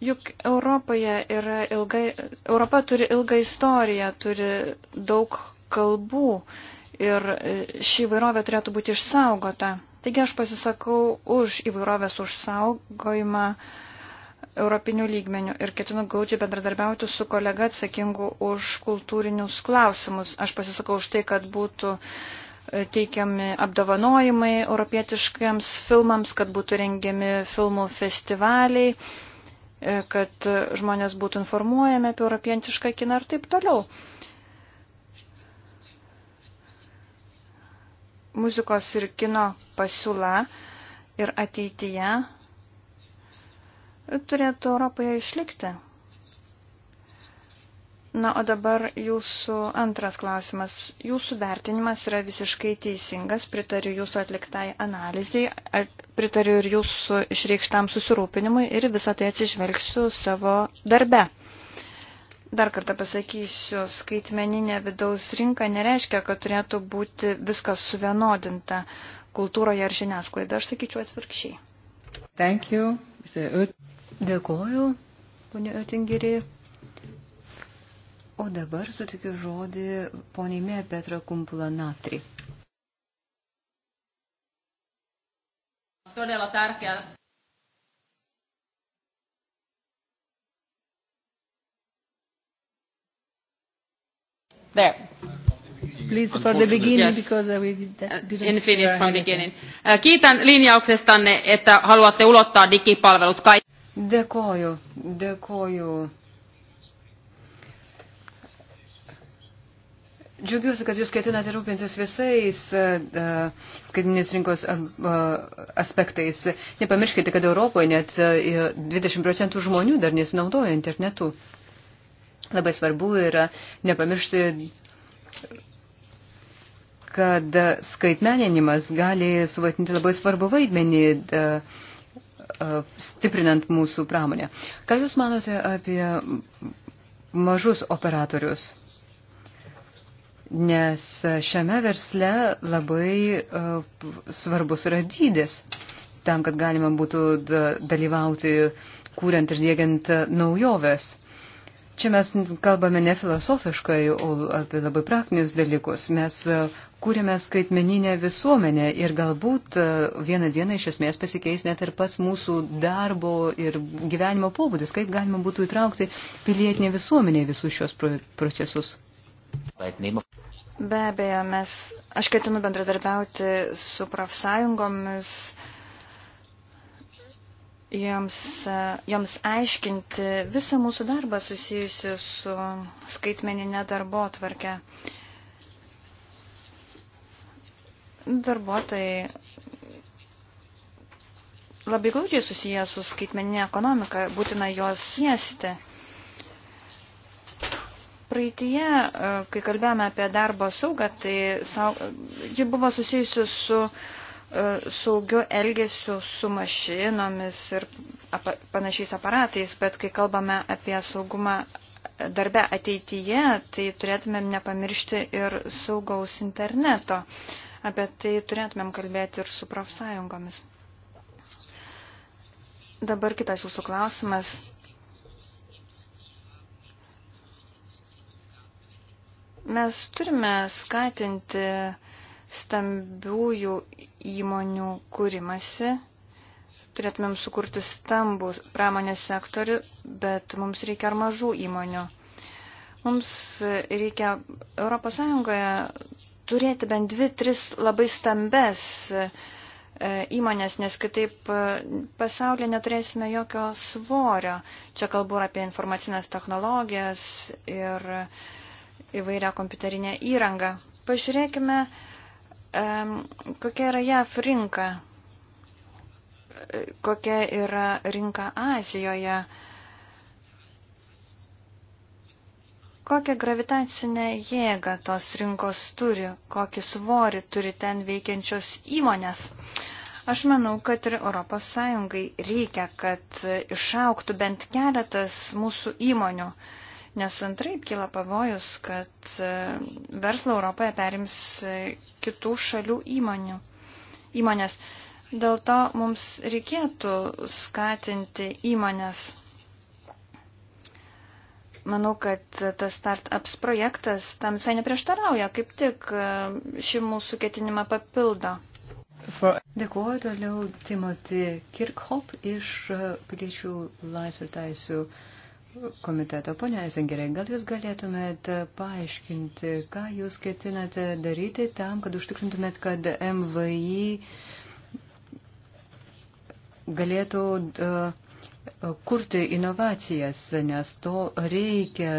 Juk Europoje yra ilga, Europa turi ilgą istoriją, turi daug kalbų ir ši įvairovė turėtų būti išsaugota. Taigi aš pasisakau už įvairovės užsaugojimą europinių lygmenių ir ketinu gaudžiai bendradarbiauti su kolega atsakingu už kultūrinius klausimus. Aš pasisakau už tai, kad būtų uh, teikiami apdovanojimai europietiškiams filmams, kad būtų rengiami filmų festivaliai, e, kad žmonės būtų informuojami apie europietišką kiną ir taip toliau. Muzikos ir kino pasiūla ir ateityje turėtų Europoje išlikti. Na, o dabar jūsų antras klausimas. Jūsų vertinimas yra visiškai teisingas, pritariu jūsų atliktai analizai, pritariu ir jūsų išreikštam susirūpinimui ir visą tai atsižvelgsiu savo darbe. Dar kartą pasakysiu, skaitmeninė vidaus rinka nereiškia, kad turėtų būti viskas suvienodinta kultūroje ar žiniasklaida. Aš sakyčiau atvirkščiai. Dėkuoju, ponė Otingeriai. O dabar sutikiu žodį ponėmė Petra Kumpula Natri. Todella tärkeä there. Please for the beginning, yes. because uh, we uh, didn't In Finnish from beginning. Uh, kiitän linjauksestanne, että haluatte ulottaa digipalvelut kaikille. Dėkoju, dėkoju Džiaugiuosi, kad jūs ketinate rūpintis visais uh, e, e, skaitinės rinkos uh, aspektais. Nepamirškite, kad Europoje net uh, 20 procentų žmonių dar nesinaudoja internetu. Labai svarbu yra nepamiršti, kad skaitmeninimas gali suvaidinti labai svarbu vaidmenį. Uh, stiprinant mūsų pramonę. Ką Jūs manote apie mažus operatorius? nes šiame versle labai e, svarbus yra dydis tam, kad galima būtų dalyvauti kūrent ir dėgiant naujoves. Čia mes kalbame ne filosofiškai, o apie labai praktinius dalykus. Mes e, kūrėme skaitmeninę visuomenę ir galbūt e, vieną dieną iš esmės pasikeis net ir pats mūsų darbo ir gyvenimo pobūdis, kaip galima būtų įtraukti pilietinę visuomenę į visus šios procesus. Be abejo, mes, aš ketinu bendradarbiauti su profsąjungomis, joms, joms aiškinti visą mūsų darbą susijusiu su skaitmeninė darbo tvarkė. Darbuotojai labai glaudžiai susiję su skaitmeninė ekonomika, būtina juos siesti. Praeitie, e, kai kalbėjome apie darbo saugą, tai saug... ji buvo susijusi su e, saugiu elgesiu su mašinomis ir apa, panašiais aparatais, bet kai kalbame apie saugumą darbę ateityje, tai turėtumėm nepamiršti ir saugaus interneto. Apie tai turėtumėm kalbėti ir su profsąjungomis. Dabar kitas jūsų klausimas Mes turime skatinti stambiųjų įmonių kūrimasi. Turėtumėm sukurti stambų pramonės sektorių, bet mums reikia ir mažų įmonių. Mums reikia ES turėti bent dvi, tris labai stambes e, įmonės, nes kitaip e, pasaulyje neturėsime jokio svorio. Čia kalbu apie informacinės technologijas ir uh, įvairią kompiuterinę įrangą. Pažiūrėkime, kokia yra JAF rinka, kokia yra rinka Azijoje, kokią gravitacinę jėgą tos rinkos turi, kokį svorį turi ten veikiančios įmonės. Aš manau, kad ir ES reikia, kad išauktų bent keletas mūsų įmonių. Nes antraip kyla pavojus, kad e, verslą Europoje perims e, kitų šalių įmonių, įmonės. Dėl to mums reikėtų skatinti įmonės. Manau, kad tas startups projektas tam visai neprieštarauja, kaip tik e, ši mūsų ketinimą papildo. Dėkuoju toliau Timoti Kirkhop iš Piliečių laisvių ir teisų komiteto. Pone Eisengerai, gal jūs galėtumėt paaiškinti, ką jūs ketinate daryti tam, kad užtikrintumėt, kad MVI galėtų uh, kurti inovacijas, nes to reikia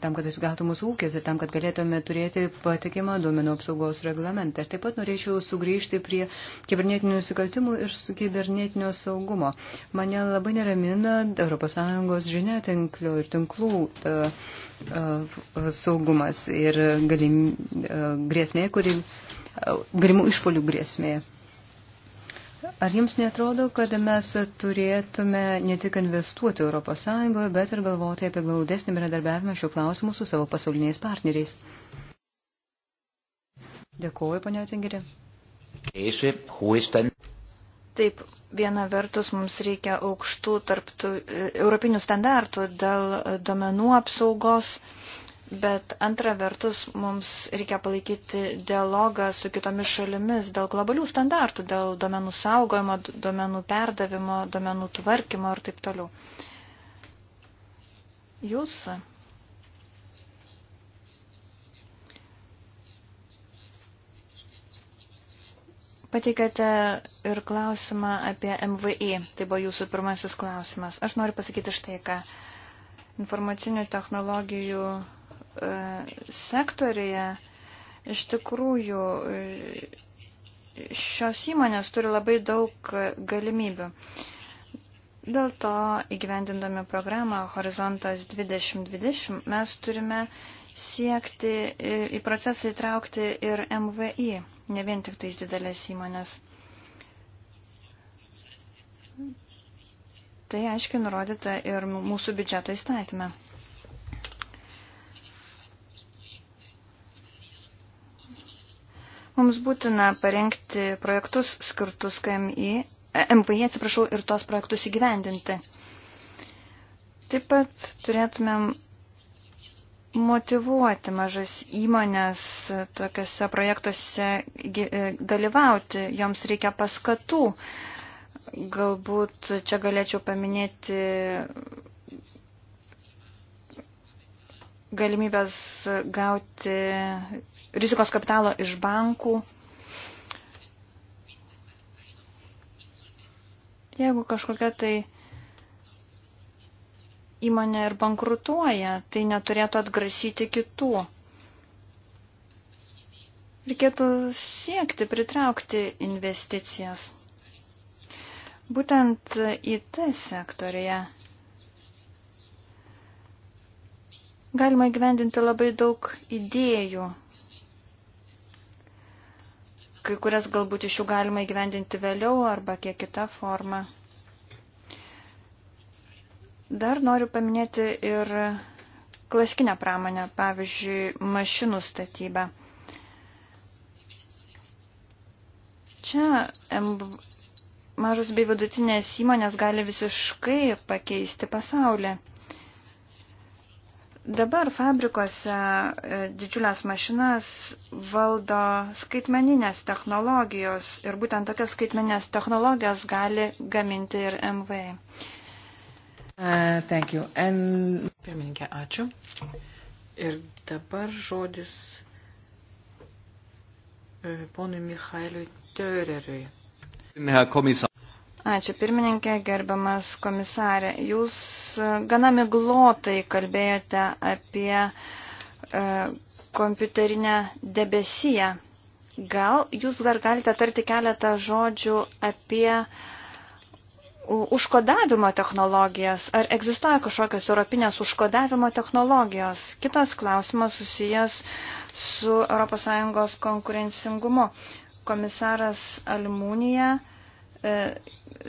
tam, kad jis gautų mūsų ūkis ir tam, kad galėtume turėti patikimą duomenų apsaugos reglamentą. Ir taip pat norėčiau sugrįžti prie kibernetinių nusikaltimų ir kibernetinio saugumo. Mane labai neramina ES žinia tinklių ir tinklų ta, saugumas ir galim, grėsmė, kuri, galimų išpolių grėsmė. Ar jums netrodo, kad mes turėtume ne tik investuoti ES, bet ir galvoti apie glaudesnį bendradarbiavimą šiuo klausimu su savo pasauliniais partneriais? Dėkuoju, ponia Tingerė. Taip, viena vertus mums reikia aukštų tarptų, e, europinių standartų dėl e, domenų apsaugos, bet antra vertus mums reikia palaikyti dialogą su kitomis šalimis dėl globalių standartų, dėl domenų saugojimo, domenų perdavimo, domenų tvarkymo ir taip toliau. Jūs Pateikėte ir klausimą apie MVI. Tai buvo jūsų pirmasis klausimas. Aš noriu pasakyti štai ką. Informacinių technologijų E, sektorija iš tikrųjų e, šios įmonės turi labai daug galimybių. Dėl to, įgyvendindami programą Horizontas 2020, mes turime siekti e, į procesą įtraukti ir MVI, ne vien tik tais didelės įmonės. Tai aiškiai nurodyta ir mūsų biudžeto įstatymė. Mums būtina parengti projektus skirtus KMI, e, MPI, atsiprašau, ir tos projektus įgyvendinti. Taip pat turėtumėm motivuoti mažas įmonės tokiuose projektuose e, dalyvauti, joms reikia paskatų. Galbūt čia galėčiau paminėti galimybės gauti rizikos kapitalo iš bankų. Jeigu kažkokia tai įmonė ir bankrutuoja, tai neturėtų atgrasyti kitų. Reikėtų siekti pritraukti investicijas. Būtent IT sektorija galima įgyvendinti labai daug idėjų, kai kurias galbūt iš jų galima įgyvendinti vėliau arba kiek kitą formą. Dar noriu paminėti ir klasikinę pramonę, pavyzdžiui, mašinų statybą. Čia mažos bei vidutinės įmonės gali visiškai pakeisti pasaulį. Dabar fabrikose e, didžiulės mašinas valdo skaitmeninės technologijos ir būtent tokias skaitmeninės technologijas gali gaminti ir MVI. Uh, thank you. And... Pirmininkė, ačiū. Ir dabar žodis e, ponui Michailui Teureriui. Herr Kommissar. Ačiū pirmininkė, gerbiamas komisarė. Jūs e, gana miglotai kalbėjote apie e, kompiuterinę debesiją. Gal jūs dar galite tarti keletą žodžių apie užkodavimo technologijas? Ar egzistuoja kažkokios europinės užkodavimo technologijos? Kitas klausimas susijęs su ES konkurencingumu. Komisaras Almūnija E,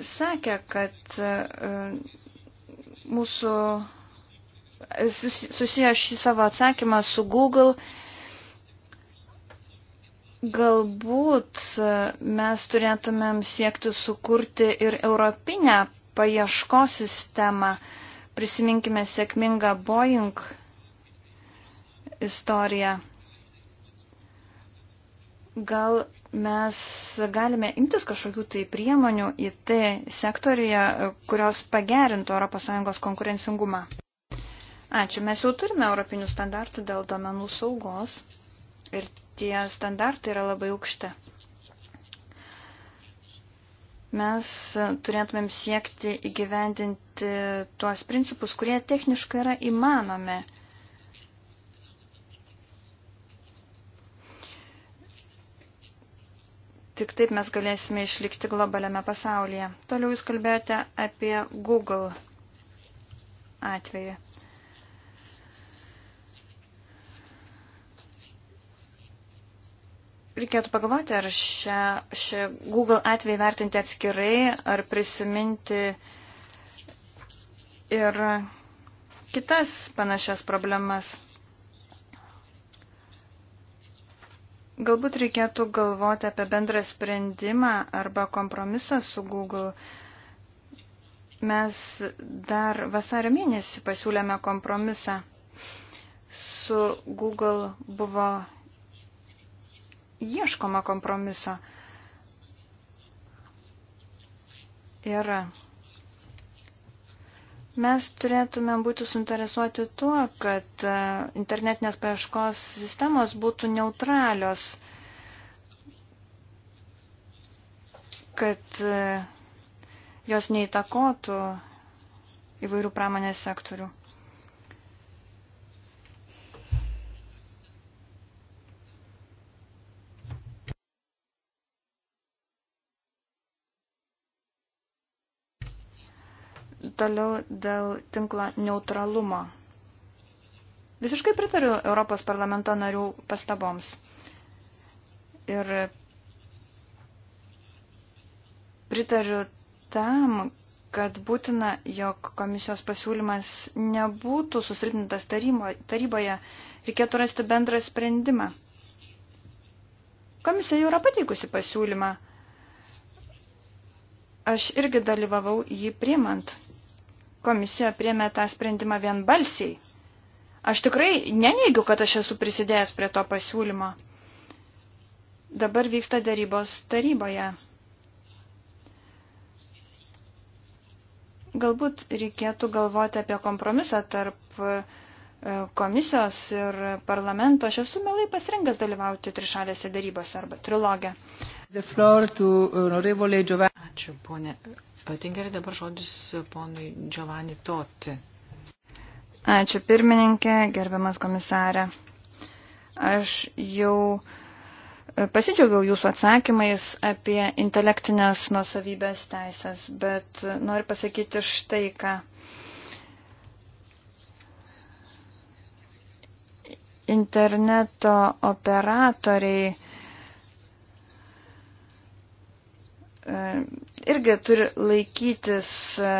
sakė, kad e, mūsų e, susiję šį savo atsakymą su Google. Galbūt mes turėtumėm siekti sukurti ir europinę paieškos sistemą. Prisiminkime sėkmingą Boeing istoriją. Gal mes galime imtis kažkokių tai priemonių IT sektorija, kurios pagerintų ES konkurencingumą. Ačiū. Mes jau turime europinių standartų dėl domenų saugos ir tie standartai yra labai aukšti. Mes turėtumėm siekti įgyvendinti tuos principus, kurie techniškai yra įmanomi. Tik taip mes galėsime išlikti globaliame pasaulyje. Toliau jūs kalbėjote apie Google atvejį. Reikėtų pagalvoti, ar šią, šią Google atvejį vertinti atskirai, ar prisiminti ir kitas panašias problemas. Galbūt reikėtų galvoti apie bendrą sprendimą arba kompromisą su Google. Mes dar vasario mėnesį pasiūlėme kompromisą. Su Google buvo ieškoma kompromiso. Ir Mes turėtume būti suinteresuoti tuo, kad e, internetinės paieškos sistemos būtų neutralios, kad e, jos neįtakotų įvairių pramonės sektorių. Toliau dėl tinklo neutralumo. Visiškai pritariu Europos parlamento narių pastaboms. Ir pritariu tam, kad būtina, jog komisijos pasiūlymas nebūtų susilpnintas taryboje, reikėtų rasti bendrą sprendimą. Komisija jau yra pateikusi pasiūlymą. Aš irgi dalyvavau jį priimant komisija priemė tą sprendimą vienbalsiai. Aš tikrai neneigiu, kad aš esu prisidėjęs prie to pasiūlymo. Dabar vyksta dėrybos taryboje. Galbūt reikėtų galvoti apie kompromisą tarp e, komisijos ir parlamento. Aš esu melai pasirengęs dalyvauti trišalėse darybose arba trilogė. Uh, Ačiū, ponė Tinkerį dabar žodis ponui Giovanni Toti. Ačiū pirmininkė, gerbiamas komisarė. Aš jau e, pasidžiaugiau jūsų atsakymais apie intelektinės nuosavybės teisės, bet noriu pasakyti štai ką. Interneto operatoriai e, irgi turi laikytis e,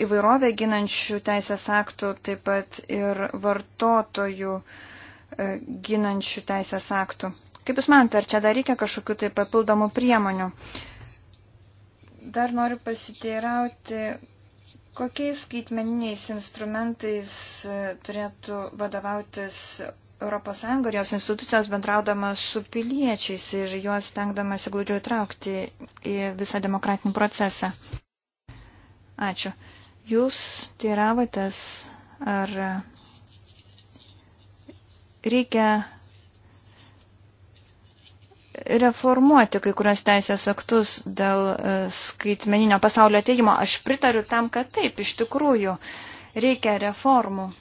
įvairovę ginančių teisės aktų, taip pat ir vartotojų e, ginančių teisės aktų. Kaip Jūs manote, ar čia dar reikia kažkokių tai papildomų priemonių? Dar noriu pasiteirauti, kokiais skaitmeniniais instrumentais e, turėtų vadovautis ES ir jos institucijos bendraudamas su piliečiais ir juos tengdamas įglūdžiau įtraukti į visą demokratinį procesą. Ačiū. Jūs teiravotės, ar reikia reformuoti kai kurios teisės aktus dėl e, skaitmeninio pasaulio ateimo. Aš pritariu tam, kad taip, iš tikrųjų, reikia reformų.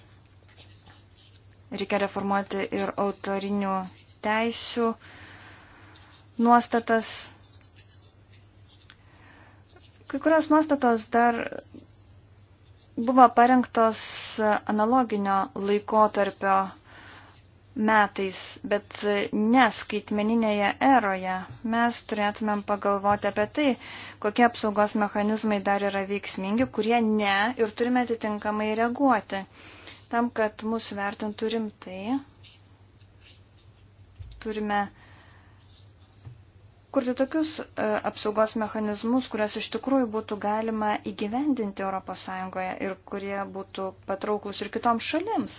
Reikia reformuoti ir autorinių teisių nuostatas. Kai kurios nuostatos dar buvo parengtos analoginio laikotarpio metais, bet neskaitmeninėje eroje mes turėtumėm pagalvoti apie tai, kokie apsaugos mechanizmai dar yra veiksmingi, kurie ne ir turime atitinkamai reaguoti. Tam, kad mus vertintų rimtai, turime kurti tokius e, apsaugos mechanizmus, kurias iš tikrųjų būtų galima įgyvendinti ES ir kurie būtų patrauklus ir kitoms šalims.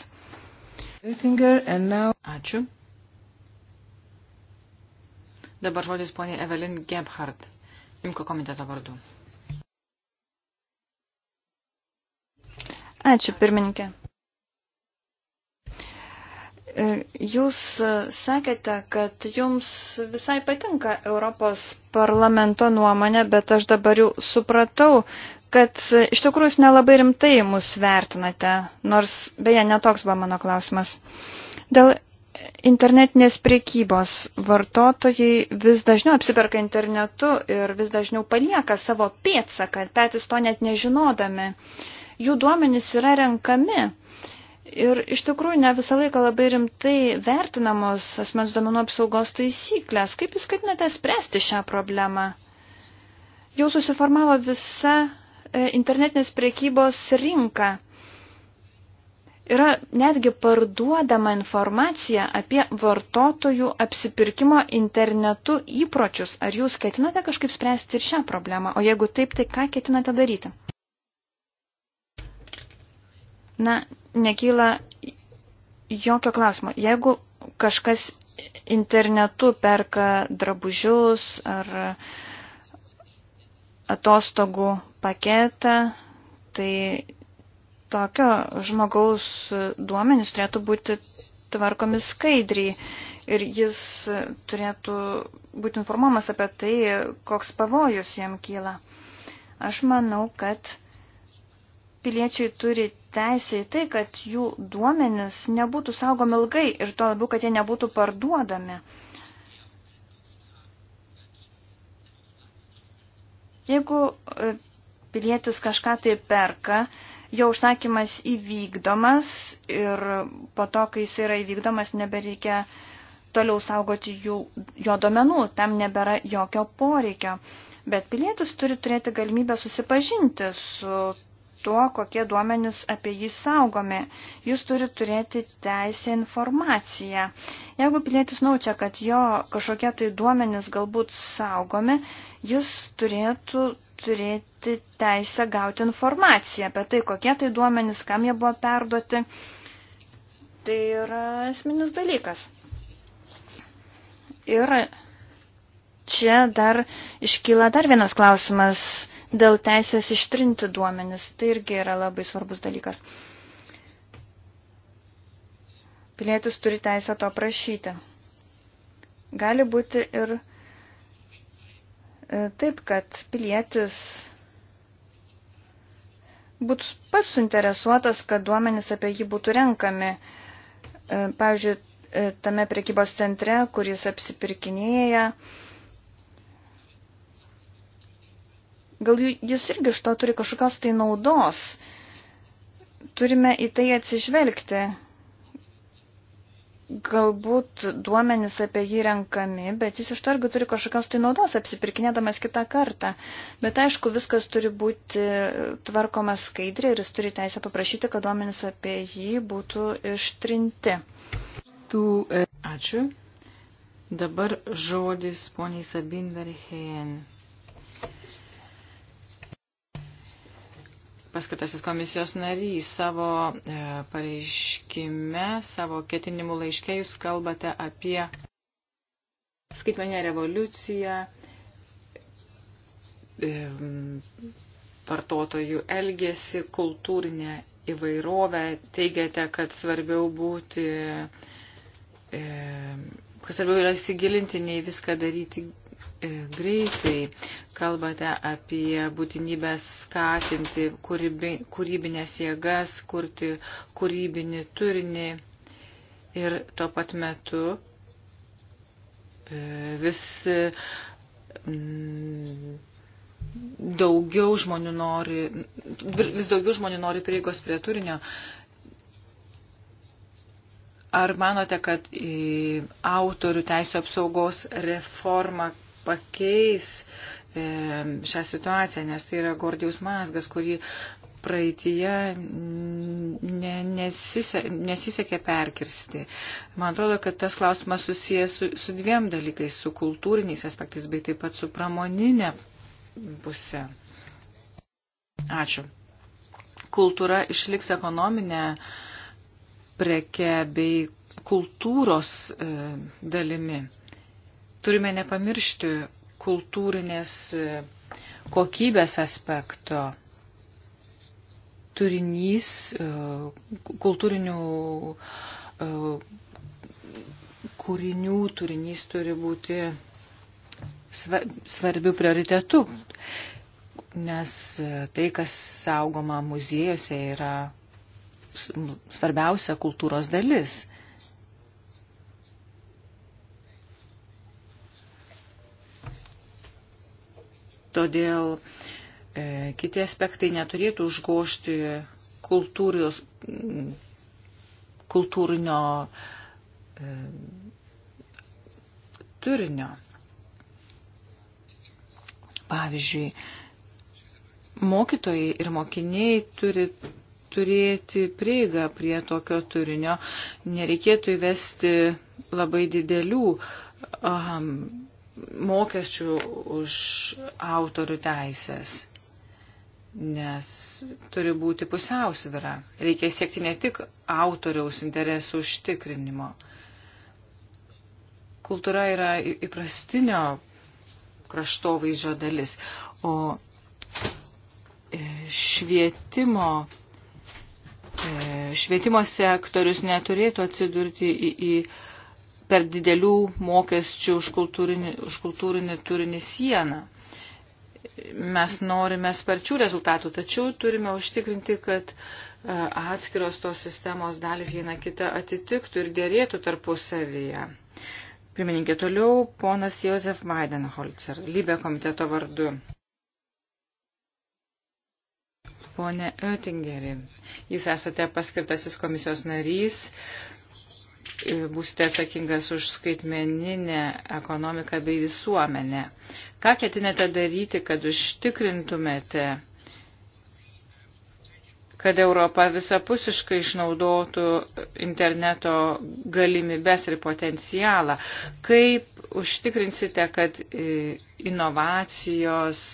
Ačiū. Dabar žodis ponė Evelin Gebhardt, Imko komiteto vardu. Ačiū, pirmininkė. E, jūs e, sakėte, kad jums visai patinka Europos parlamento nuomonė, bet aš dabar jau supratau, kad e, iš tikrųjų jūs nelabai rimtai mus vertinate, nors beje netoks buvo mano klausimas. Dėl internetinės priekybos vartotojai vis dažniau apsiperka internetu ir vis dažniau palieka savo pėtsaką, patys to net nežinodami. Jų duomenys yra renkami Ir iš tikrųjų ne visą laiką labai rimtai vertinamos asmens duomenų apsaugos taisyklės. Kaip jūs ketinate spręsti šią problemą? Jau susiformavo visa e, internetinės priekybos rinka. Yra netgi parduodama informacija apie vartotojų apsipirkimo internetu įpročius. Ar jūs ketinate kažkaip spręsti ir šią problemą? O jeigu taip, tai ką ketinate daryti? Na, nekyla jokio klausimo. Jeigu kažkas internetu perka drabužius ar atostogų paketą, tai tokio žmogaus duomenys turėtų būti tvarkomi skaidriai ir jis turėtų būti informuomas apie tai, koks pavojus jam kyla. Aš manau, kad piliečiai turi teisė į tai, kad jų duomenis nebūtų saugomi ilgai ir to labiau, kad jie nebūtų parduodami. Jeigu e, pilietis kažką tai perka, jo užsakymas įvykdomas ir po to, kai jis yra įvykdomas, nebereikia toliau saugoti jų, jo domenų, tam nebėra jokio poreikio. Bet pilietis turi turėti galimybę susipažinti su tuo, kokie duomenys apie jį saugomi. Jis turi turėti teisę informaciją. Jeigu pilietis naučia, kad jo kažkokie tai duomenys galbūt saugomi, jis turėtų turėti teisę gauti informaciją apie tai, kokie tai duomenys, kam jie buvo perduoti. Tai yra esminis dalykas. Ir čia dar iškyla dar vienas klausimas dėl teisės ištrinti duomenis. Tai irgi yra labai svarbus dalykas. Pilietis turi teisę to prašyti. Gali būti ir e, taip, kad pilietis būtų pats suinteresuotas, kad duomenys apie jį būtų renkami. E, pavyzdžiui, e, tame prekybos centre, kuris apsipirkinėja, Gal jis irgi iš to turi kažkokios tai naudos. Turime į tai atsižvelgti. Galbūt duomenys apie jį renkami, bet jis iš to irgi turi kažkokios tai naudos, apsipirkinėdamas kitą kartą. Bet aišku, viskas turi būti tvarkoma skaidriai ir jis turi teisę paprašyti, kad duomenys apie jį būtų ištrinti. Tu, e- ačiū. Dabar žodis poniai Sabin Verheyen. paskirtasis komisijos narys, savo e, pareiškime, savo ketinimų laiškė jūs kalbate apie skaitmenę revoliuciją, e, vartotojų elgesį, kultūrinę įvairovę, teigiate, kad svarbiau būti, e, kad svarbiau yra įsigilinti, nei viską daryti E, greitai. Kalbate apie būtinybę skatinti kūrybi, kūrybinės jėgas, kurti kūrybinį turinį ir tuo pat metu e, vis daugiau žmonių nori, vis daugiau žmonių nori prieigos prie turinio. Ar manote, kad autorių teisų apsaugos reforma pakeis e, šią situaciją, nes tai yra Gordijus Mazgas, kurį praeitie ne, nesise, nesisekė perkirsti. Man atrodo, kad tas klausimas susijęs su, su dviem dalykais - su kultūriniais aspektais, bei taip pat su pramoninė pusė. Ačiū. Kultūra išliks ekonominė preke bei kultūros e, dalimi turime nepamiršti kultūrinės kokybės aspekto. Turinys e, kultūrinių e, kūrinių turinys turi būti svarbių prioritetų, nes tai, kas saugoma muziejose, yra svarbiausia kultūros dalis. Todėl e, kiti aspektai neturėtų užgošti kultūrios, kultūrinio e, turinio. Pavyzdžiui, mokytojai ir mokiniai turi turėti prieigą prie tokio turinio. Nereikėtų įvesti labai didelių um, mokesčių už autorių teisės, nes turi būti pusiausvyra. Reikia siekti ne tik autoriaus interesų užtikrinimo. Kultūra yra įprastinio kraštovaizdžio dalis, o e, švietimo, e, švietimo sektorius neturėtų atsidurti į, į per didelių mokesčių už kultūrinį, už kultūrinį turinį sieną. Mes norime sparčių rezultatų, tačiau turime užtikrinti, kad e, atskiros tos sistemos dalis viena kita atitiktų ir dėrėtų tarpusavyje. Pirmininkė toliau, ponas Josef Weidenholzer, Lybė komiteto vardu. Pone Oettingeri, jūs esate paskirtasis komisijos narys, E, būsite atsakingas už skaitmeninę ekonomiką bei visuomenę. Ką ketinate daryti, kad užtikrintumėte, kad Europa visapusiškai išnaudotų interneto galimybes ir potencialą? Kaip užtikrinsite, kad e, inovacijos,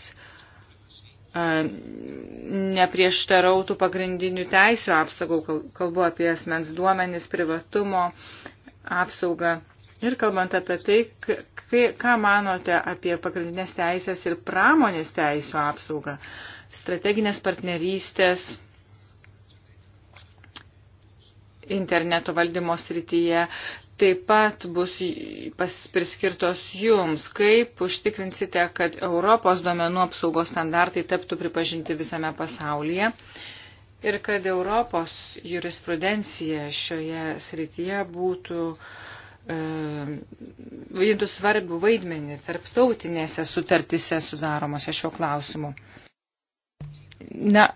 neprieštarautų pagrindinių teisų apsaugų, kalbu apie asmens duomenis, privatumo apsaugą. Ir kalbant apie tai, ką manote apie pagrindinės teisės ir pramonės teisų apsaugą, strateginės partnerystės interneto valdymo srityje taip pat bus priskirtos jums. Kaip užtikrinsite, kad Europos duomenų apsaugos standartai taptų pripažinti visame pasaulyje ir kad Europos jurisprudencija šioje srityje būtų e, vaidintų e, svarbių vaidmenį tarptautinėse sutartise sudaromose šiuo klausimu. Na,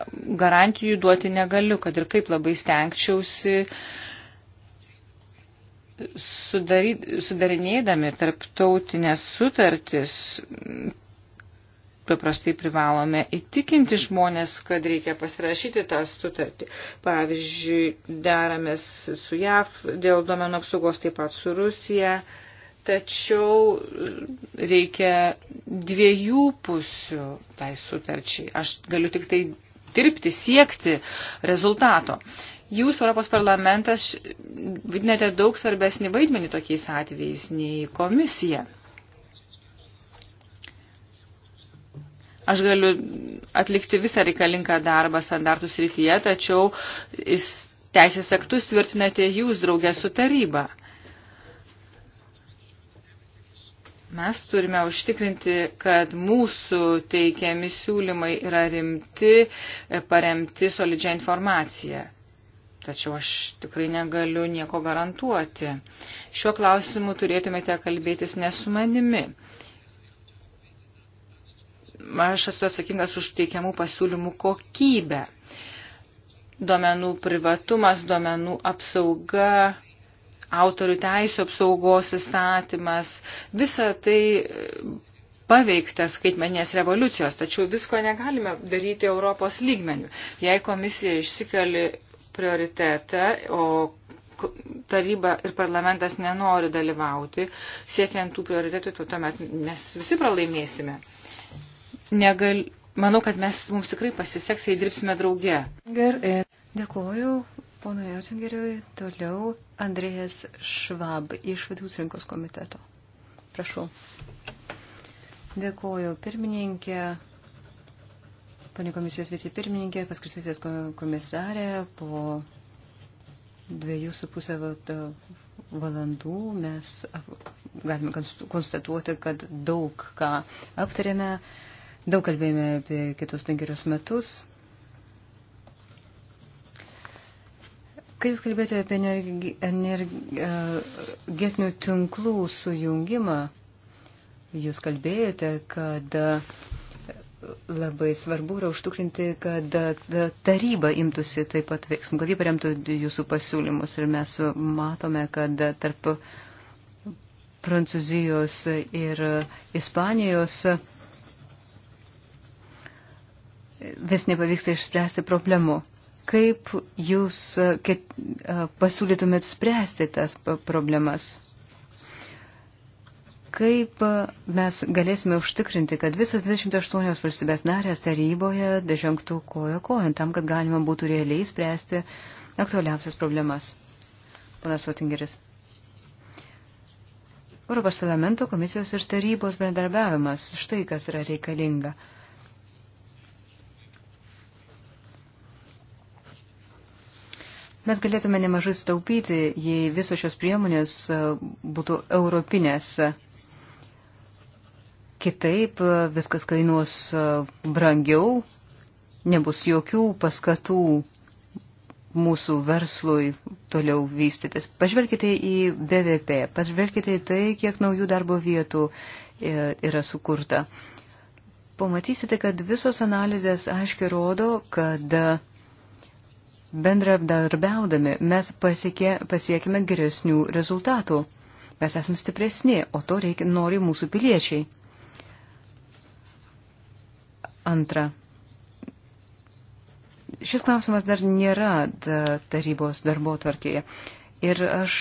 garantijų duoti negaliu, kad ir kaip labai stengčiausi sudarinėdami tarptautinės sutartis, paprastai privalome įtikinti žmonės, kad reikia pasirašyti tą sutartį. Pavyzdžiui, deramės su JAV dėl duomenų apsaugos, taip pat su Rusija. Uh, Tačiau reikia dviejų pusių tai sutarčiai. Aš galiu tik tai dirbti, siekti rezultato. Jūs, Europos parlamentas, vidinate daug svarbesnį vaidmenį tokiais atvejais nei komisija. Aš galiu atlikti visą reikalingą darbą standartų srityje, tačiau teisės aktus tvirtinate jūs draugę su taryba. Mes turime užtikrinti, kad mūsų teikiami siūlymai yra rimti, paremti solidžią informaciją. Tačiau aš tikrai negaliu nieko garantuoti. Šiuo klausimu turėtumėte kalbėtis ne su manimi. Aš esu atsakingas už teikiamų pasiūlymų kokybę. Duomenų privatumas, duomenų apsauga, autorių teisų apsaugos įstatymas, visa tai e, paveiktas skaitmenės revoliucijos, tačiau visko negalime daryti Europos lygmenių. Jei komisija išsikeli prioritetą, o taryba ir parlamentas nenori dalyvauti, siekiant tų prioritetų, tu tai tuomet mes visi pralaimėsime. Negal... Manau, kad mes mums tikrai pasiseks, jei dirbsime drauge. Gerai. E, Dėkuoju. Ponui Jotingeriui toliau Andrėjas Švab iš Vidaus rinkos komiteto. Prašau. Dėkuoju pirmininkė, ponė komisijos vicepirmininkė, paskirtasis komisarė, po dviejų su pusę valandų mes galime konstatuoti, kad daug ką aptarėme, daug kalbėjome apie kitus penkerius metus, Kai jūs kalbėjote apie energetinių e, tinklų sujungimą, jūs kalbėjote, kad e, labai svarbu yra užtikrinti, kad e, taryba imtųsi taip pat veiksmų, kad jį paremtų jūsų pasiūlymus ir mes matome, kad tarp Prancūzijos ir Ispanijos vis nepavyksta išspręsti problemų. Kaip jūs e, ket, e, pasiūlytumėt spręsti tas problemas? Kaip e, mes galėsime užtikrinti, kad visos 28 valstybės narės taryboje žengtų kojo kojant tam, kad galima būtų realiai spręsti aktualiausias problemas? Panas Votingeris. Europos parlamento komisijos ir tarybos bendarbiavimas štai kas yra reikalinga. Mes galėtume nemažai staupyti, jei visos šios priemonės e, būtų europinės. Kitaip e, viskas kainuos e, brangiau, nebus jokių paskatų mūsų verslui toliau vystytis. Pažvelkite į BVP, pažvelkite į tai, kiek naujų darbo vietų yra sukurta. Pamatysite, kad visos analizės aiškiai rodo, kad bendradarbiaudami mes pasiekė, pasiekime geresnių rezultatų. Mes esame stipresni, o to reikia, nori mūsų piliečiai. Antra. Šis klausimas dar nėra tarybos darbo tvarkėje. Ir aš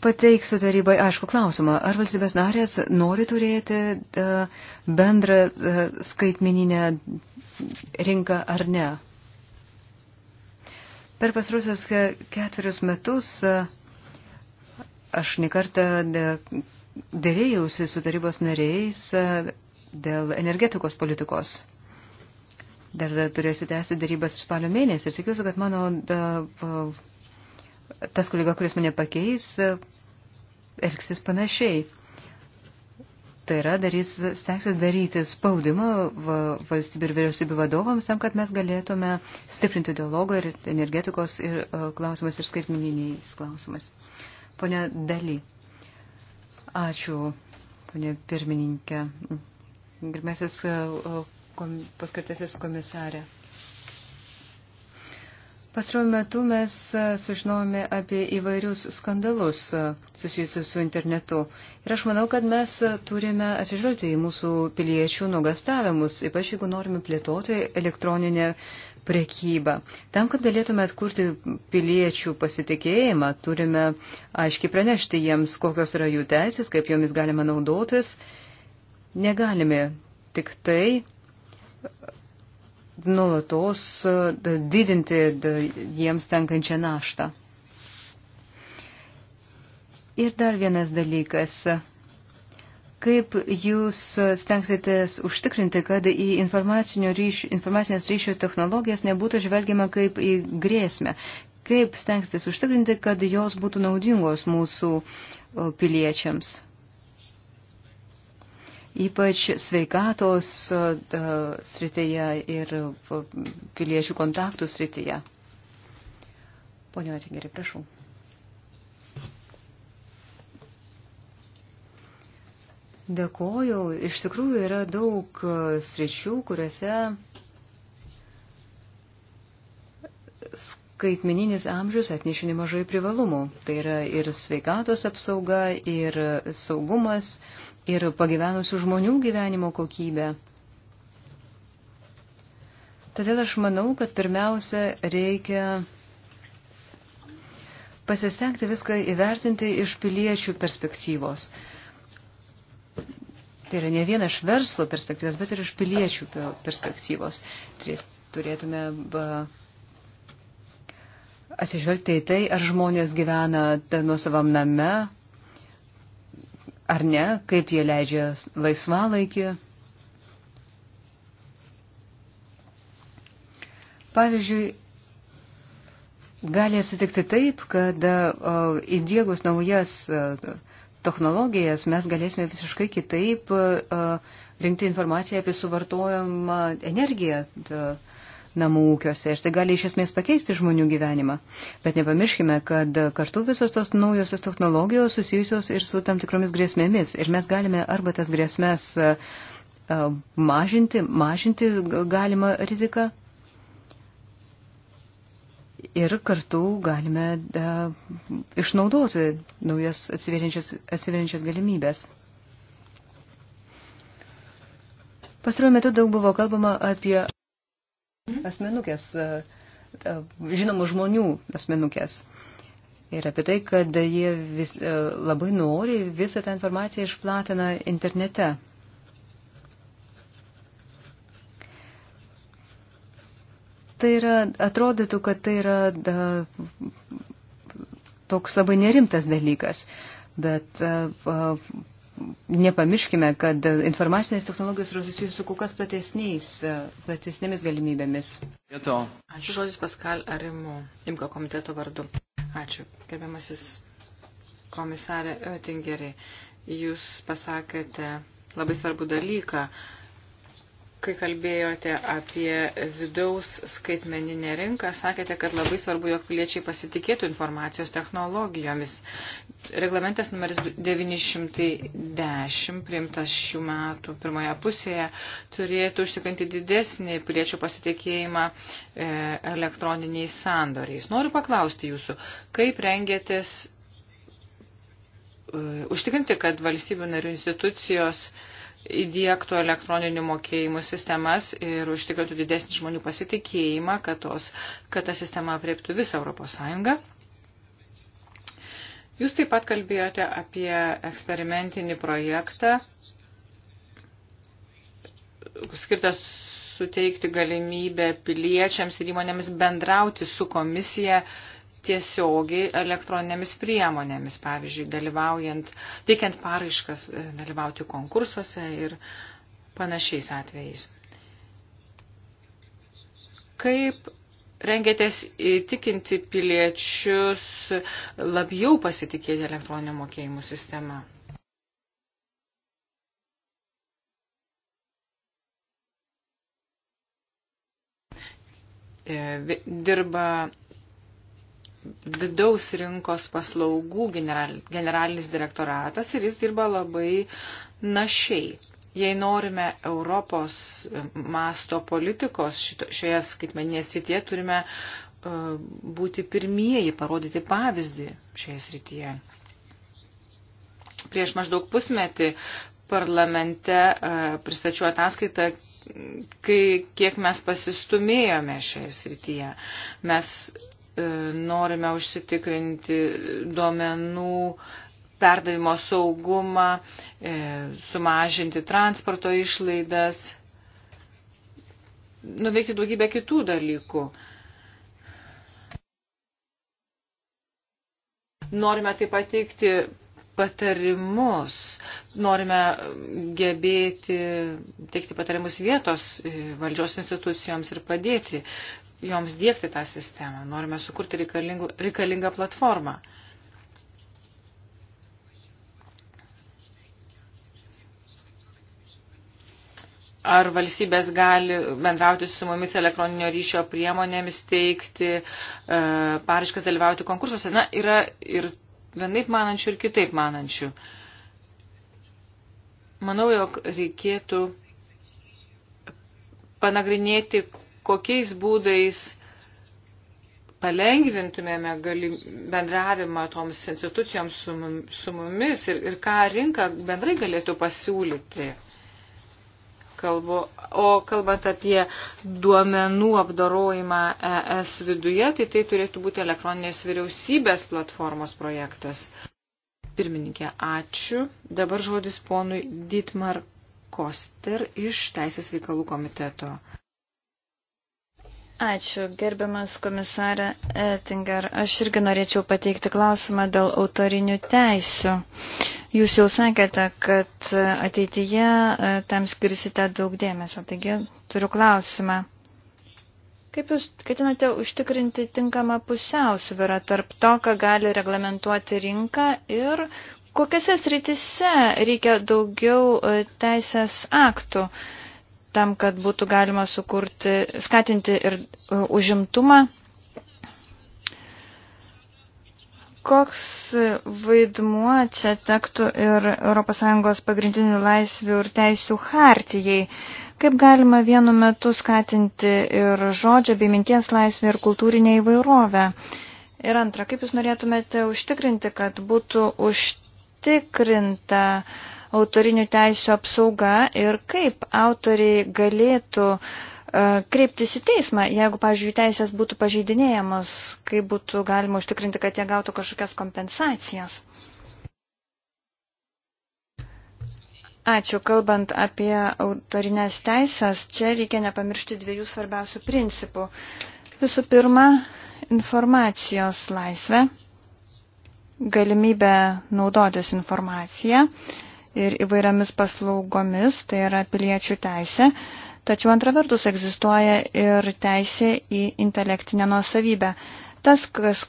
pateiksiu tarybai aišku klausimą, ar valstybės narės nori turėti e, bendrą e, skaitmininę rinką ar ne. Per pasrusius ketverius metus e, aš nekartą dėrėjausi su tarybos nariais dėl energetikos politikos. Dar turėsiu tęsti darybas spalio mėnesį ir tikiuosi, kad mano da, tas kolega, kuris mane pakeis, elgsis panašiai. Tai yra, darys, stengsis daryti spaudimą valstybių ir vyriausybių vadovams tam, kad mes galėtume stiprinti dialogą ir energetikos ir, e, klausimas ir skaitmininiais klausimais. Pone Dali, ačiū, pone pirmininkė. Girmesis e, paskirtasis komisarė. Pastaruoju metu mes e, sužinojome apie įvairius skandalus e, susijusius su internetu. Ir aš manau, kad mes e, turime atsižvelgti į mūsų piliečių nugastavimus, ypač jeigu norime plėtoti elektroninę prekybą. Tam, kad galėtume atkurti piliečių pasitikėjimą, turime aiškiai pranešti jiems, kokios yra jų teisės, kaip jomis galima naudotis. Negalime tik tai nulatos e, didinti jiems tenkančią naštą. Ir dar vienas dalykas. Kaip jūs stengsitės užtikrinti, kad į ryšių, informacinės ryšių technologijas nebūtų žvelgiama kaip į grėsmę? Kaip stengsitės užtikrinti, kad jos būtų naudingos mūsų e, piliečiams? ypač sveikatos e, srityje ir piliečių kontaktų srityje. Pone Atingeri, prašau. Dėkoju. Iš tikrųjų yra daug e, sričių, kuriuose skaitmeninis amžius atnešė nemažai privalumų. Tai yra ir sveikatos apsauga, ir saugumas, ir pagyvenusių žmonių gyvenimo kokybę. Todėl aš manau, kad pirmiausia reikia pasistengti viską įvertinti iš piliečių perspektyvos. Tai yra ne vien iš verslo perspektyvos, bet ir iš piliečių perspektyvos. Turėtume atsižvelgti į tai, ar žmonės gyvena nuo savam name, ar ne, kaip jie leidžia laisvalaikį. Pavyzdžiui, gali atsitikti taip, kad įdėgus naujas technologijas mes galėsime visiškai kitaip rinkti informaciją apie suvartojamą energiją. Ta, namų ūkiuose ir tai gali iš esmės pakeisti žmonių gyvenimą. Bet nepamirškime, kad kartu visos tos naujosios technologijos susijusios ir su tam tikromis grėsmėmis ir mes galime arba tas grėsmės mažinti, mažinti galima riziką ir kartu galime da, išnaudoti naujas atsiverinčias galimybės. Pastaruoju metu daug buvo kalbama apie Mhm. asmenukės, e, e, žinomų žmonių asmenukės. Ir apie tai, kad jie vis, e, labai nori visą tą informaciją išplatina internete. Tai yra, atrodytų, kad tai yra da, toks labai nerimtas dalykas, bet a, a, nepamirškime, kad informacinės technologijos yra susijusios su kukas e, platesnėmis galimybėmis. Vieto. Ačiū žodis Paskal Arimu, Imko komiteto vardu. Ačiū, gerbiamasis komisarė Oettingeriai. Jūs pasakėte labai svarbų dalyką. Uh, kai kalbėjote apie vidaus skaitmeninę rinką, sakėte, kad labai svarbu, jog piliečiai pasitikėtų informacijos technologijomis. Reglamentas numeris 910, priimtas šių metų pirmoje pusėje, turėtų užtikrinti didesnį piliečių pasitikėjimą e, elektroniniais sandoriais. Noriu paklausti jūsų, kaip rengėtės e, užtikrinti, kad valstybių narių institucijos uh, įdėktų elektroninių mokėjimų sistemas ir užtikrintų didesnį žmonių pasitikėjimą, kad, tos, kad ta sistema apriektų visą Europos Sąjungą. Jūs taip pat kalbėjote apie eksperimentinį projektą, skirtas suteikti galimybę piliečiams ir įmonėms bendrauti su komisija uh, tiesiogiai elektroninėmis priemonėmis, pavyzdžiui, dalyvaujant, teikiant paraiškas, e, dalyvauti konkursuose ir panašiais atvejais. Kaip rengėtės įtikinti piliečius labiau pasitikėti elektroninio mokėjimų sistemą? E, dirba vidaus rinkos paslaugų general, generalinis direktoratas ir jis dirba labai našiai. Jei norime Europos e, masto politikos šito, šioje skaitmeninėje srityje, turime uh, būti pirmieji, parodyti pavyzdį šioje srityje. Prieš maždaug pusmetį parlamente uh, pristačiau ataskaitą, kai, kiek mes pasistumėjome šioje srityje. Mes E, norime užsitikrinti duomenų perdavimo saugumą, e, sumažinti transporto išlaidas, nuveikti daugybę kitų dalykų. Norime taip pateikti patarimus, norime gebėti teikti patarimus vietos e, valdžios institucijoms ir padėti joms dėkti tą sistemą, norime sukurti reikalingą platformą. Ar valstybės gali bendrauti su mumis elektroninio ryšio priemonėmis, teikti e, paraškas dalyvauti konkursuose? Na, yra ir vienaip manančių, ir kitaip manančių. Manau, jog reikėtų panagrinėti, kokiais būdais palengvintumėme galim, bendravimą toms institucijoms su, mum, su mumis ir, ir ką rinka bendrai galėtų pasiūlyti. Kalbu, o kalbant apie duomenų apdarojimą ES viduje, tai tai turėtų būti elektroninės vyriausybės platformos projektas. Pirmininkė, ačiū. Dabar žodis ponui Ditmar Koster iš Teisės reikalų komiteto. Ačiū, gerbiamas komisarė Ettinger. Aš irgi norėčiau pateikti klausimą dėl autorinių teisių. Jūs jau sakėte, kad ateityje e, tam skirsite daug dėmesio. Taigi turiu klausimą. Kaip Jūs ketinate užtikrinti tinkamą pusiausvyrą tarp to, ką gali reglamentuoti rinka ir kokiuose sritise reikia daugiau e, teisės aktų? Uh, tam, kad būtų galima sukurti, skatinti ir e, užimtumą. Koks vaidmuo čia tektų ir ES pagrindinių laisvių ir teisių hartijai? Kaip galima vienu metu skatinti ir žodžio bei minties laisvę ir kultūrinę įvairovę? Ir antra, kaip Jūs norėtumėte užtikrinti, kad būtų užtikrinta uh, autorinių teisų apsauga ir kaip autoriai galėtų e, kreiptis į teismą, jeigu, pavyzdžiui, teisės būtų pažeidinėjamos, kaip būtų galima užtikrinti, kad jie gautų kažkokias kompensacijas. Ačiū, kalbant apie autorinės teisės, čia reikia nepamiršti dviejų svarbiausių principų. Visų pirma, informacijos laisvė, galimybė naudotis informaciją ir įvairiamis paslaugomis, tai yra piliečių teisė. Tačiau antra vertus egzistuoja ir teisė į intelektinę nuosavybę. Tas, kas,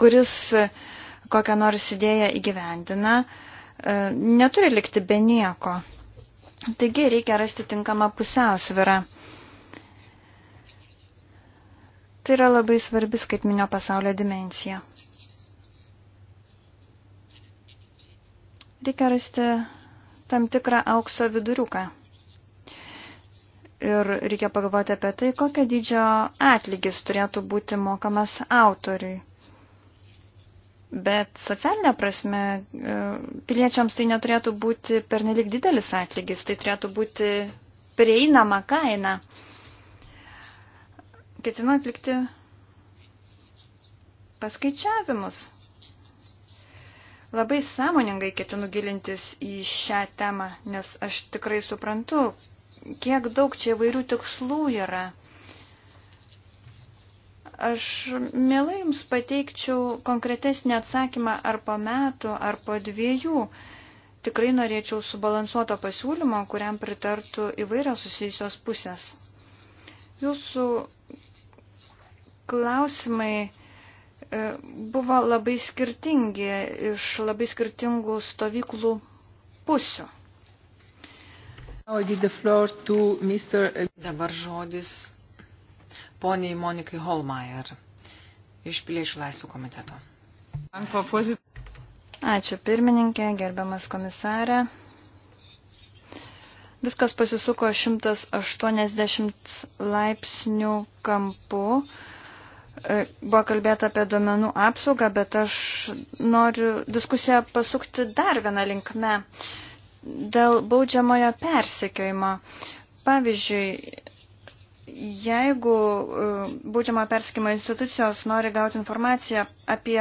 kuris kokią nors idėją įgyvendina, e, neturi likti be nieko. Taigi reikia rasti tinkamą pusiausvirą. Tai yra labai svarbi skaitminio pasaulio dimencija. Reikia rasti tam tikrą aukso viduriuką. Ir reikia pagalvoti apie tai, kokio dydžio atlygis turėtų būti mokamas autoriui. Bet socialinė prasme, e, piliečiams tai neturėtų būti pernelik didelis atlygis, tai turėtų būti prieinama kaina. Ketinu atlikti paskaičiavimus. Labai sąmoningai ketinu gilintis į šią temą, nes aš tikrai suprantu, kiek daug čia įvairių tikslų yra. Aš mielai jums pateikčiau konkretesnį atsakymą ar po metų, ar po dviejų. Tikrai norėčiau subalansuoto pasiūlymo, kuriam pritartų įvairios susijusios pusės. Jūsų klausimai E, buvo labai skirtingi iš labai skirtingų stovyklų pusių. Dabar žodis poniai Monikai Holmeier iš Piliečių laisvų komiteto. Ačiū pirmininkė, gerbiamas komisarė. Viskas pasisuko 180 laipsnių kampu. E, buvo kalbėta apie domenų apsaugą, bet aš noriu diskusiją pasukti dar vieną linkmę dėl baudžiamojo persekiojimo. Pavyzdžiui, jeigu e, baudžiamo persikimo institucijos nori gauti informaciją apie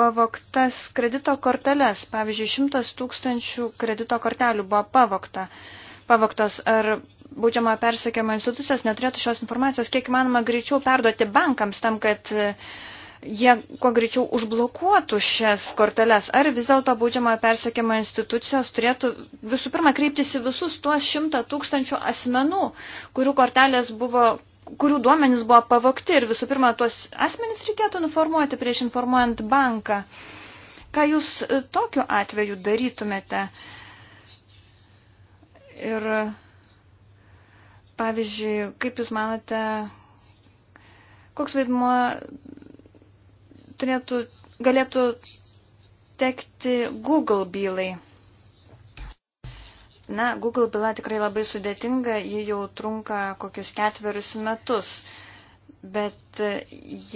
pavoktas kredito korteles, pavyzdžiui, šimtas tūkstančių kredito kortelių buvo pavokta, pavoktas, ar baudžiamojo persekiojimo institucijos neturėtų šios informacijos kiek įmanoma greičiau perduoti bankams tam, kad e, jie kuo greičiau užblokuotų šias korteles. Ar vis dėlto baudžiamojo persekiojimo institucijos turėtų visų pirma kreiptis į visus tuos šimtą tūkstančių asmenų, kurių kortelės buvo kurių duomenys buvo pavokti ir visų pirma tuos asmenys reikėtų informuoti prieš informuojant banką. Ką jūs e, tokiu atveju darytumėte? Ir Pavyzdžiui, kaip Jūs manote, koks vaidmuo turėtų, galėtų tekti Google bylai? Na, Google byla tikrai labai sudėtinga, ji jau trunka kokius ketverius metus, bet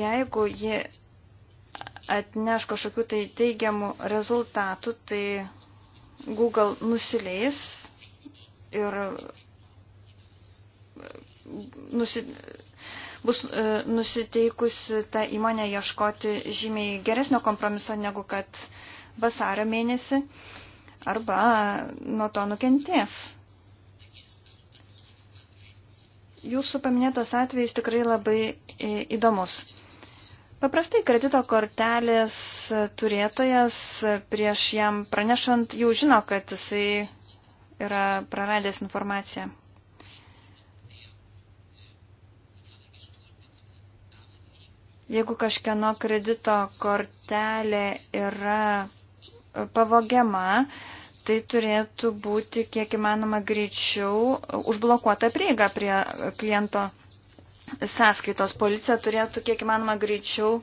jeigu ji atneš kažkokių tai teigiamų rezultatų, tai Google nusileis ir nusi, bus e, nusiteikusi ta įmonė ieškoti žymiai geresnio kompromiso negu kad vasario mėnesį arba nuo to nukentės. Jūsų paminėtas atvejis tikrai labai e, įdomus. Paprastai kredito kortelės turėtojas prieš jam pranešant jau žino, kad jisai yra praradęs informaciją. Jeigu kažkieno kredito kortelė yra pavogiama, tai turėtų būti kiek įmanoma greičiau užblokuota prieiga prie kliento sąskaitos. Policija turėtų kiek įmanoma greičiau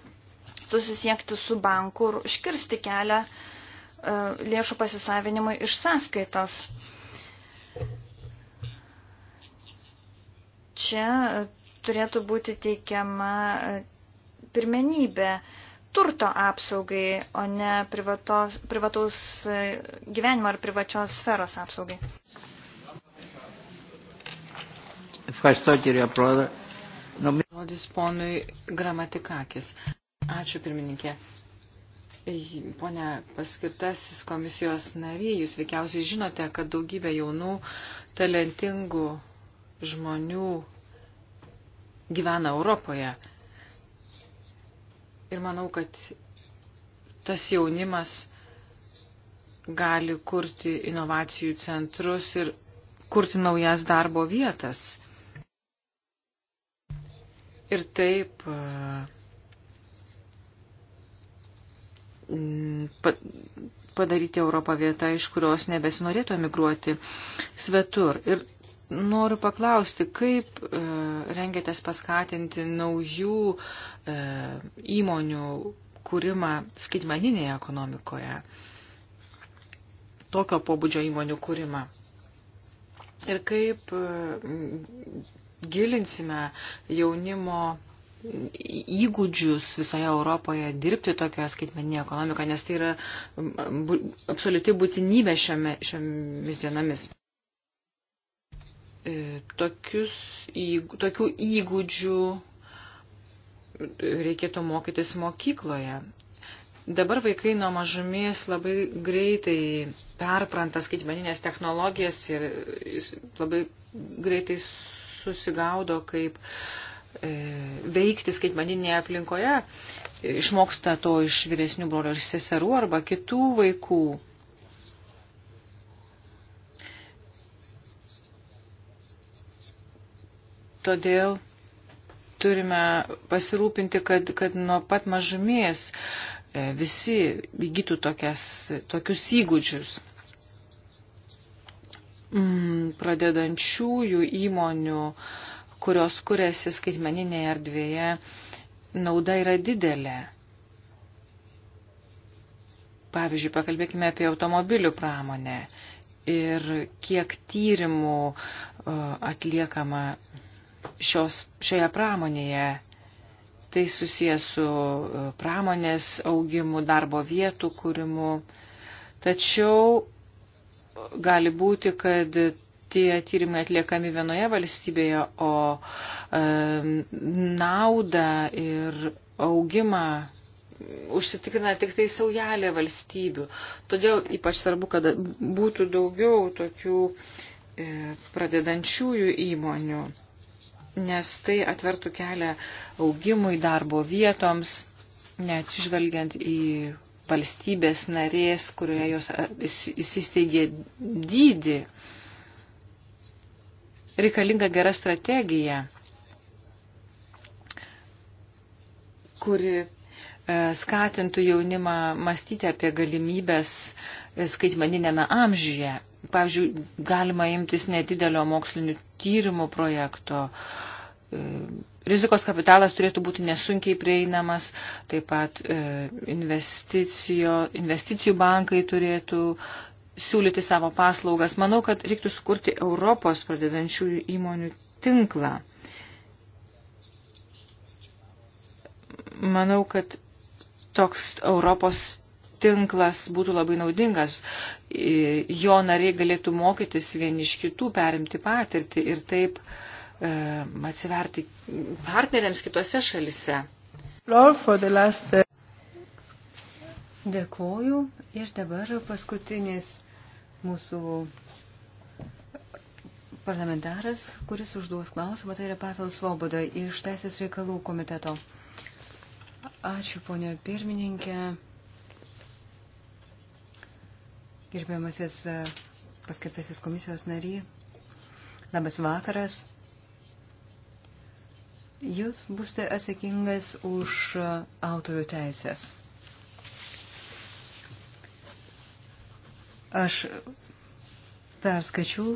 susisiekti su banku ir užkirsti kelią e, lėšų pasisavinimui iš sąskaitos. Čia turėtų būti teikiama pirmenybę turto apsaugai, o ne privatos, privataus e, gyvenimo ar privačios sferos apsaugai. Ευχαριστώ κύριε Πρόεδρε. Žodis ponui Gramatikakis. Ačiū pirmininkė. Pone paskirtasis komisijos nariai, jūs veikiausiai žinote, kad daugybė jaunų, talentingų žmonių gyvena Europoje Ir manau, kad tas jaunimas gali kurti inovacijų centrus ir kurti naujas darbo vietas. Ir taip padaryti Europą vietą, iš kurios nebesinorėtų emigruoti svetur. Ir Noriu paklausti, kaip e, rengiatės paskatinti naujų e, įmonių kūrimą skaitmeninėje ekonomikoje, tokio pobūdžio įmonių kūrimą. Ir kaip e, gilinsime jaunimo įgūdžius visoje Europoje dirbti tokioje skaitmeninėje ekonomikoje, nes tai yra absoliuti būtinybė šiame, šiomis dienomis. E, tokius, tokių įgūdžių e, reikėtų mokytis mokykloje. Dabar vaikai nuo mažumės labai greitai perpranta skaitmeninės technologijas ir labai greitai susigaudo, kaip e, veikti skaitmeninėje aplinkoje, išmoksta to iš vyresnių brolio ir seserų arba kitų vaikų. Todėl turime pasirūpinti, kad, kad nuo pat mažumės e, visi įgytų tokias, tokius įgūdžius. Mm, pradedančiųjų įmonių, kurios kuriasi skaitmeninėje erdvėje, nauda yra didelė. Pavyzdžiui, pakalbėkime apie automobilių pramonę ir kiek tyrimų e, atliekama šios, šioje pramonėje. Tai susijęs su e, pramonės augimu, darbo vietų kūrimu. Tačiau gali būti, kad tie tyrimai atliekami vienoje valstybėje, o e, naudą ir augimą užsitikrina tik tai saujelė valstybių. Todėl ypač svarbu, kad būtų daugiau tokių e, pradedančiųjų įmonių nes tai atvertų kelią augimui, darbo vietoms, neatsižvelgiant į valstybės narės, kurioje jos įsisteigė dydį. Reikalinga gera strategija, kuri e, skatintų jaunimą mąstyti apie galimybės e, skaitmaninėme amžiuje Pavyzdžiui, galima imtis nedidelio mokslinių tyrimų projekto. E, rizikos kapitalas turėtų būti nesunkiai prieinamas, taip pat e, investicijų bankai turėtų siūlyti savo paslaugas. Manau, kad reiktų sukurti Europos pradedančių įmonių tinklą. Manau, kad toks Europos tinklas būtų labai naudingas. Jo nariai galėtų mokytis vieni iš kitų, perimti patirtį ir taip e, atsiverti partneriams kitose šalise. Last... Uh, Dėkoju. Ir dabar paskutinis mūsų parlamentaras, kuris užduos klausimą, tai yra Pavel Svoboda iš Teisės reikalų komiteto. Ačiū, ponio pirmininkė. Gerbiamasis e, paskirtasis komisijos nary, labas vakaras. Jūs būsite atsakingas už e, autorių teisės. Aš perskačiau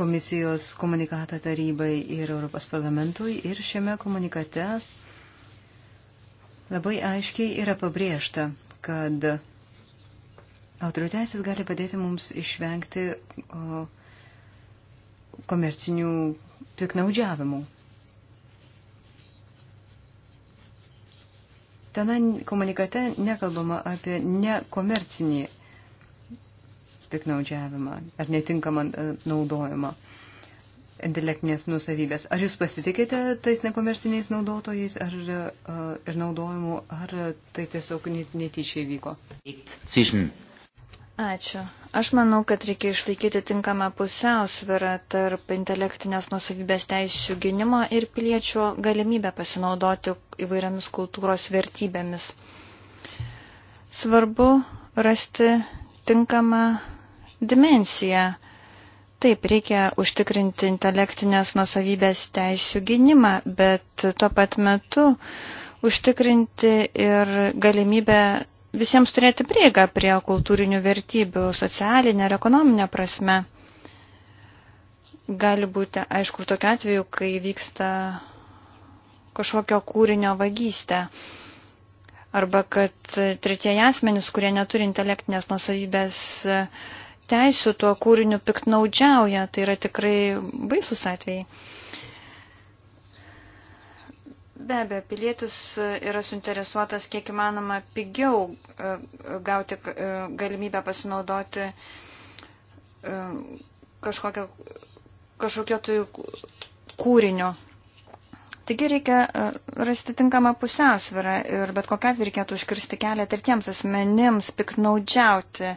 komisijos komunikatą tarybai ir Europos parlamentui ir šiame komunikate labai aiškiai yra pabrėžta, kad Autorių teisės gali padėti mums išvengti o, komercinių piknaudžiavimų. Tenai komunikate nekalbama apie nekomercinį piknaudžiavimą ar netinkamą e, naudojimą intelektinės nusavybės. Ar jūs pasitikite tais nekomerciniais naudotojais ar, e, ir naudojimu, ar tai tiesiog netyčiai vyko? Zwischen Ačiū. Aš manau, kad reikia išlaikyti tinkamą pusiausvirą tarp intelektinės nusavybės teisų gynimo ir piliečio galimybę pasinaudoti įvairiamis kultūros vertybėmis. Svarbu rasti tinkamą dimensiją. Taip, reikia užtikrinti intelektinės nusavybės teisų gynimą, bet tuo pat metu užtikrinti ir galimybę visiems turėti prieigą prie kultūrinių vertybių socialinė ir ekonominė prasme. Gali būti, aišku, tokiu atveju, kai vyksta kažkokio kūrinio vagystė. Arba kad tretieji asmenys, kurie neturi intelektinės nusavybės teisų, tuo kūriniu piktnaudžiauja. Tai yra tikrai baisus atvejai. Be abejo, pilietis yra suinteresuotas kiek įmanoma pigiau e, e, gauti e, galimybę pasinaudoti kažkokio, kažkokio tai kūrinio. Taigi reikia rasti tinkamą pusiausvyrą ir bet kokią atveju reikėtų užkirsti kelią ir tiems asmenims piknaudžiauti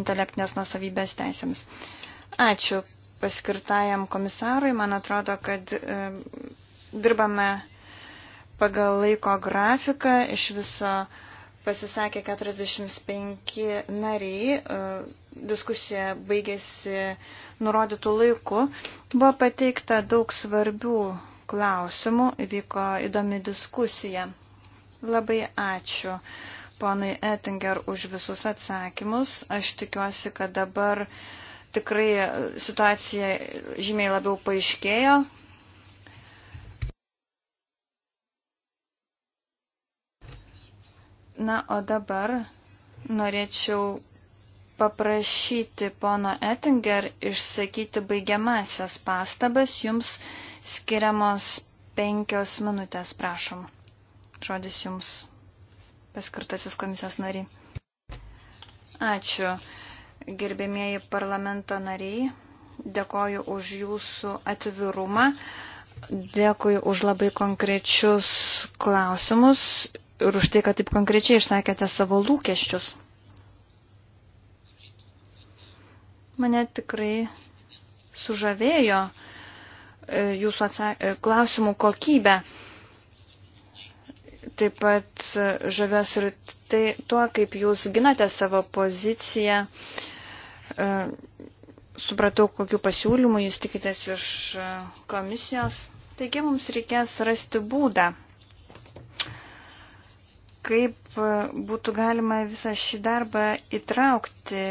intelektinės nusavybės teisėms. Ačiū paskirtajam komisarui. Man atrodo, kad dirbame Pagal laiko grafiką iš viso pasisakė 45 nariai, e, diskusija baigėsi nurodytų laikų. Buvo pateikta daug svarbių klausimų, vyko įdomi diskusija. Labai ačiū ponai Ettinger už visus atsakymus. Aš tikiuosi, kad dabar tikrai situacija žymiai labiau paaiškėjo, Na, o dabar norėčiau paprašyti pono Ettinger išsakyti baigiamasias pastabas. Jums skiriamos penkios minutės, prašom. Žodis jums paskirtasis komisijos nariai. Ačiū, gerbėmieji parlamento nariai. Dėkoju už jūsų atvirumą. Dėkui už labai konkrečius klausimus ir už tai, kad taip konkrečiai išsakėte savo lūkesčius. Mane tikrai sužavėjo e, jūsų atsak... E, klausimų kokybę. Taip pat e, žavės ir tai tuo, kaip jūs ginate savo poziciją. Supratau, kokiu pasiūlymu jūs tikitės iš komisijos. Taigi mums reikės rasti būdą, kaip e, būtų galima visą šį darbą įtraukti,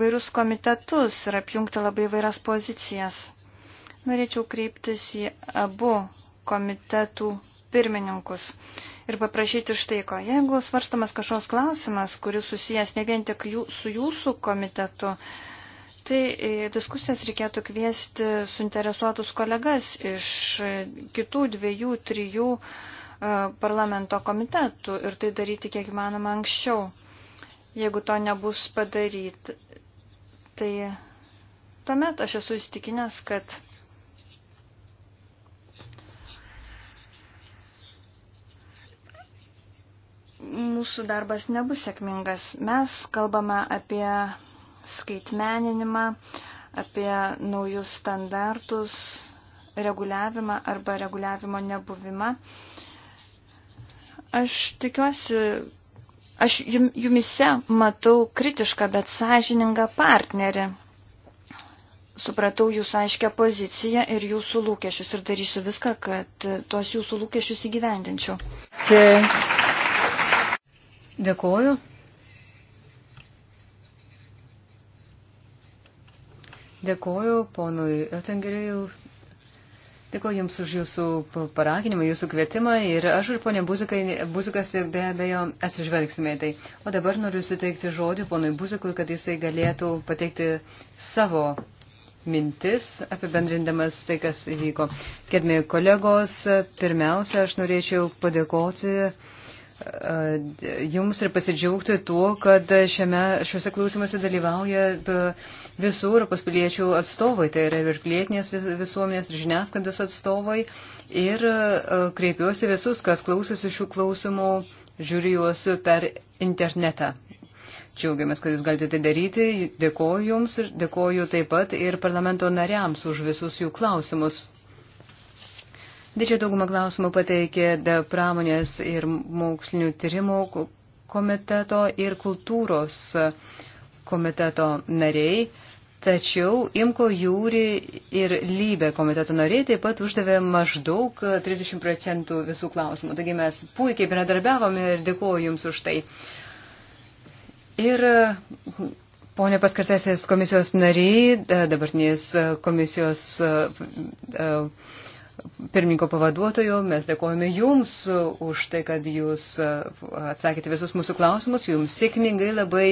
vairius komitetus ir apjungti labai vairias pozicijas. Norėčiau kreiptis į abu komitetų pirmininkus ir paprašyti štai ko. Jeigu svarstamas kažkoks klausimas, kuris susijęs ne vien tik jų, su jūsų komitetu, tai e, diskusijas reikėtų kviesti suinteresuotus kolegas iš e, kitų dviejų, trijų uh, E, parlamento komitetų ir tai daryti kiek įmanoma anksčiau. Jeigu to nebus padaryti, tai tuomet aš esu įstikinęs, kad mūsų darbas nebus sėkmingas. Mes kalbame apie skaitmeninimą, apie naujus standartus, reguliavimą arba reguliavimo nebuvimą. Aš tikiuosi, aš jum, jumise matau kritišką, bet sąžiningą partnerį. Supratau jūsų aiškę poziciją ir jūsų lūkesčius ir darysiu viską, kad tuos jūsų lūkesčius įgyvendinčiau. Dėkuoju. Dėkuoju ponui Oettingeriui Dėkuoju Jums už Jūsų paraginimą, Jūsų kvietimą ir aš ir ponė Buzikas be abejo atsižvelgsime į tai. O dabar noriu suteikti žodį ponui Buzikui, kad jisai galėtų pateikti savo mintis apibendrindamas tai, kas įvyko. Kedmi kolegos, pirmiausia, aš norėčiau padėkoti jums ir pasidžiaugti tuo, kad šiame, šiuose klausimuose dalyvauja e, visų Europos piliečių atstovai, tai yra ir pilietinės visuomenės, ir žiniasklaidos atstovai. Ir e, kreipiuosi visus, kas klausosi šių klausimų, žiūriuosi per internetą. Džiaugiamės, kad jūs galite tai daryti. Dėkoju jums ir dėkoju taip pat ir parlamento nariams už visus jų klausimus. Didžiąją daugumą klausimų pateikė pramonės ir mokslinių tyrimų komiteto ir kultūros komiteto nariai. Tačiau Imko Jūri ir Lybė komiteto nariai taip pat uždavė maždaug 30 procentų visų klausimų. Taigi mes puikiai bendradarbiavome ir dėkuoju Jums už tai. Ir ponė paskartėsės komisijos nariai, dabartinės komisijos. Uh, uh, pirmininko pavaduotojo, mes dėkojame Jums už tai, kad Jūs e, atsakėte visus mūsų klausimus, Jums sėkmingai labai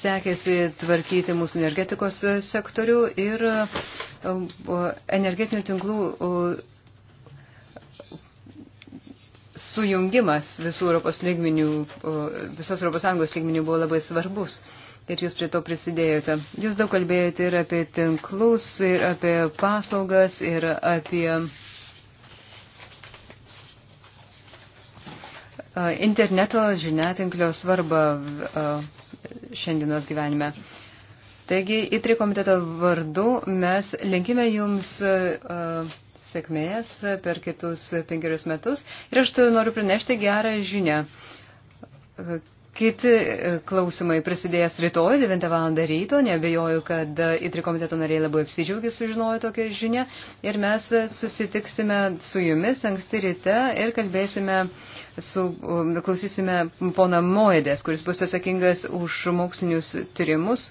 sekėsi tvarkyti mūsų energetikos sektorių ir e, energetinių tinklų sujungimas visų Europos lygminių, visos Europos Sąjungos lygminių buvo labai svarbus ir jūs prie to prisidėjote. Jūs daug kalbėjote ir apie tinklus, ir apie paslaugas, ir apie interneto žiniatinklio svarbą šiandienos gyvenime. Taigi, į tri komiteto vardu mes linkime jums sėkmės per kitus penkerius metus. Ir aš noriu pranešti gerą žinią Kiti e, klausimai prasidės rytoj 9 val. ryto, nebejoju, kad e, įtri komiteto nariai labai apsidžiaugia sužinojo tokią žinią ir mes e, susitiksime su jumis anksti ryte ir kalbėsime su, klausysime pona Moedės, kuris bus atsakingas už mokslinius tyrimus,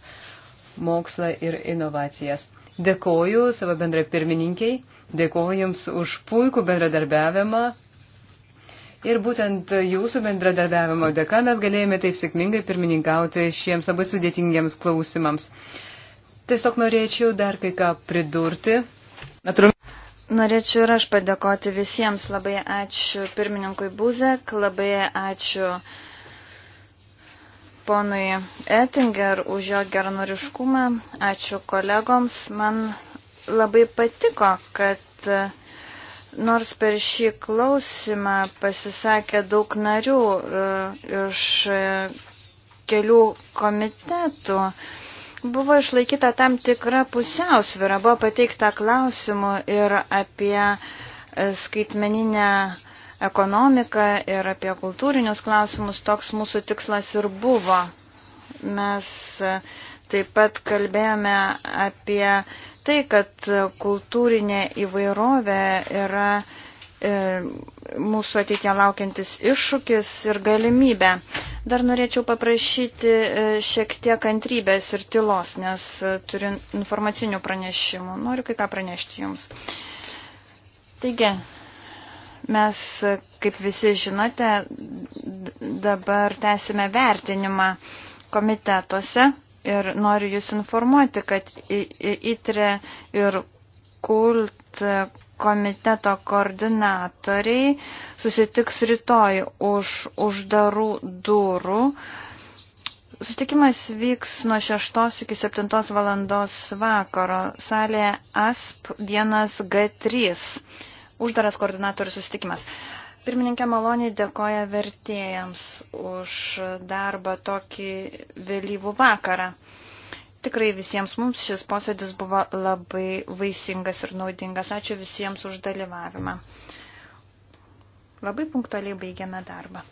mokslą ir inovacijas. Dėkoju savo bendra pirmininkiai, dėkoju Jums už puikų bendradarbiavimą Ir būtent jūsų bendradarbiavimo dėka mes galėjome taip sėkmingai pirmininkauti šiems labai sudėtingiems klausimams. Tiesiog norėčiau dar kai ką pridurti. Natrum. Norėčiau ir aš padėkoti visiems. Labai ačiū pirmininkui Buzek, labai ačiū ponui Ettinger už jo geranoriškumą, ačiū kolegoms. Man labai patiko, kad Nors per šį klausimą pasisakė daug narių e, iš e, kelių komitetų, buvo išlaikyta tam tikra pusiausvyra, buvo pateikta klausimų ir apie e, skaitmeninę ekonomiką ir apie kultūrinius klausimus. Toks mūsų tikslas ir buvo. Mes uh, Taip pat kalbėjome apie tai, kad kultūrinė įvairovė yra e, mūsų ateitie laukiantis iššūkis ir galimybė. Dar norėčiau paprašyti e, šiek tiek kantrybės ir tylos, nes e, turiu informacinių pranešimų. Noriu kai ką pranešti jums. Taigi, mes, kaip visi žinote, dabar tęsime vertinimą komitetuose Ir noriu Jūs informuoti, kad ITRE ir KULT komiteto koordinatoriai susitiks rytoj už uždarų durų. Sustikimas vyks nuo 6 iki 7 valandos vakaro salėje ASP 1G3. Uždaras koordinatorių susitikimas. Pirmininkė maloniai dėkoja vertėjams už darbą tokį vėlyvų vakarą. Tikrai visiems mums šis posėdis buvo labai vaisingas ir naudingas. Ačiū visiems už dalyvavimą. Labai punktualiai baigiame darbą.